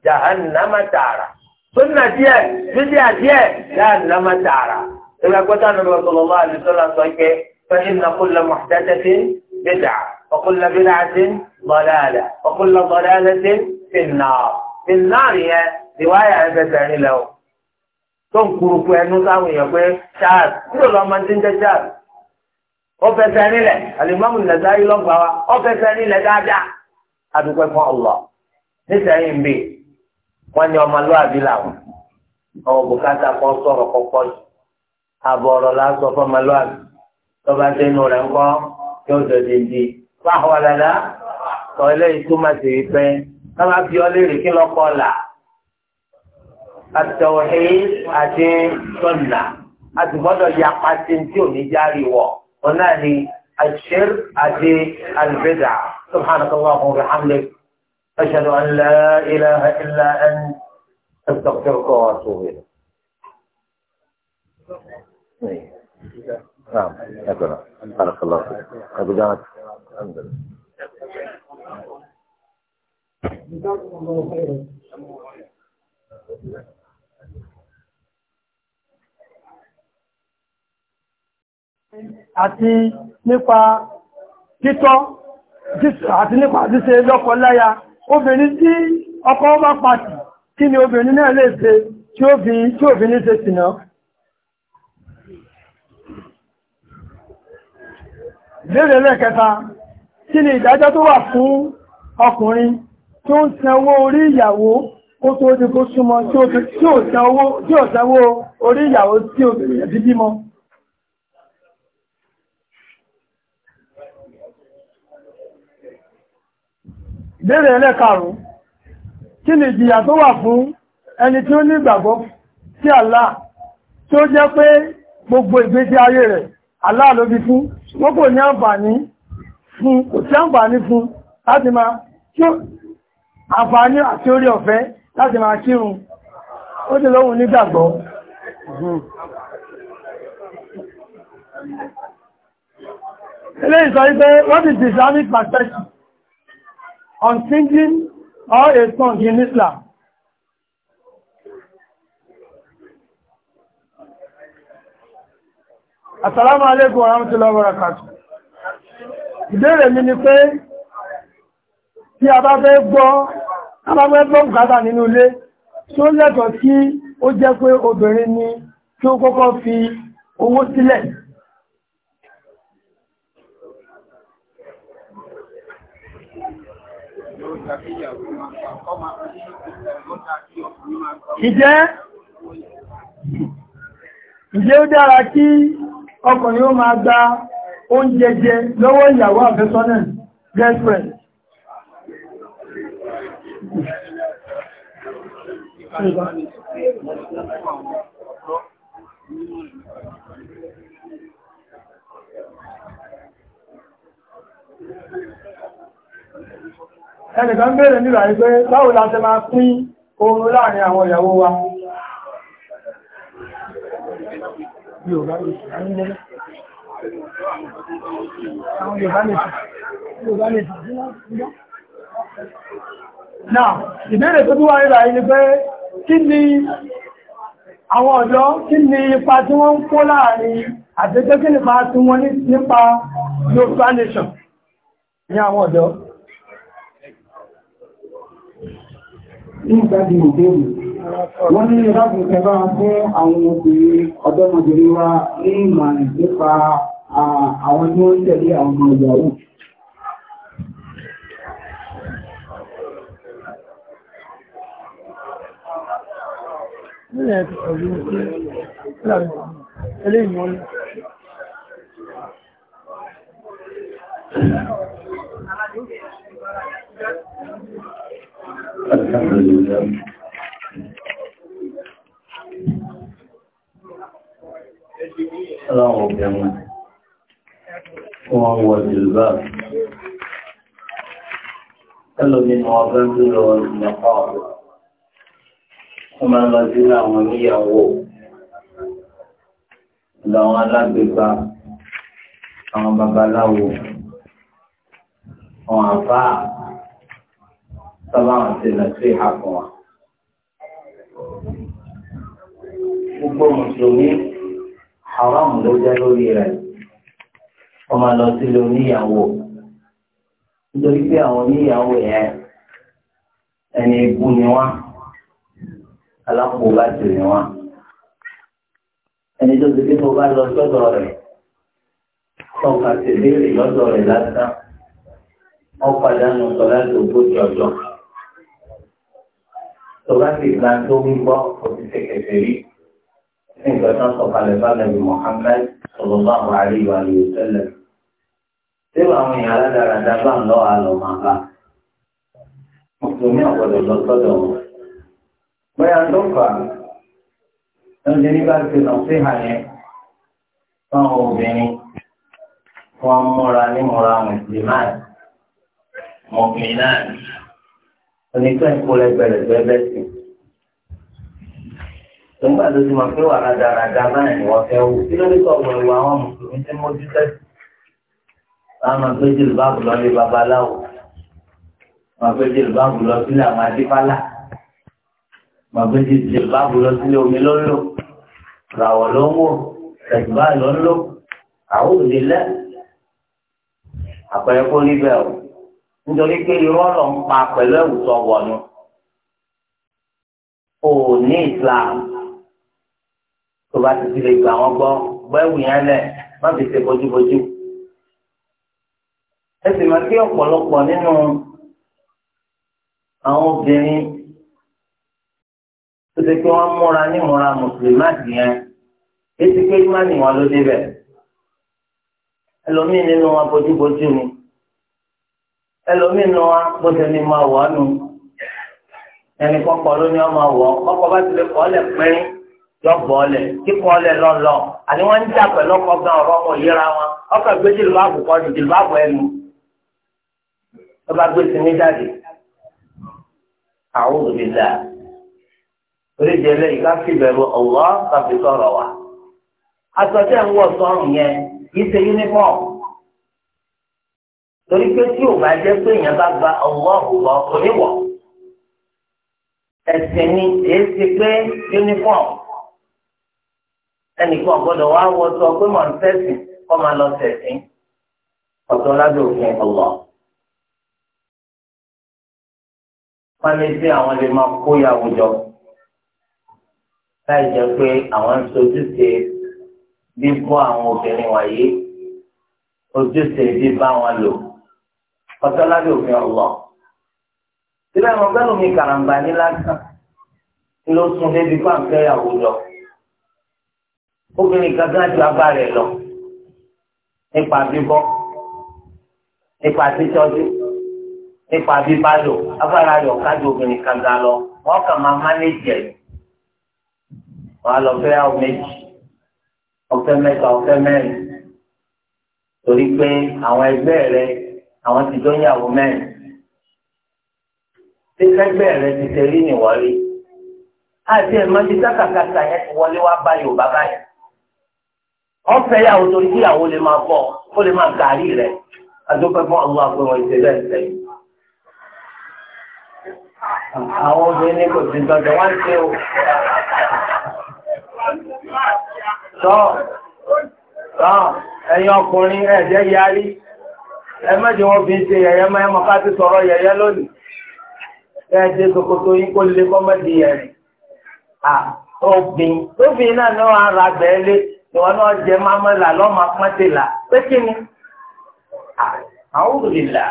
dídí lama má tààrà sunna díẹ̀ dídí àdíẹ̀ ẹ̀rọ má tààrà ìgbà gbọ́dọ̀ nínú sallallahu alaihi wasallam sọ pé فإن كل محدثة بدعة وكل بدعة ضلالة وكل ضلالة في tó ń kurukú ẹnu sáwọn èèyàn pé ṣáàt kúrò lọ́mọ tí ń jẹ́ ṣáàt ó fẹsẹ̀ nílẹ̀ alimami nàzárí lọ́gbà wa ó fẹsẹ̀ nílẹ̀ dáadáa adúgbò fún Allah wọ́n ni ọmọlúwàbí làwọn bùkátà la fún ọmọlúwàbí kí ó di fáwọn sọ eléyìí túmọ̀ sí wípé káwá ọ àtọ̀hìn àti sọ̀nà àti gbọ́dọ̀ ya pàṣẹ tí ò ní járe wọ̀ wọn náà ni àṣírí àti àlùbẹ́dà subhanaka Allahumma wa bihamdik ashhadu an la ilaha illa anta astaghfiruka wa atubu ilayk.
نعم شكرا بارك الله فيك ابو جامع الحمد لله
جزاكم
الله خيرا
àti nípa títọ́ àti nípa ṣíṣe lọ́kọ láya obìnrin tí ọkọ bá pàtì kí ni obìnrin náà lè ṣe tí ó bí tí ó bí ní ṣe sìnà lérè lẹ́kẹta kí ni ìdájọ́ tó wà fún ọkùnrin tí ó ń sanwó orí
ìyàwó ó tó ó di kó súnmọ́ tí ó sanwó orí ìyàwó tí ó bí bímọ
Béèrè ẹlẹ́karùn-ún, kí ni ìjìyà tó wà fún ẹni tí ó ní ìgbàgbọ́ sí Allah tí ó
jẹ́ pé gbogbo ìgbésí ayé rẹ̀ Allah ló bí fún, wọ́n kò ní àǹfààní
fún, kò sí àǹfààní fún láti máa kí àǹfààní àti orí ọ̀fẹ́ láti máa kírun, ó ti lóhun nígbàgbọ́.
Ilé ìsọ wípé, what is the Islamic perspective? on singing or a song in Islam.
Assalamu alaikum
wa rahmatullahi wa barakatuh.
Ìbéèrè mi ni pé tí a bá fẹ́ gbọ́, a bá fẹ́ gbọ́ bùkátà nínú ilé, tí ó lẹ́tọ̀ọ́ sí ó jẹ́ pé obìnrin ni kí ó kọ́kọ́ fi owó sílẹ̀
Ìjẹ́ ìjẹ́ ó dára kí ọkùnrin ó máa gba oúnjẹ jẹ lọ́wọ́ ìyàwó àfẹ́sọ́nà girlfriend. Ìgbà ẹnìkan bèèrè nílò àìpé báwo la ṣe máa pín oorun láàrin àwọn ìyàwó wa Náà, ìbéèrè
tó túnwà ìrà ilé pé kí ni
àwọn ọ̀dọ́ kí
ni ipa tí wọ́n ń kó láàrin àti pé kí ni ipa tí wọ́n nípa Yorùbá Nation ní àwọn ọ̀dọ́. ní ìgbàdì òbèrè wọ́n ní ìrábùn kẹba fún àwọn obìnrin ọ̀dọ́mọbìnrin wa ní ìmọ̀ràn nípa àwọn tí wọ́n tẹ̀lé àwọn ọmọ ìyàwó
Thank you. الحمد لله
اللهم
يمن وهو الجلباب كل من وابد والمقابل ومن رجل وميه لو alágbègbà àwọn babaláwo àwọn àfáà tọ́lá àwọn ti nà sí ìhà fún wa. Gbogbo Mùsùlùmí haram ló jẹ́ lórí rẹ̀. Wọ́n máa lọ sílé oníyàwó. Nítorí pé àwọn oníyàwó yẹn ẹni ikú ni wá. Alákòóbá sì ni wá. Ẹni tó ti pé tó bá lọ sọ́dọ̀ rẹ̀. Tọ́ka ti léèrè lọ́dọ̀ rẹ̀ lásán. Wọ́n padà nù sọ́lá tó gbójú ọjọ́ tó bá sì gba tó ń gbọ́ òṣìṣẹ́ kẹfẹ́ rí ní ìgbà tó ń sọ̀kalẹ̀ bá nàbì Muhammad sallallahu alaihi wa sallam tí àwọn èèyàn aládàradà bá ń lọ́ àlọ́ máa bá mùsùlùmí ọ̀gbọ̀dọ̀ lọ sọ́dọ̀ wọn. bóyá tó fà ń di nígbà tí lọ sí hà yẹn obìnrin wọn múra ní múra mùsùlùmáì náà ẹni tó ń kó lẹ́gbẹ̀rẹ̀gbẹ̀ bẹ́ẹ̀ sí. nígbà tó ti mọ̀ pé wà rádaràda báyìí ni wọ́n fẹ́ wò kí ló dé tọ̀gbọ̀ ìwà àwọn mùsùlùmí tí mo dúpẹ́ sí. wọ́n máa gbé jìlbáàbù lọ lé babaláwo máa gbé jìlbáàbù lọ sílé àwọn adébálà máa gbé jìlbáàbù lọ sílé omi lọ́lọ́ ràwọ̀ ló ń wò tẹ̀síbáà lọ́lọ́ àwọn òdìlẹ́ àpẹẹrẹ kó rí bẹ́ẹ̀ o nítorí pé irọ́ lọ ń pa pẹ̀lú ẹ̀wùsọ wọ̀nù ò ní Islam tó bá ti ti lè gbà wọ́n gbọ́ gbẹ́wù yẹn lẹ̀ má fi ṣe bójúbójú. ẹ sì máa kí ọ̀pọ̀lọpọ̀ nínú àwọn obìnrin tó ṣe pé wọ́n múra nímúra mùsùlùmáàtì yẹn ètí pé ìmánì ló débẹ̀ ẹlòmíín nínú wọn bójúbójú ni ẹlòmínú wa bó ṣe ní máa wọ̀ ọ́nù ẹni kọ́kọ́ ló ní ọmọ wọ̀ kọ́kọ́ bá ti lè kọ́ lẹ̀ pẹ́rín yọ bọ̀ lẹ̀ kíkọ́ lẹ̀ lọ́lọ́ àní wọ́n ń jà pẹ̀lú ọkọ̀ gan ọ̀rọ̀ ọmọ yíra wọn ọkọ̀ gbé jìlúbàbù kọ́ jìlúbàbù ẹnu ló gbé sí ní jáde àwọn òbí dà oríṣi eléyìí ká fi bẹ̀rù ọ̀wọ́ tàbí sọ̀rọ̀ wa aṣọ tí ẹ̀ ń wọ̀ sọ́run yẹn kì í ṣe yúnífọ̀mù torí pé tí ò bá jẹ́ pé èèyàn bá gba ọwọ́ ọ̀gbọ́ oníwọ̀ ẹ̀sìn ni èyí ti pé uniform ẹnìkan gbọ́dọ̀ wá wọ sọ pé mọ̀ ń tẹ̀sìn kọ́ máa lọ tẹ̀sìn ọ̀tọ̀ lábẹ́ òfin ọ̀wọ́. wọ́n lè ṣe àwọn lè máa kó ya àwùjọ láì jẹ́ pé àwọn ń sojúṣe bíbọ́ àwọn obìnrin wọ̀nyí ojúṣe bíbá wọn lò ọ̀tọ́ lábẹ́ òfin ọ̀lọ́. Sílẹ̀ àwọn ọgbẹ́ mi kàràǹbà ní lásán ni ló sun débi pàǹkẹ́ ìyàwó lọ. Obìnrin kan gán ju agbá rẹ̀ lọ nípa bíbọ́ nípa títọ́jú nípa bíbálò agbára rẹ̀ ọ̀kájú obìnrin kan gán lọ wọ́n kàn máa mánéjì ẹ̀ wọ́n lọ fẹ́ àwọn méjì ọ̀fẹ́ mẹ́ta ọ̀fẹ́ mẹ́rin torí pé àwọn ẹgbẹ́ rẹ̀ àwọn ti jọ ìyàwó mẹ́rin tí lẹ́gbẹ́ rẹ ti tẹ̀lé nìwọlé àti ẹ̀mọ́tí sákàkàkà yẹn ti wọlé wá bá Yorùbá báyìí wọ́n fẹ́ yàwó torí kí ìyàwó lè máa bọ̀ ó lè máa gàrí rẹ̀ adúpẹ́ fún àwọn àpéwọ̀n ìṣẹ̀lẹ̀ ìṣẹ̀lẹ̀ àwọn obìnrin kò sí gbọdọ̀ wá ṣe o tọ́ tọ́ ẹ̀yin ọkùnrin ẹ̀jẹ̀ yarí ẹ mẹ́jọ wọn fi ń ṣe yẹ̀yẹ́ mọ́ ẹ mọ́ ká ti sọ̀rọ̀ yẹ̀yẹ́ lónìí ẹ ṣe ṣòkòtò yín kó lè kọ́ mẹ́jì yẹ̀rì à obìn obìn náà ni wọ́n ra bẹ́ẹ̀lé ìwọ náà jẹ mámẹ́là lọ́mọ pọ́ńtìlà pé kí ni àwọn òrìlà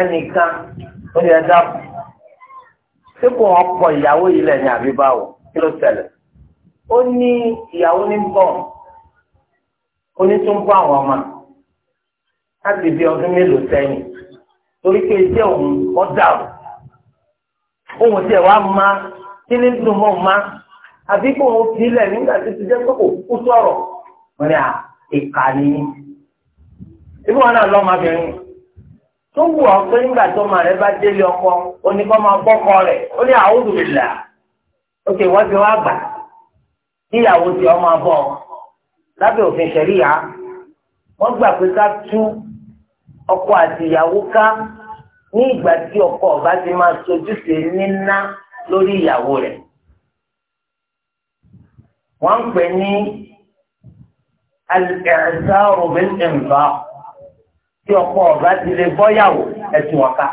ẹnìkan ó yẹ dáàbò sípò wọn ìyàwó yìí lẹ́yìn àbí kí ló ṣẹlẹ̀ ó ní ìyàwó ní bọ̀ ó ní tó ń bọ̀ àwọn ọmọ láti bí ọdún mélòó sẹ́yìn torí pé iṣẹ́ òun ọ̀dà òun tiẹ̀ wá ma kí ni dùn mọ́ ma àbí kò ń filẹ̀ nígbà tó ti jẹ́ pé kò kú sọ̀rọ̀ wọ́n ní à ìkà ni ibi wọn náà lọ́mọbìnrin tó wù ọ́ pé nígbà tó máa rẹ bá délé ọkọ oníkọ́ máa bọ́kọ rẹ̀ ó ní àwùjọ ìlà òkè wọ́n ti wá gbà kíyàwó ti ọmọ abọ́ lábẹ́ òfin ṣẹ̀ríyà wọ́n gbà pé ká tú ọkọ àti ìyàwó ká ní ìgbà tí ọkọ ọba ti máa sojúṣe níná lórí ìyàwó rẹ̀ wọ́n ń pè ní al-i'saru bil-infaq tí ọkọ ọba ti lè bọ́yàwó ẹ̀sùn ọ̀ka.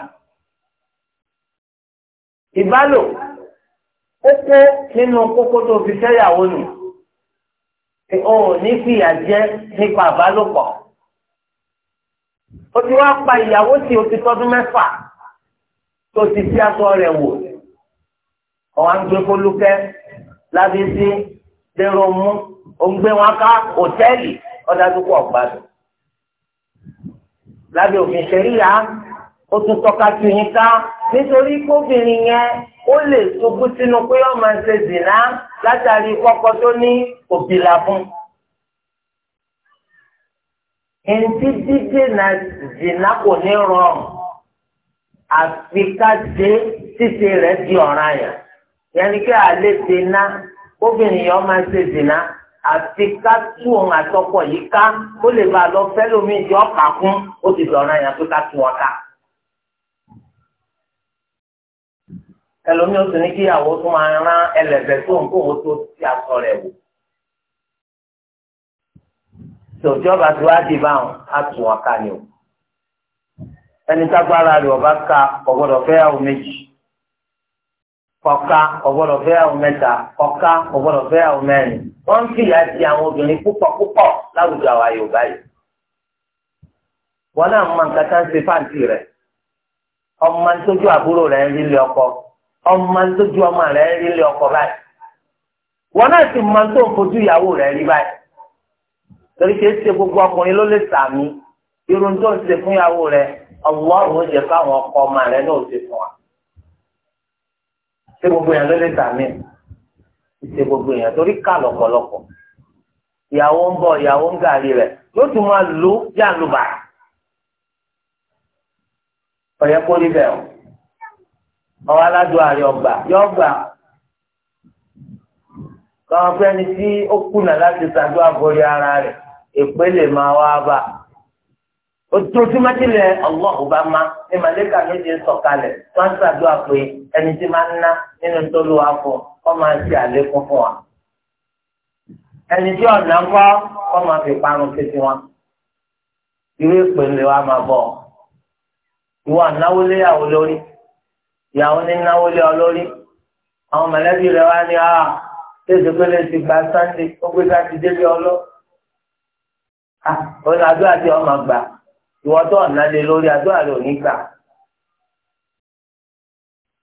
ìbálò kókó nínú kókó tó fi fẹ́yàwó nù ó ní fìyà jẹ nípa àbálòpọ̀ o ti wá pa ìyàwó tí o ti tọdún mẹ́fà tó ti sí aṣọ rẹ̀ wò ọ̀wá ń gbé kólúkẹ́ lábẹ́sí dèrò mú òǹgbé wọn ká hòtẹ́ẹ̀lì ọ̀dà tó kọ̀ gbádùn. lábẹ́ òfin ṣẹ̀ríyà o tún tọ́ka sí yín ká nítorí kóbìnrin yẹn ó lè ṣubú sínú pé ọmọ ṣe zìnà látàrí kọ́kọ́ tó ní òbílà fún ntí dídènà dènà kò ní rọrùn àfi ká dé títí rẹ̀ di ọ̀ràn yẹn yẹnni kí alẹ́ dènà obìnrin yẹn máa ṣe dènà àfi ká tú òun àtọkọ yìí ká ó lè bá a lọ fẹ́ lómi ìdí ọ̀kà kún ó ti dọ̀ràn yẹn tó ká tú wọn ká. ẹlòmíín ó sì ní kíyàwó tó máa rán ẹlẹ́bẹ̀ẹ́ tó ń kó owó tó ti aṣọ rẹ̀ wò tòjọba tí wàá di báwọn á tún wọn ká ni o ẹni tágbára rẹ ọba ká ọgbọ́dọ̀ fẹ́ àwọn méjì kọka ọgbọ́dọ̀ fẹ́ àwọn mẹ́ta kọka ọgbọ́dọ̀ fẹ́ àwọn mẹ́rin wọn ń fìyà di àwọn obìnrin púpọ̀ púpọ̀ láwùjọ àwa Yorùbá yìí wọn náà mọ nǹkan tá ń ṣe fáǹtì rẹ ọmọ ntójú àbúrò rẹ ń rílé ọkọ ọmọ ntójú ọmọ rẹ ń rílé ọkọ báyìí wọn náà sì mọ tó ń fojú ìyàwó rẹ rí báyìí torí kìí ṣe gbogbo ọkùnrin ló lè sàmì irun tó ń ṣe fún ìyàwó rẹ ọlọ́run ó jẹ káwọn ọkọ ọmọ rẹ náà ṣe fún wa ṣé gbogbo yẹn ló lè sàmì ṣe gbogbo yẹn torí ká lọ́pọ̀lọpọ̀ ìyàwó ń bọ̀ ìyàwó ń gàrí rẹ̀ yóò tún máa lò jàǹdùbà ọ̀yẹ́ kó rí o ọwọ́ aládùn ààrẹ ọgbà yọ gbà káwọn fẹ́ni tí ó kùnà láti ṣàdúrà borí ara rẹ̀ èpè lè máa wá bá ojoojúmọ́tìlẹ̀ ọlọ́hù bá má ní màlẹ́kà méje sọ̀kalẹ̀ tó ń ṣàdúrà pé ẹni tí máa ń ná nínú tó ló wá fún kọ́ máa ṣe àlékún fún wa ẹni tí ọ̀nà ń kọ́ kọ́ máa fi parun títí wọn irú èpè lè wá máa bọ̀ ìwọ ànáwó léyàwó lórí ìyàwó ní náwó lé ọ lórí àwọn mọ̀lẹ́bí rẹ wá ní a ah, tẹ̀síkọ́lẹ̀ ti gba sáńdé ó gbé sáńdé délé ọlọ́ọ̀ òun ah, àdúrà tí ọmọ gbà ìwọ tó ọ̀nà lé lórí àdúrà rẹ ò ní gbà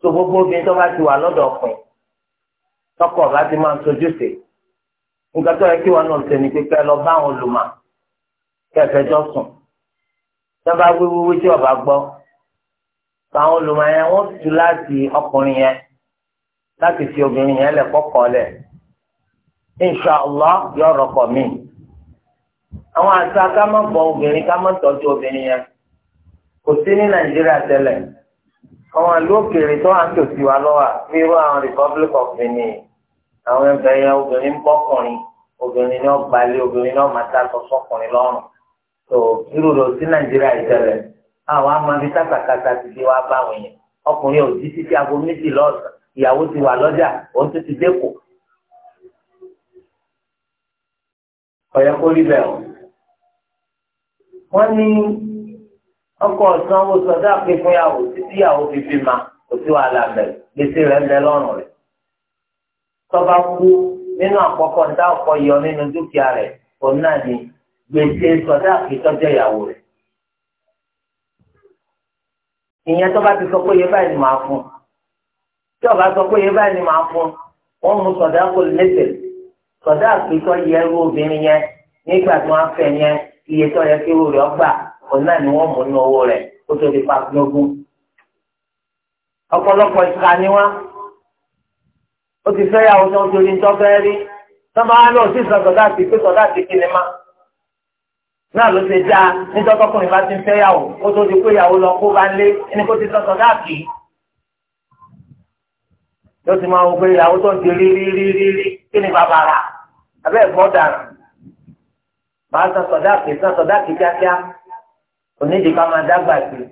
tó gbogbo obìnrin tó bá ti wà lọ́dọ̀ ọkùnrin tọkọ ọba ti máa ń sojú sí nǹkan tó yẹ kí wọn náà ṣe ni pípẹ́ lọ bá àwọn olùmọ̀ kẹfẹ́ jọ sùn tó bá wíwíwí tí ọba gbọ́ àwọn olùmọ̀ yẹn wọ́n tu láti ọkùnrin yẹn láti fi obìnrin yẹn lẹ̀ kọ́kọ́ lẹ̀ inṣàlá yọ̀ọ̀rọ̀ kọ̀ míì àwọn àṣà ká má bọ obìnrin ká má tọ́jú obìnrin yẹn kò sí ní nàìjíríà tẹ́lẹ̀ àwọn àlú òkèèrè tó wà ń tòsí wa lọ́wọ́ bí irú àwọn republic of benin àwọn ẹgbẹ́ yẹn obìnrin ń bọ́kùnrin obìnrin ní ọgbàlẹ̀ obìnrin ní ọmọọta sọ sọkùnrin lọ́rùn tó irú lọ sí nàìjíríà ìtẹ̀lẹ̀ àwọn amabi sákàkàtà ti dé wá bá wọn yẹn ọkùnrin ò jí títí aago méjì lọ́sàn ìyàwó ti wà wọ́n ní ọkọ sanwó sọdá pé fún yàwó títí yàwó fífi ma kò sí wàhálà bẹ gbèsè rẹ̀ ń bẹ lọ́rùn rẹ̀ tọba kú nínú àkọ́kọ́ dá ọkọ yọ nínú dúkìá rẹ̀ òun náà ní gbèsè sọdá ìtọjọ ìyàwó rẹ̀ ìyẹn tọba ti sọ pé yẹ báyìí ni màá fún tí ọba sọ pé yẹ báyìí ni màá fún wọn mú sọdá kò lẹsẹ sọdá àpéjọ yẹ irú obìnrin yẹn nígbà tí wọ́n fẹ́ yẹn iye tó yẹ kéwò rẹ̀ ọgbà òun náà ni wọ́n mú nínú owó rẹ̀ kó tó di pa lógún. ọ̀pọ̀lọpọ̀ ìka ni wọ́n ó ti fẹ́ yàwó tó ń torí ń tọ́fẹ́ rí tọ́ba wa náà sì sọ sọ̀dá sí pé sọ̀dá sí kí ni má náà ló ṣe dáa nítorí ọkùnrin bá ti ń fẹ́ yàwó kó tó di pé yàwó lọ kó bá ń lé ẹni kó ti sọ sọ̀dá sí yóò ti máa wọ pé ìyàwó tó ń di rí rí rí kí ni bàbá rà abẹ́ ẹ̀fọ́ dàrú máa san sọdáàkì san sọdáàkì kíákíá onídìí ká máa dágbà sí i.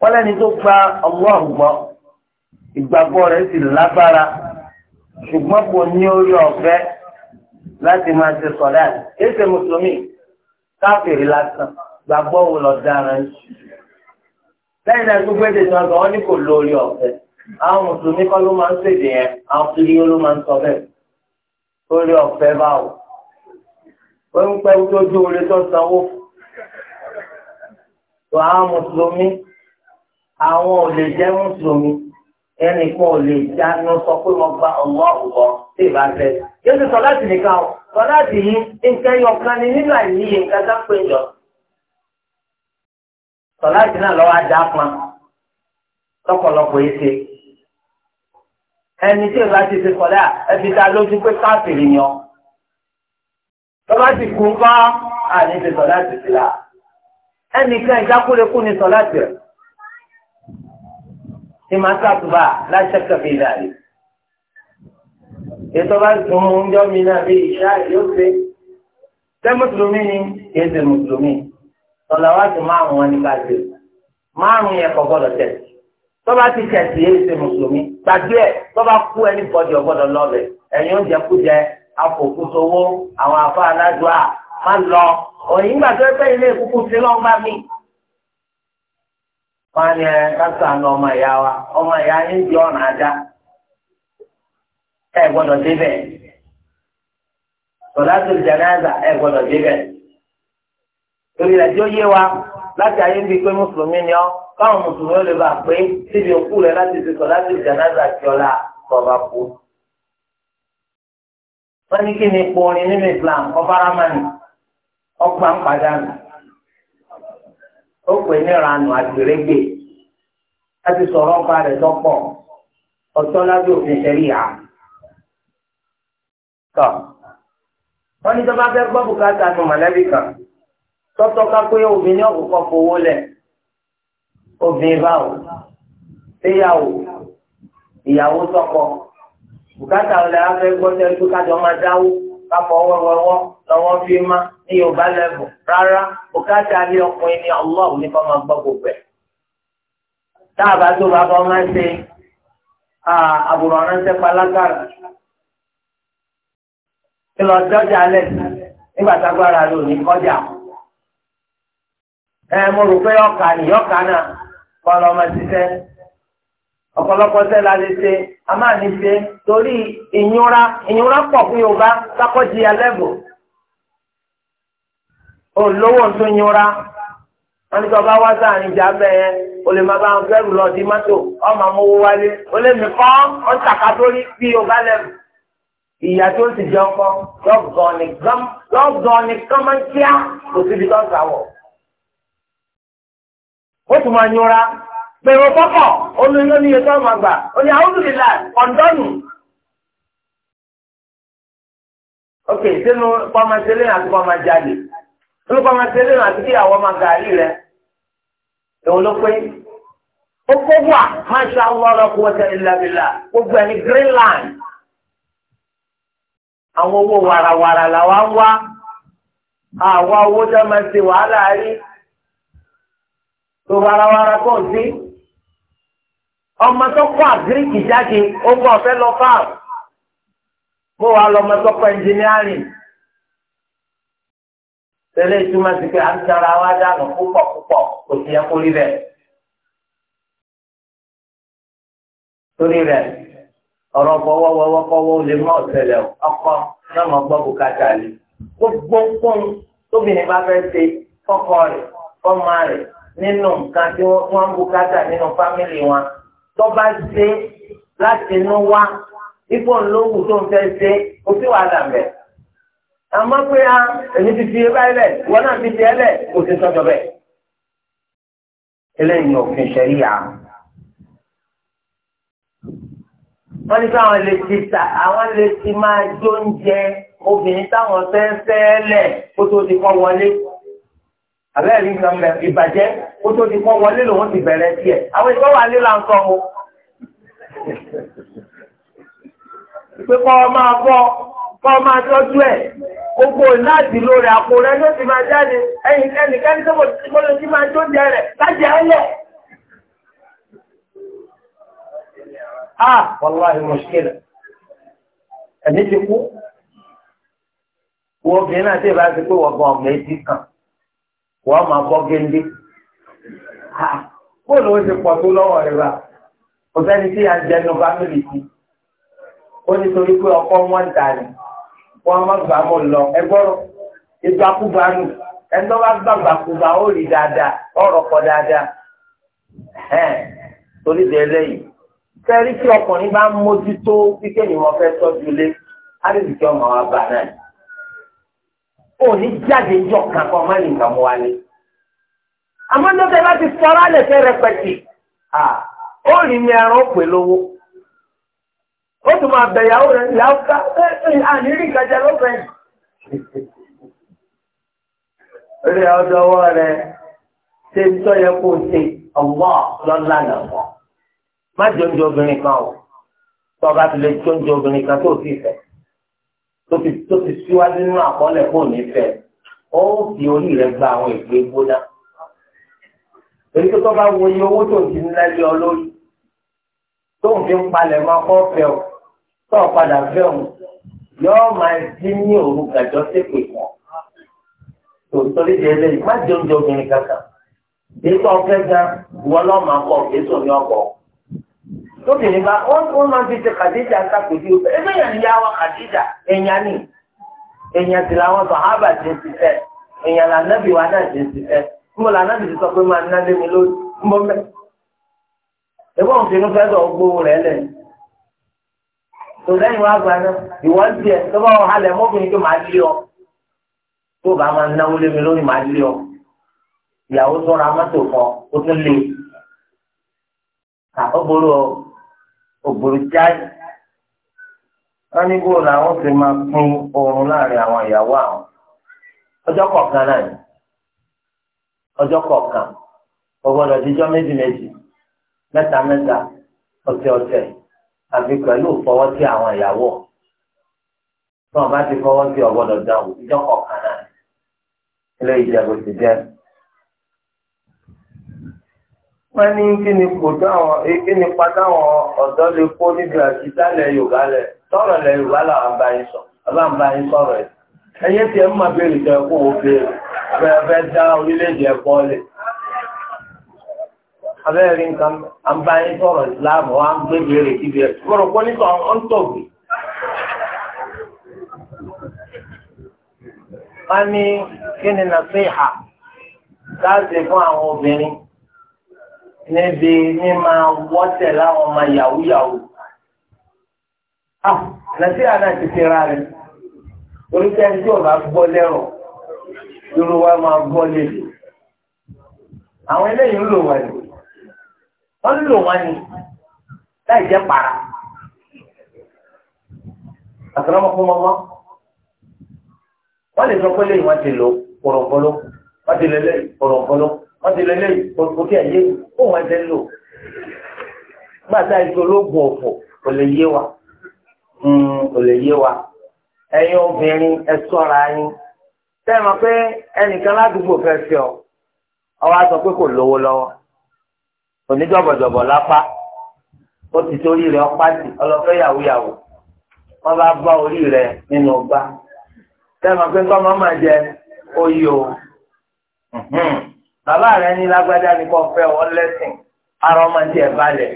wọ́n lẹ́ni tó gba ọgbọ́n ọ̀gbọ́ ìgbàgbọ́ rẹ̀ sì lágbára ṣùgbọ́n kò ní orí ọ̀fẹ́ láti máa ṣe sọ̀dá ẹsẹ̀ mùsùlùmí káfíìrì lásán gbàgbọ́ wo lọ dára yìí. lẹ́yìn náà tó gbẹ́dẹ̀ sọ̀rọ̀ wọ́n ní kò lórí ọ̀fẹ́ àwọn mùsùlùmí kọ́ ló máa ń ṣèdè yẹn àwọn kiri ló máa ń sọ bẹ́ẹ̀ orí ọ̀fẹ́ bá wò ó ń pẹ́ lójú orí tó sanwó tó àwọn mùsùlùmí àwọn ò lè jẹ́ mùsùlùmí ẹnìkan ò lè jánu sọ pé wọ́n gba ọ̀wọ́ ọ̀wọ́ tí ìbá fẹ́ yóò ti sọ láti nìkan o sọ láti yí nǹkan yọ kan ní nínú àìníye nǹkan tá pé jọ sọ láti náà lọ́wọ́ ajá pọn lọ́pọ̀lọpọ̀ yìí ẹni tí ìlú àti ìsìnkọ̀lẹ́ ẹbí ta lójú pé káàkiri ni ọ. Tọ́lá ti kú ń bá àní ti sọ̀ láti sí la. Ẹnìkan ìdákúrekú ni sọ̀ láti rẹ̀. Ìmọ̀ àtàkùbà láṣẹ kẹfì ìdàrí. Ètò bá sùn oúnjẹ mi náà bí ìṣá yóò ṣe. Ṣé Mùsùlùmí ni? Kìí ṣe Mùsùlùmí. Sọ̀lá wá sí márùn-ún wọn ní ká Márùn-ún yẹn kọ̀ gbọ́dọ̀ tẹ̀. Tọ́lá ti tẹ̀ sí ṣe Mùsùlùmí. gbàgbé ẹ̀ tọ́ba kú ẹni bọ́dì ọ̀gbọ́dọ̀ lọ́bẹ̀ ẹ̀yin oúnjẹ kújẹ afòkúsowó àwọn afá aládùá má lọ òyìn gbà tó ẹgbẹ́ ilé ìkúkú sí lọ́gbà mí. wọ́n á ní káṣá ní ọmọ ìyá wa ọmọ ìyá yín di ọ̀nà ajá ẹ gbọ́dọ̀ débẹ̀ sọ̀dáṣù jẹnáza ẹ gbọ́dọ̀ débẹ̀ torí rẹ̀ yé wa láti ayé ń pé mùsùlùmí ni ọ́ káwọn mùsùlùmí ó lè bá pé síbi òkú rẹ láti ti sọ láti jànáza kíọ́lá bàbá kú. wọ́n ní kí ni ipò orin nínú Islam ọ̀fárámánì ọgbà ń padànù ó pè ní ranù àgbèrègbè láti sọ̀rọ̀ ọba rẹ̀ tọ́pọ̀ ọ̀tọ́ lábẹ́ òfin ṣẹlẹ̀ tọ́ wọ́n ní fẹ́ gbọ́ bùkátà nù mọ̀lẹ́bí kan tọ́tọ́ ká pé obìnrin ọ̀kọ̀ọ̀kan fowó lẹ̀. obìnrin báwo ṣéyàwó ìyàwó sọ́kọ bùkátà ọ̀lẹ́ afẹ gbọ́sẹ̀ tó kájọ máa dáwó káfọ́ wọ́wọ́wọ́ lọ́wọ́ fi má ní yorùbá lẹ́bù rárá bùkátà ní ọkùnrin ní máa gbogbo táàbà tó bàbá ọmọ ṣe àbùrọ̀ ránṣẹ́ kí lọ dọ́jà lẹ̀ nígbà tágbára kọjá. ẹ mo rò pé ọkà nìyọkà náà. kọ́ lọ ọmọ ṣiṣẹ́ ọ̀pọ̀lọpọ̀ ṣẹ́ la lè ṣe a máa ní ṣe torí ìyúnra ìyúnra pọ̀ fún Yorùbá sákọ́jì alẹ́bù olówó tó yúnra wọn ní kí ọba wá sáàrin ìjà bẹ́ẹ̀ o lè máa bá wọn fẹ́rù lọ di mọ́tò ọmọ amówó wálé o lè mí kọ́ ọ́n tàkà lórí bí Yorùbá lẹ́bù ìyá tó ti jẹun kọ́ lọ́gàn nìkan máa ń kíá kò síbi tó ń sàwọ̀ ó tún máa yọra bẹ̀rù pọ́pọ̀ olóyún ní ètò ọmọ àgbà ó ní àwọn olùdílà ọ̀dọ́nù. ok sínú pàmàṣẹlẹ àti pàmàjáde sínú pàmàṣẹlẹ àti kí àwọn ọmọ gàárì rẹ èwo ló pé ó kó wà masha allah la quwwata illa billah gbogbo ẹni greenland àwọn owó warawara làwọn wá àwa owó tó máa ń ṣe wàhálà rí tó warawara kò sí ọmọ tó kọ́ àgíríkì jáde ó gbọ́ ọ̀fẹ́ lọ fáàmù kó wa lọmọ tó kọ́ ẹnjìnírìn tẹ́lẹ̀ ìtumọ̀ sí pé à ń tara wa dànù púpọ̀ púpọ̀ kò sí ẹkú rí bẹ́ẹ̀. torí rẹ̀ ọ̀rọ̀ fọwọ́wọ́wọ́ kọ́wọ́ lè mọ́ ọ̀sẹ̀lẹ̀ ọkọ náà mọ̀ gbọ́ bùkátà lé gbogbo nǹkan tóbi ní bá fẹ́ ṣe kọ́kọ́ rẹ̀ kọ́má rẹ̀ nínú nǹkan tí wọ́n ń bùkátà nínú fámìlì wọn tó bá ṣe láti inú wá ipò ńlọ́wù tó ń fẹ́ ṣe kò sí wàhálà mẹ́. àmọ́ pé a èmi ti fi ewé lẹ̀ wọ́n náà fi fi ẹ́ lẹ̀ kò sí sọ́jọ́ bẹ́ẹ̀. eléyìí òfin ṣẹ̀ríyà. wọ́n ní káwọn lè ti ta àwọn lè ti máa jóúnjẹ obìnrin táwọn fẹ́ fẹ́ lẹ̀ kó tó ti kọ́ wọlé àbẹ́rẹ́ ní nǹkan bẹ̀rẹ̀ ìbàjẹ́ kó tó ti pọ́n wọlé lòun ti bẹ̀rẹ̀ tiẹ̀ àwọn ìgbọ́ wà lé láǹkọ́ o. pé kọ́ ọ máa bọ́ kọ́ ọ máa tọ́jú ẹ̀ gbogbo láti lórí àpò rẹ ló ti máa jáde ẹ̀yìn ẹnìkẹ́ni tó mo lè ti máa jó jẹ rẹ̀ lájẹ ẹlẹ̀. a wàláhi mọ̀ṣíkìlẹ̀ ẹ̀mí ti kú wo obìnrin náà ti bá ti pé wọ́n gan ọ̀gbìn etí kan wọ́n máa bọ́ géńdé bóòlù ó ti pọ̀ tó lọ́wọ́ rẹ̀ bá kò sẹ́ni tí a jẹ́ nu fámìlì sí ó ní torí pé ọkọ wọn dà ní wọ́n má gbà mọ́ lọ ẹgbọ́rọ̀ ìgbàkúgbà nù ẹni tó bá gbàgbàkúgbà ó rí dáadáa ọ̀rọ̀ kọ dáadáa torí de eléyìí sẹ́rí tí ọkùnrin bá ń mójútó wíkẹ́ ni wọ́n fẹ́ tọ́jú lé á lè dìjọ́ mọ́ wa bá náà ò ní jáde jọ kankan ọmọ ní nǹkan wá ní. àmọ́ lọ́sẹ̀ láti sọ́ra lẹ́sẹ̀ rẹpẹtì ó rí ní ẹran pè lówó ó tún máa bẹ̀ ìyàwó rẹ̀ ìyàwó ká àníírí ìkàjà lọ́fẹ̀ẹ́. rẹ̀ ọ̀dọ́wọ́ rẹ̀ ṣe ń tọ́ yẹ kó o ṣe ọ̀wọ́ lọ́la lọ́wọ́ má jọ́njọ́ obìnrin kan o tọ́ba ti lè jọ́njọ́ obìnrin kan tó o sì fẹ́ tó ti tó ti síwájú nínú àkọọ́lẹ̀ kò ní fẹ́ ó fi orí rẹ̀ gba àwọn ìgbé gbóná. èyí tó tọ́ bá wo iye owó tó ń ti nílẹ̀ lé tó ń fi ń palẹ̀ máa kọ́ fẹ́ o tó ń padà fẹ́ o yọ́ọ́ máa dí ní òru gàjọ́ sépè kan. tòótọ́rí di eléyìí má jẹun jẹ obìnrin kankan. èyí tó ń fẹ́ gan wọ́n lọ́ọ́ máa kọ̀ kí èso ní ọkọ̀. lóbìnrin bá wọ́n máa fi ṣe kàdíjà sàkójú ẹgbẹ́ yẹn ya wa kàdíjà ẹ̀yàn ni ẹ̀yàn ti làwọn sàhábà ti ń ṣiṣẹ́ wa náà ti ń ṣiṣẹ́ níbo lànàbì ti sọ pé máa ná lé mi lórí òun sọ gbówó rẹ̀ lẹ̀ tòlẹ́yìn wa gba náà ìwọ́n tiẹ̀ tó bá wọn halẹ̀ mọ́bìnrin tó máa lé ọ tó bá máa náwó lé mi lórí máa lé ògbòrò jáde wọn ní bó làwọn fi máa pín oorun láàrin àwọn ìyàwó àwọn ọjọ́ kọ̀ọ̀kan náà ni ọjọ́ kọ̀ọ̀kan ọgbọdọ jíjọ méjì méjì mẹ́ta mẹ́ta ọ̀sẹ̀ ọ̀sẹ̀ àfi pẹ̀lú fọwọ́ sí àwọn ìyàwó tí wọn bá ti fọwọ́ sí ọgbọdọ dáhùn ìjọ kọ̀ọ̀kan náà ilé ìjẹbù ti jẹ wọ́n ní kí ni kò dáwọn eh, kí ni pátáwọn ọ̀dọ́ lè kó níbi àti dálẹ̀ yorùbá lẹ̀ sọ̀rọ̀ lẹ̀ yorùbá làwọn bá yín sọ ọlá ń bá yín sọ̀rọ̀ ẹ̀ ẹ̀yẹ́ tí ẹ ń máa béèrè jẹ́ kó o béèrè bẹ́ẹ̀ fẹ́ dá orílẹ̀-èdè ẹ̀ bọ́ọ̀lẹ̀ abẹ́rẹ́ nǹkan à ń yín sọ̀rọ̀ ìsìláàmù wa gbé béèrè kíbi ẹ̀ kúrò kó ní
kí ni nàṣíhà
níbi mímá wọ́tẹ̀ láwọn ọmọ yahoo yahoo. Ah, nàìjíríà náà ti fi ra rẹ̀ oríṣi ẹni tí ò bá gbọ́ lẹ́rọ̀ irú wa máa gbọ́ lélẹ̀. àwọn eléyìí ń lò wọ́n ni wọ́n ń lò wọ́n ni láì jẹ́ para. àtàlámọ̀ fún ọmọ wọ́n lè sọ pé lẹ́yìn wọ́n ti lò pọ̀rọ̀pọ̀lọ́ wọ́n ti lè lẹ́yìn pọ̀rọ̀pọ̀lọ́ wọ́n ti lọ ilé òkè ẹ̀yẹ kó wọ́n ti lò gbàtà ìṣológun ọ̀pọ̀ kò lè yé wa hmm, kò lè yé wa ẹ̀yin obìnrin ẹ ṣọ́ra yín sẹ́yìn pé ẹnìkan ládùúgbò fẹ́ fi ọ ọwọ́ á pé kò lówó lọ́wọ́ oníjọ́bọ̀jọ̀bọ̀ lápá ó ti torí rẹ̀ ọpátì ọlọ́fẹ́ yàwóyàwó wọ́n bá bá orí rẹ̀ nínú ọgbà sẹ́yìn pé kọ́ máa máa jẹ oyè o. Hmm, hmm bàbá rẹ ní lágbájá ni kò fẹ́ ọ lẹ́sìn ara ọmọ tiẹ̀ balẹ̀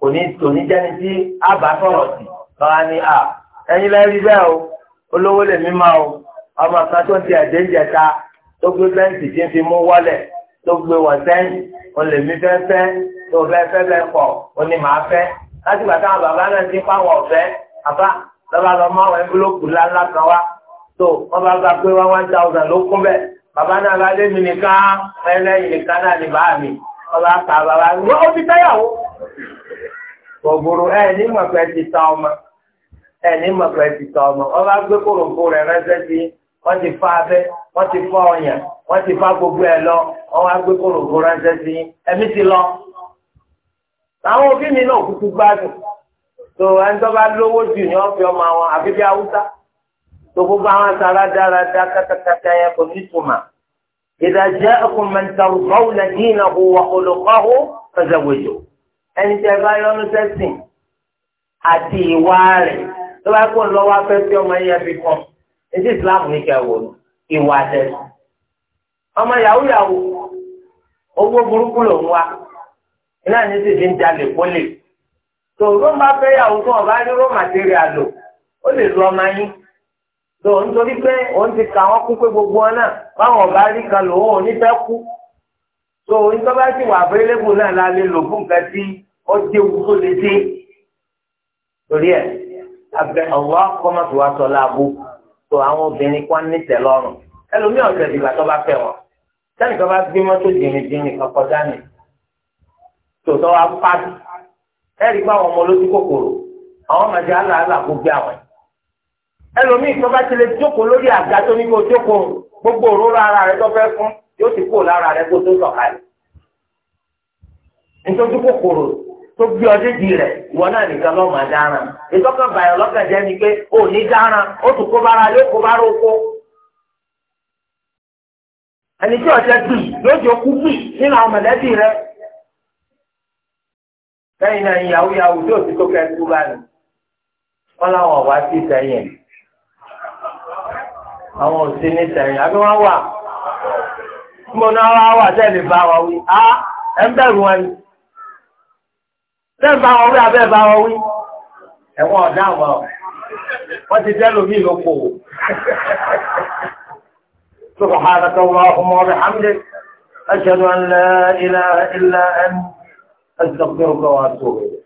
kò ní tòní tí a bá sọ̀rọ̀ sí lọ́wọ́ ni a ẹ̀yin lẹ́rí bẹ́ẹ̀ o olówó lè mí máa o ọmọ kan tó ti ẹ̀jẹ̀ jẹta tó gbé bẹ́ǹtì tí ń fi mú wọlé tó gbé wọ̀ sẹ́yìn o lè mí fẹ́ tó fẹ́ fẹ́ bẹ́ẹ̀ o ní màá fẹ́ láti gbà táwọn bàbá náà ti fáwọn ọ̀fẹ́ àbá lọ́ba lọ́mọ ẹ̀ńbílóòkù ńláńlá kan wá tó wọ́n bá gba pé one one thousand ló kún bẹ́ẹ̀ bàbá náà lálé mi nìkan ẹlẹ́yìn nìkan náà ní bá mi ọba kà bàbá wọ́n ó ti tẹ́yàwó gbogbo ẹ ní mọ̀pẹ́ ti tán ọmọ ẹ ní mọ̀pẹ́ ti tán ọmọ ọba gbé kòròfo rẹ̀ ránṣẹ́ sí wọ́n ti fọ́ abẹ́ wọ́n ti fọ́ ọyàn wọ́n ti fá gbogbo ẹ̀ lọ wọ́n wá gbé kòròfo ránṣẹ́ sí ẹ̀mí ti lọ. àwọn òbí mi náà kúkú gbádùn tó ẹni tó lówó jù ní ọ̀fẹ́ tó gbogbo àwọn sara dáradá kátàkátà yẹn kò ní tuma idha ja'akum man tardawna dinahu wa khuluqahu fazawwiju ẹni tẹ bá yọnu sẹ́sìn àti ìwà rẹ̀ tó bá kó lọ́wọ́ afẹ́fẹ́ ọmọ yẹn fi kàn ètí islam ní kẹwò ìwà àtẹ̀sùn ọmọ yahoo yahoo owó burúkú ló ń wá iná ní sì fi ń jalè pólè tó bá fẹ́ yahoo tó ọba ní rome material lò ó lè lu ọmọ yín tó nítorí pé òun ti kà wọ́n kú pé gbogbo wọn náà báwọn ọ̀gá rí kan lòun ò ní fẹ́ kú tó nítorí bá ti wà abẹ́rẹ́lẹ́gùn náà la lè lò fún nǹkan tí ó dé ewu tó lè dé torí ẹ̀ abẹ ọ̀wọ́ kọ́mọ̀tò wa sọ láàbù tó àwọn obìnrin kan ní tẹ̀lọ́rùn ẹlòmíì ọ̀sẹ̀ ìgbà tó bá fẹ́ wọn sẹ́ni tó bá gbé mọ́tò jìnnìjìnnì kan kọjá nì tòótọ́ wa pàdé ẹ̀rí pé àwọn ọmọ olójú kòkòrò àwọn ọmọdé aláàlá kó gbé àwọn yìí. elomi tó bá ti lè jókòó lórí àga tó ní kó jókòó gbogbo òróró ara rẹ tó fẹ́ fún yóò ti kó lára rẹ kó tó sọ̀kalẹ̀ nítorí kòkòrò tó gbé ọdún di rẹ ìwọ náà nìkan máa dáràn bàyọ̀ lọ́kàn ni pé ní dáràn ó tún kó bára kó bára oko ẹni tí ọ̀sẹ̀ bì lójó kú bì nínú àwọn mọ̀lẹ́bí rẹ lẹ́yìn náà ìyàwó yàwó tí ti tó kẹ́ ẹ́ àwọn òsì ní sẹ̀yìn àbí wọ́n wà mo náà wá wà tẹ́lẹ̀ bá wọn wí á ẹ ń bẹ̀rù wọn ni tẹ́lẹ̀ bá wọn wí abẹ́ bá wọn wí ẹ̀wọ̀n ọ̀dá wọn wọ́n ti tẹ́lẹ̀ mí lóko o. سبحانك اللهم وبحمدك أشهد أن لا إله إلا أنت
أستغفرك وأتوب إليك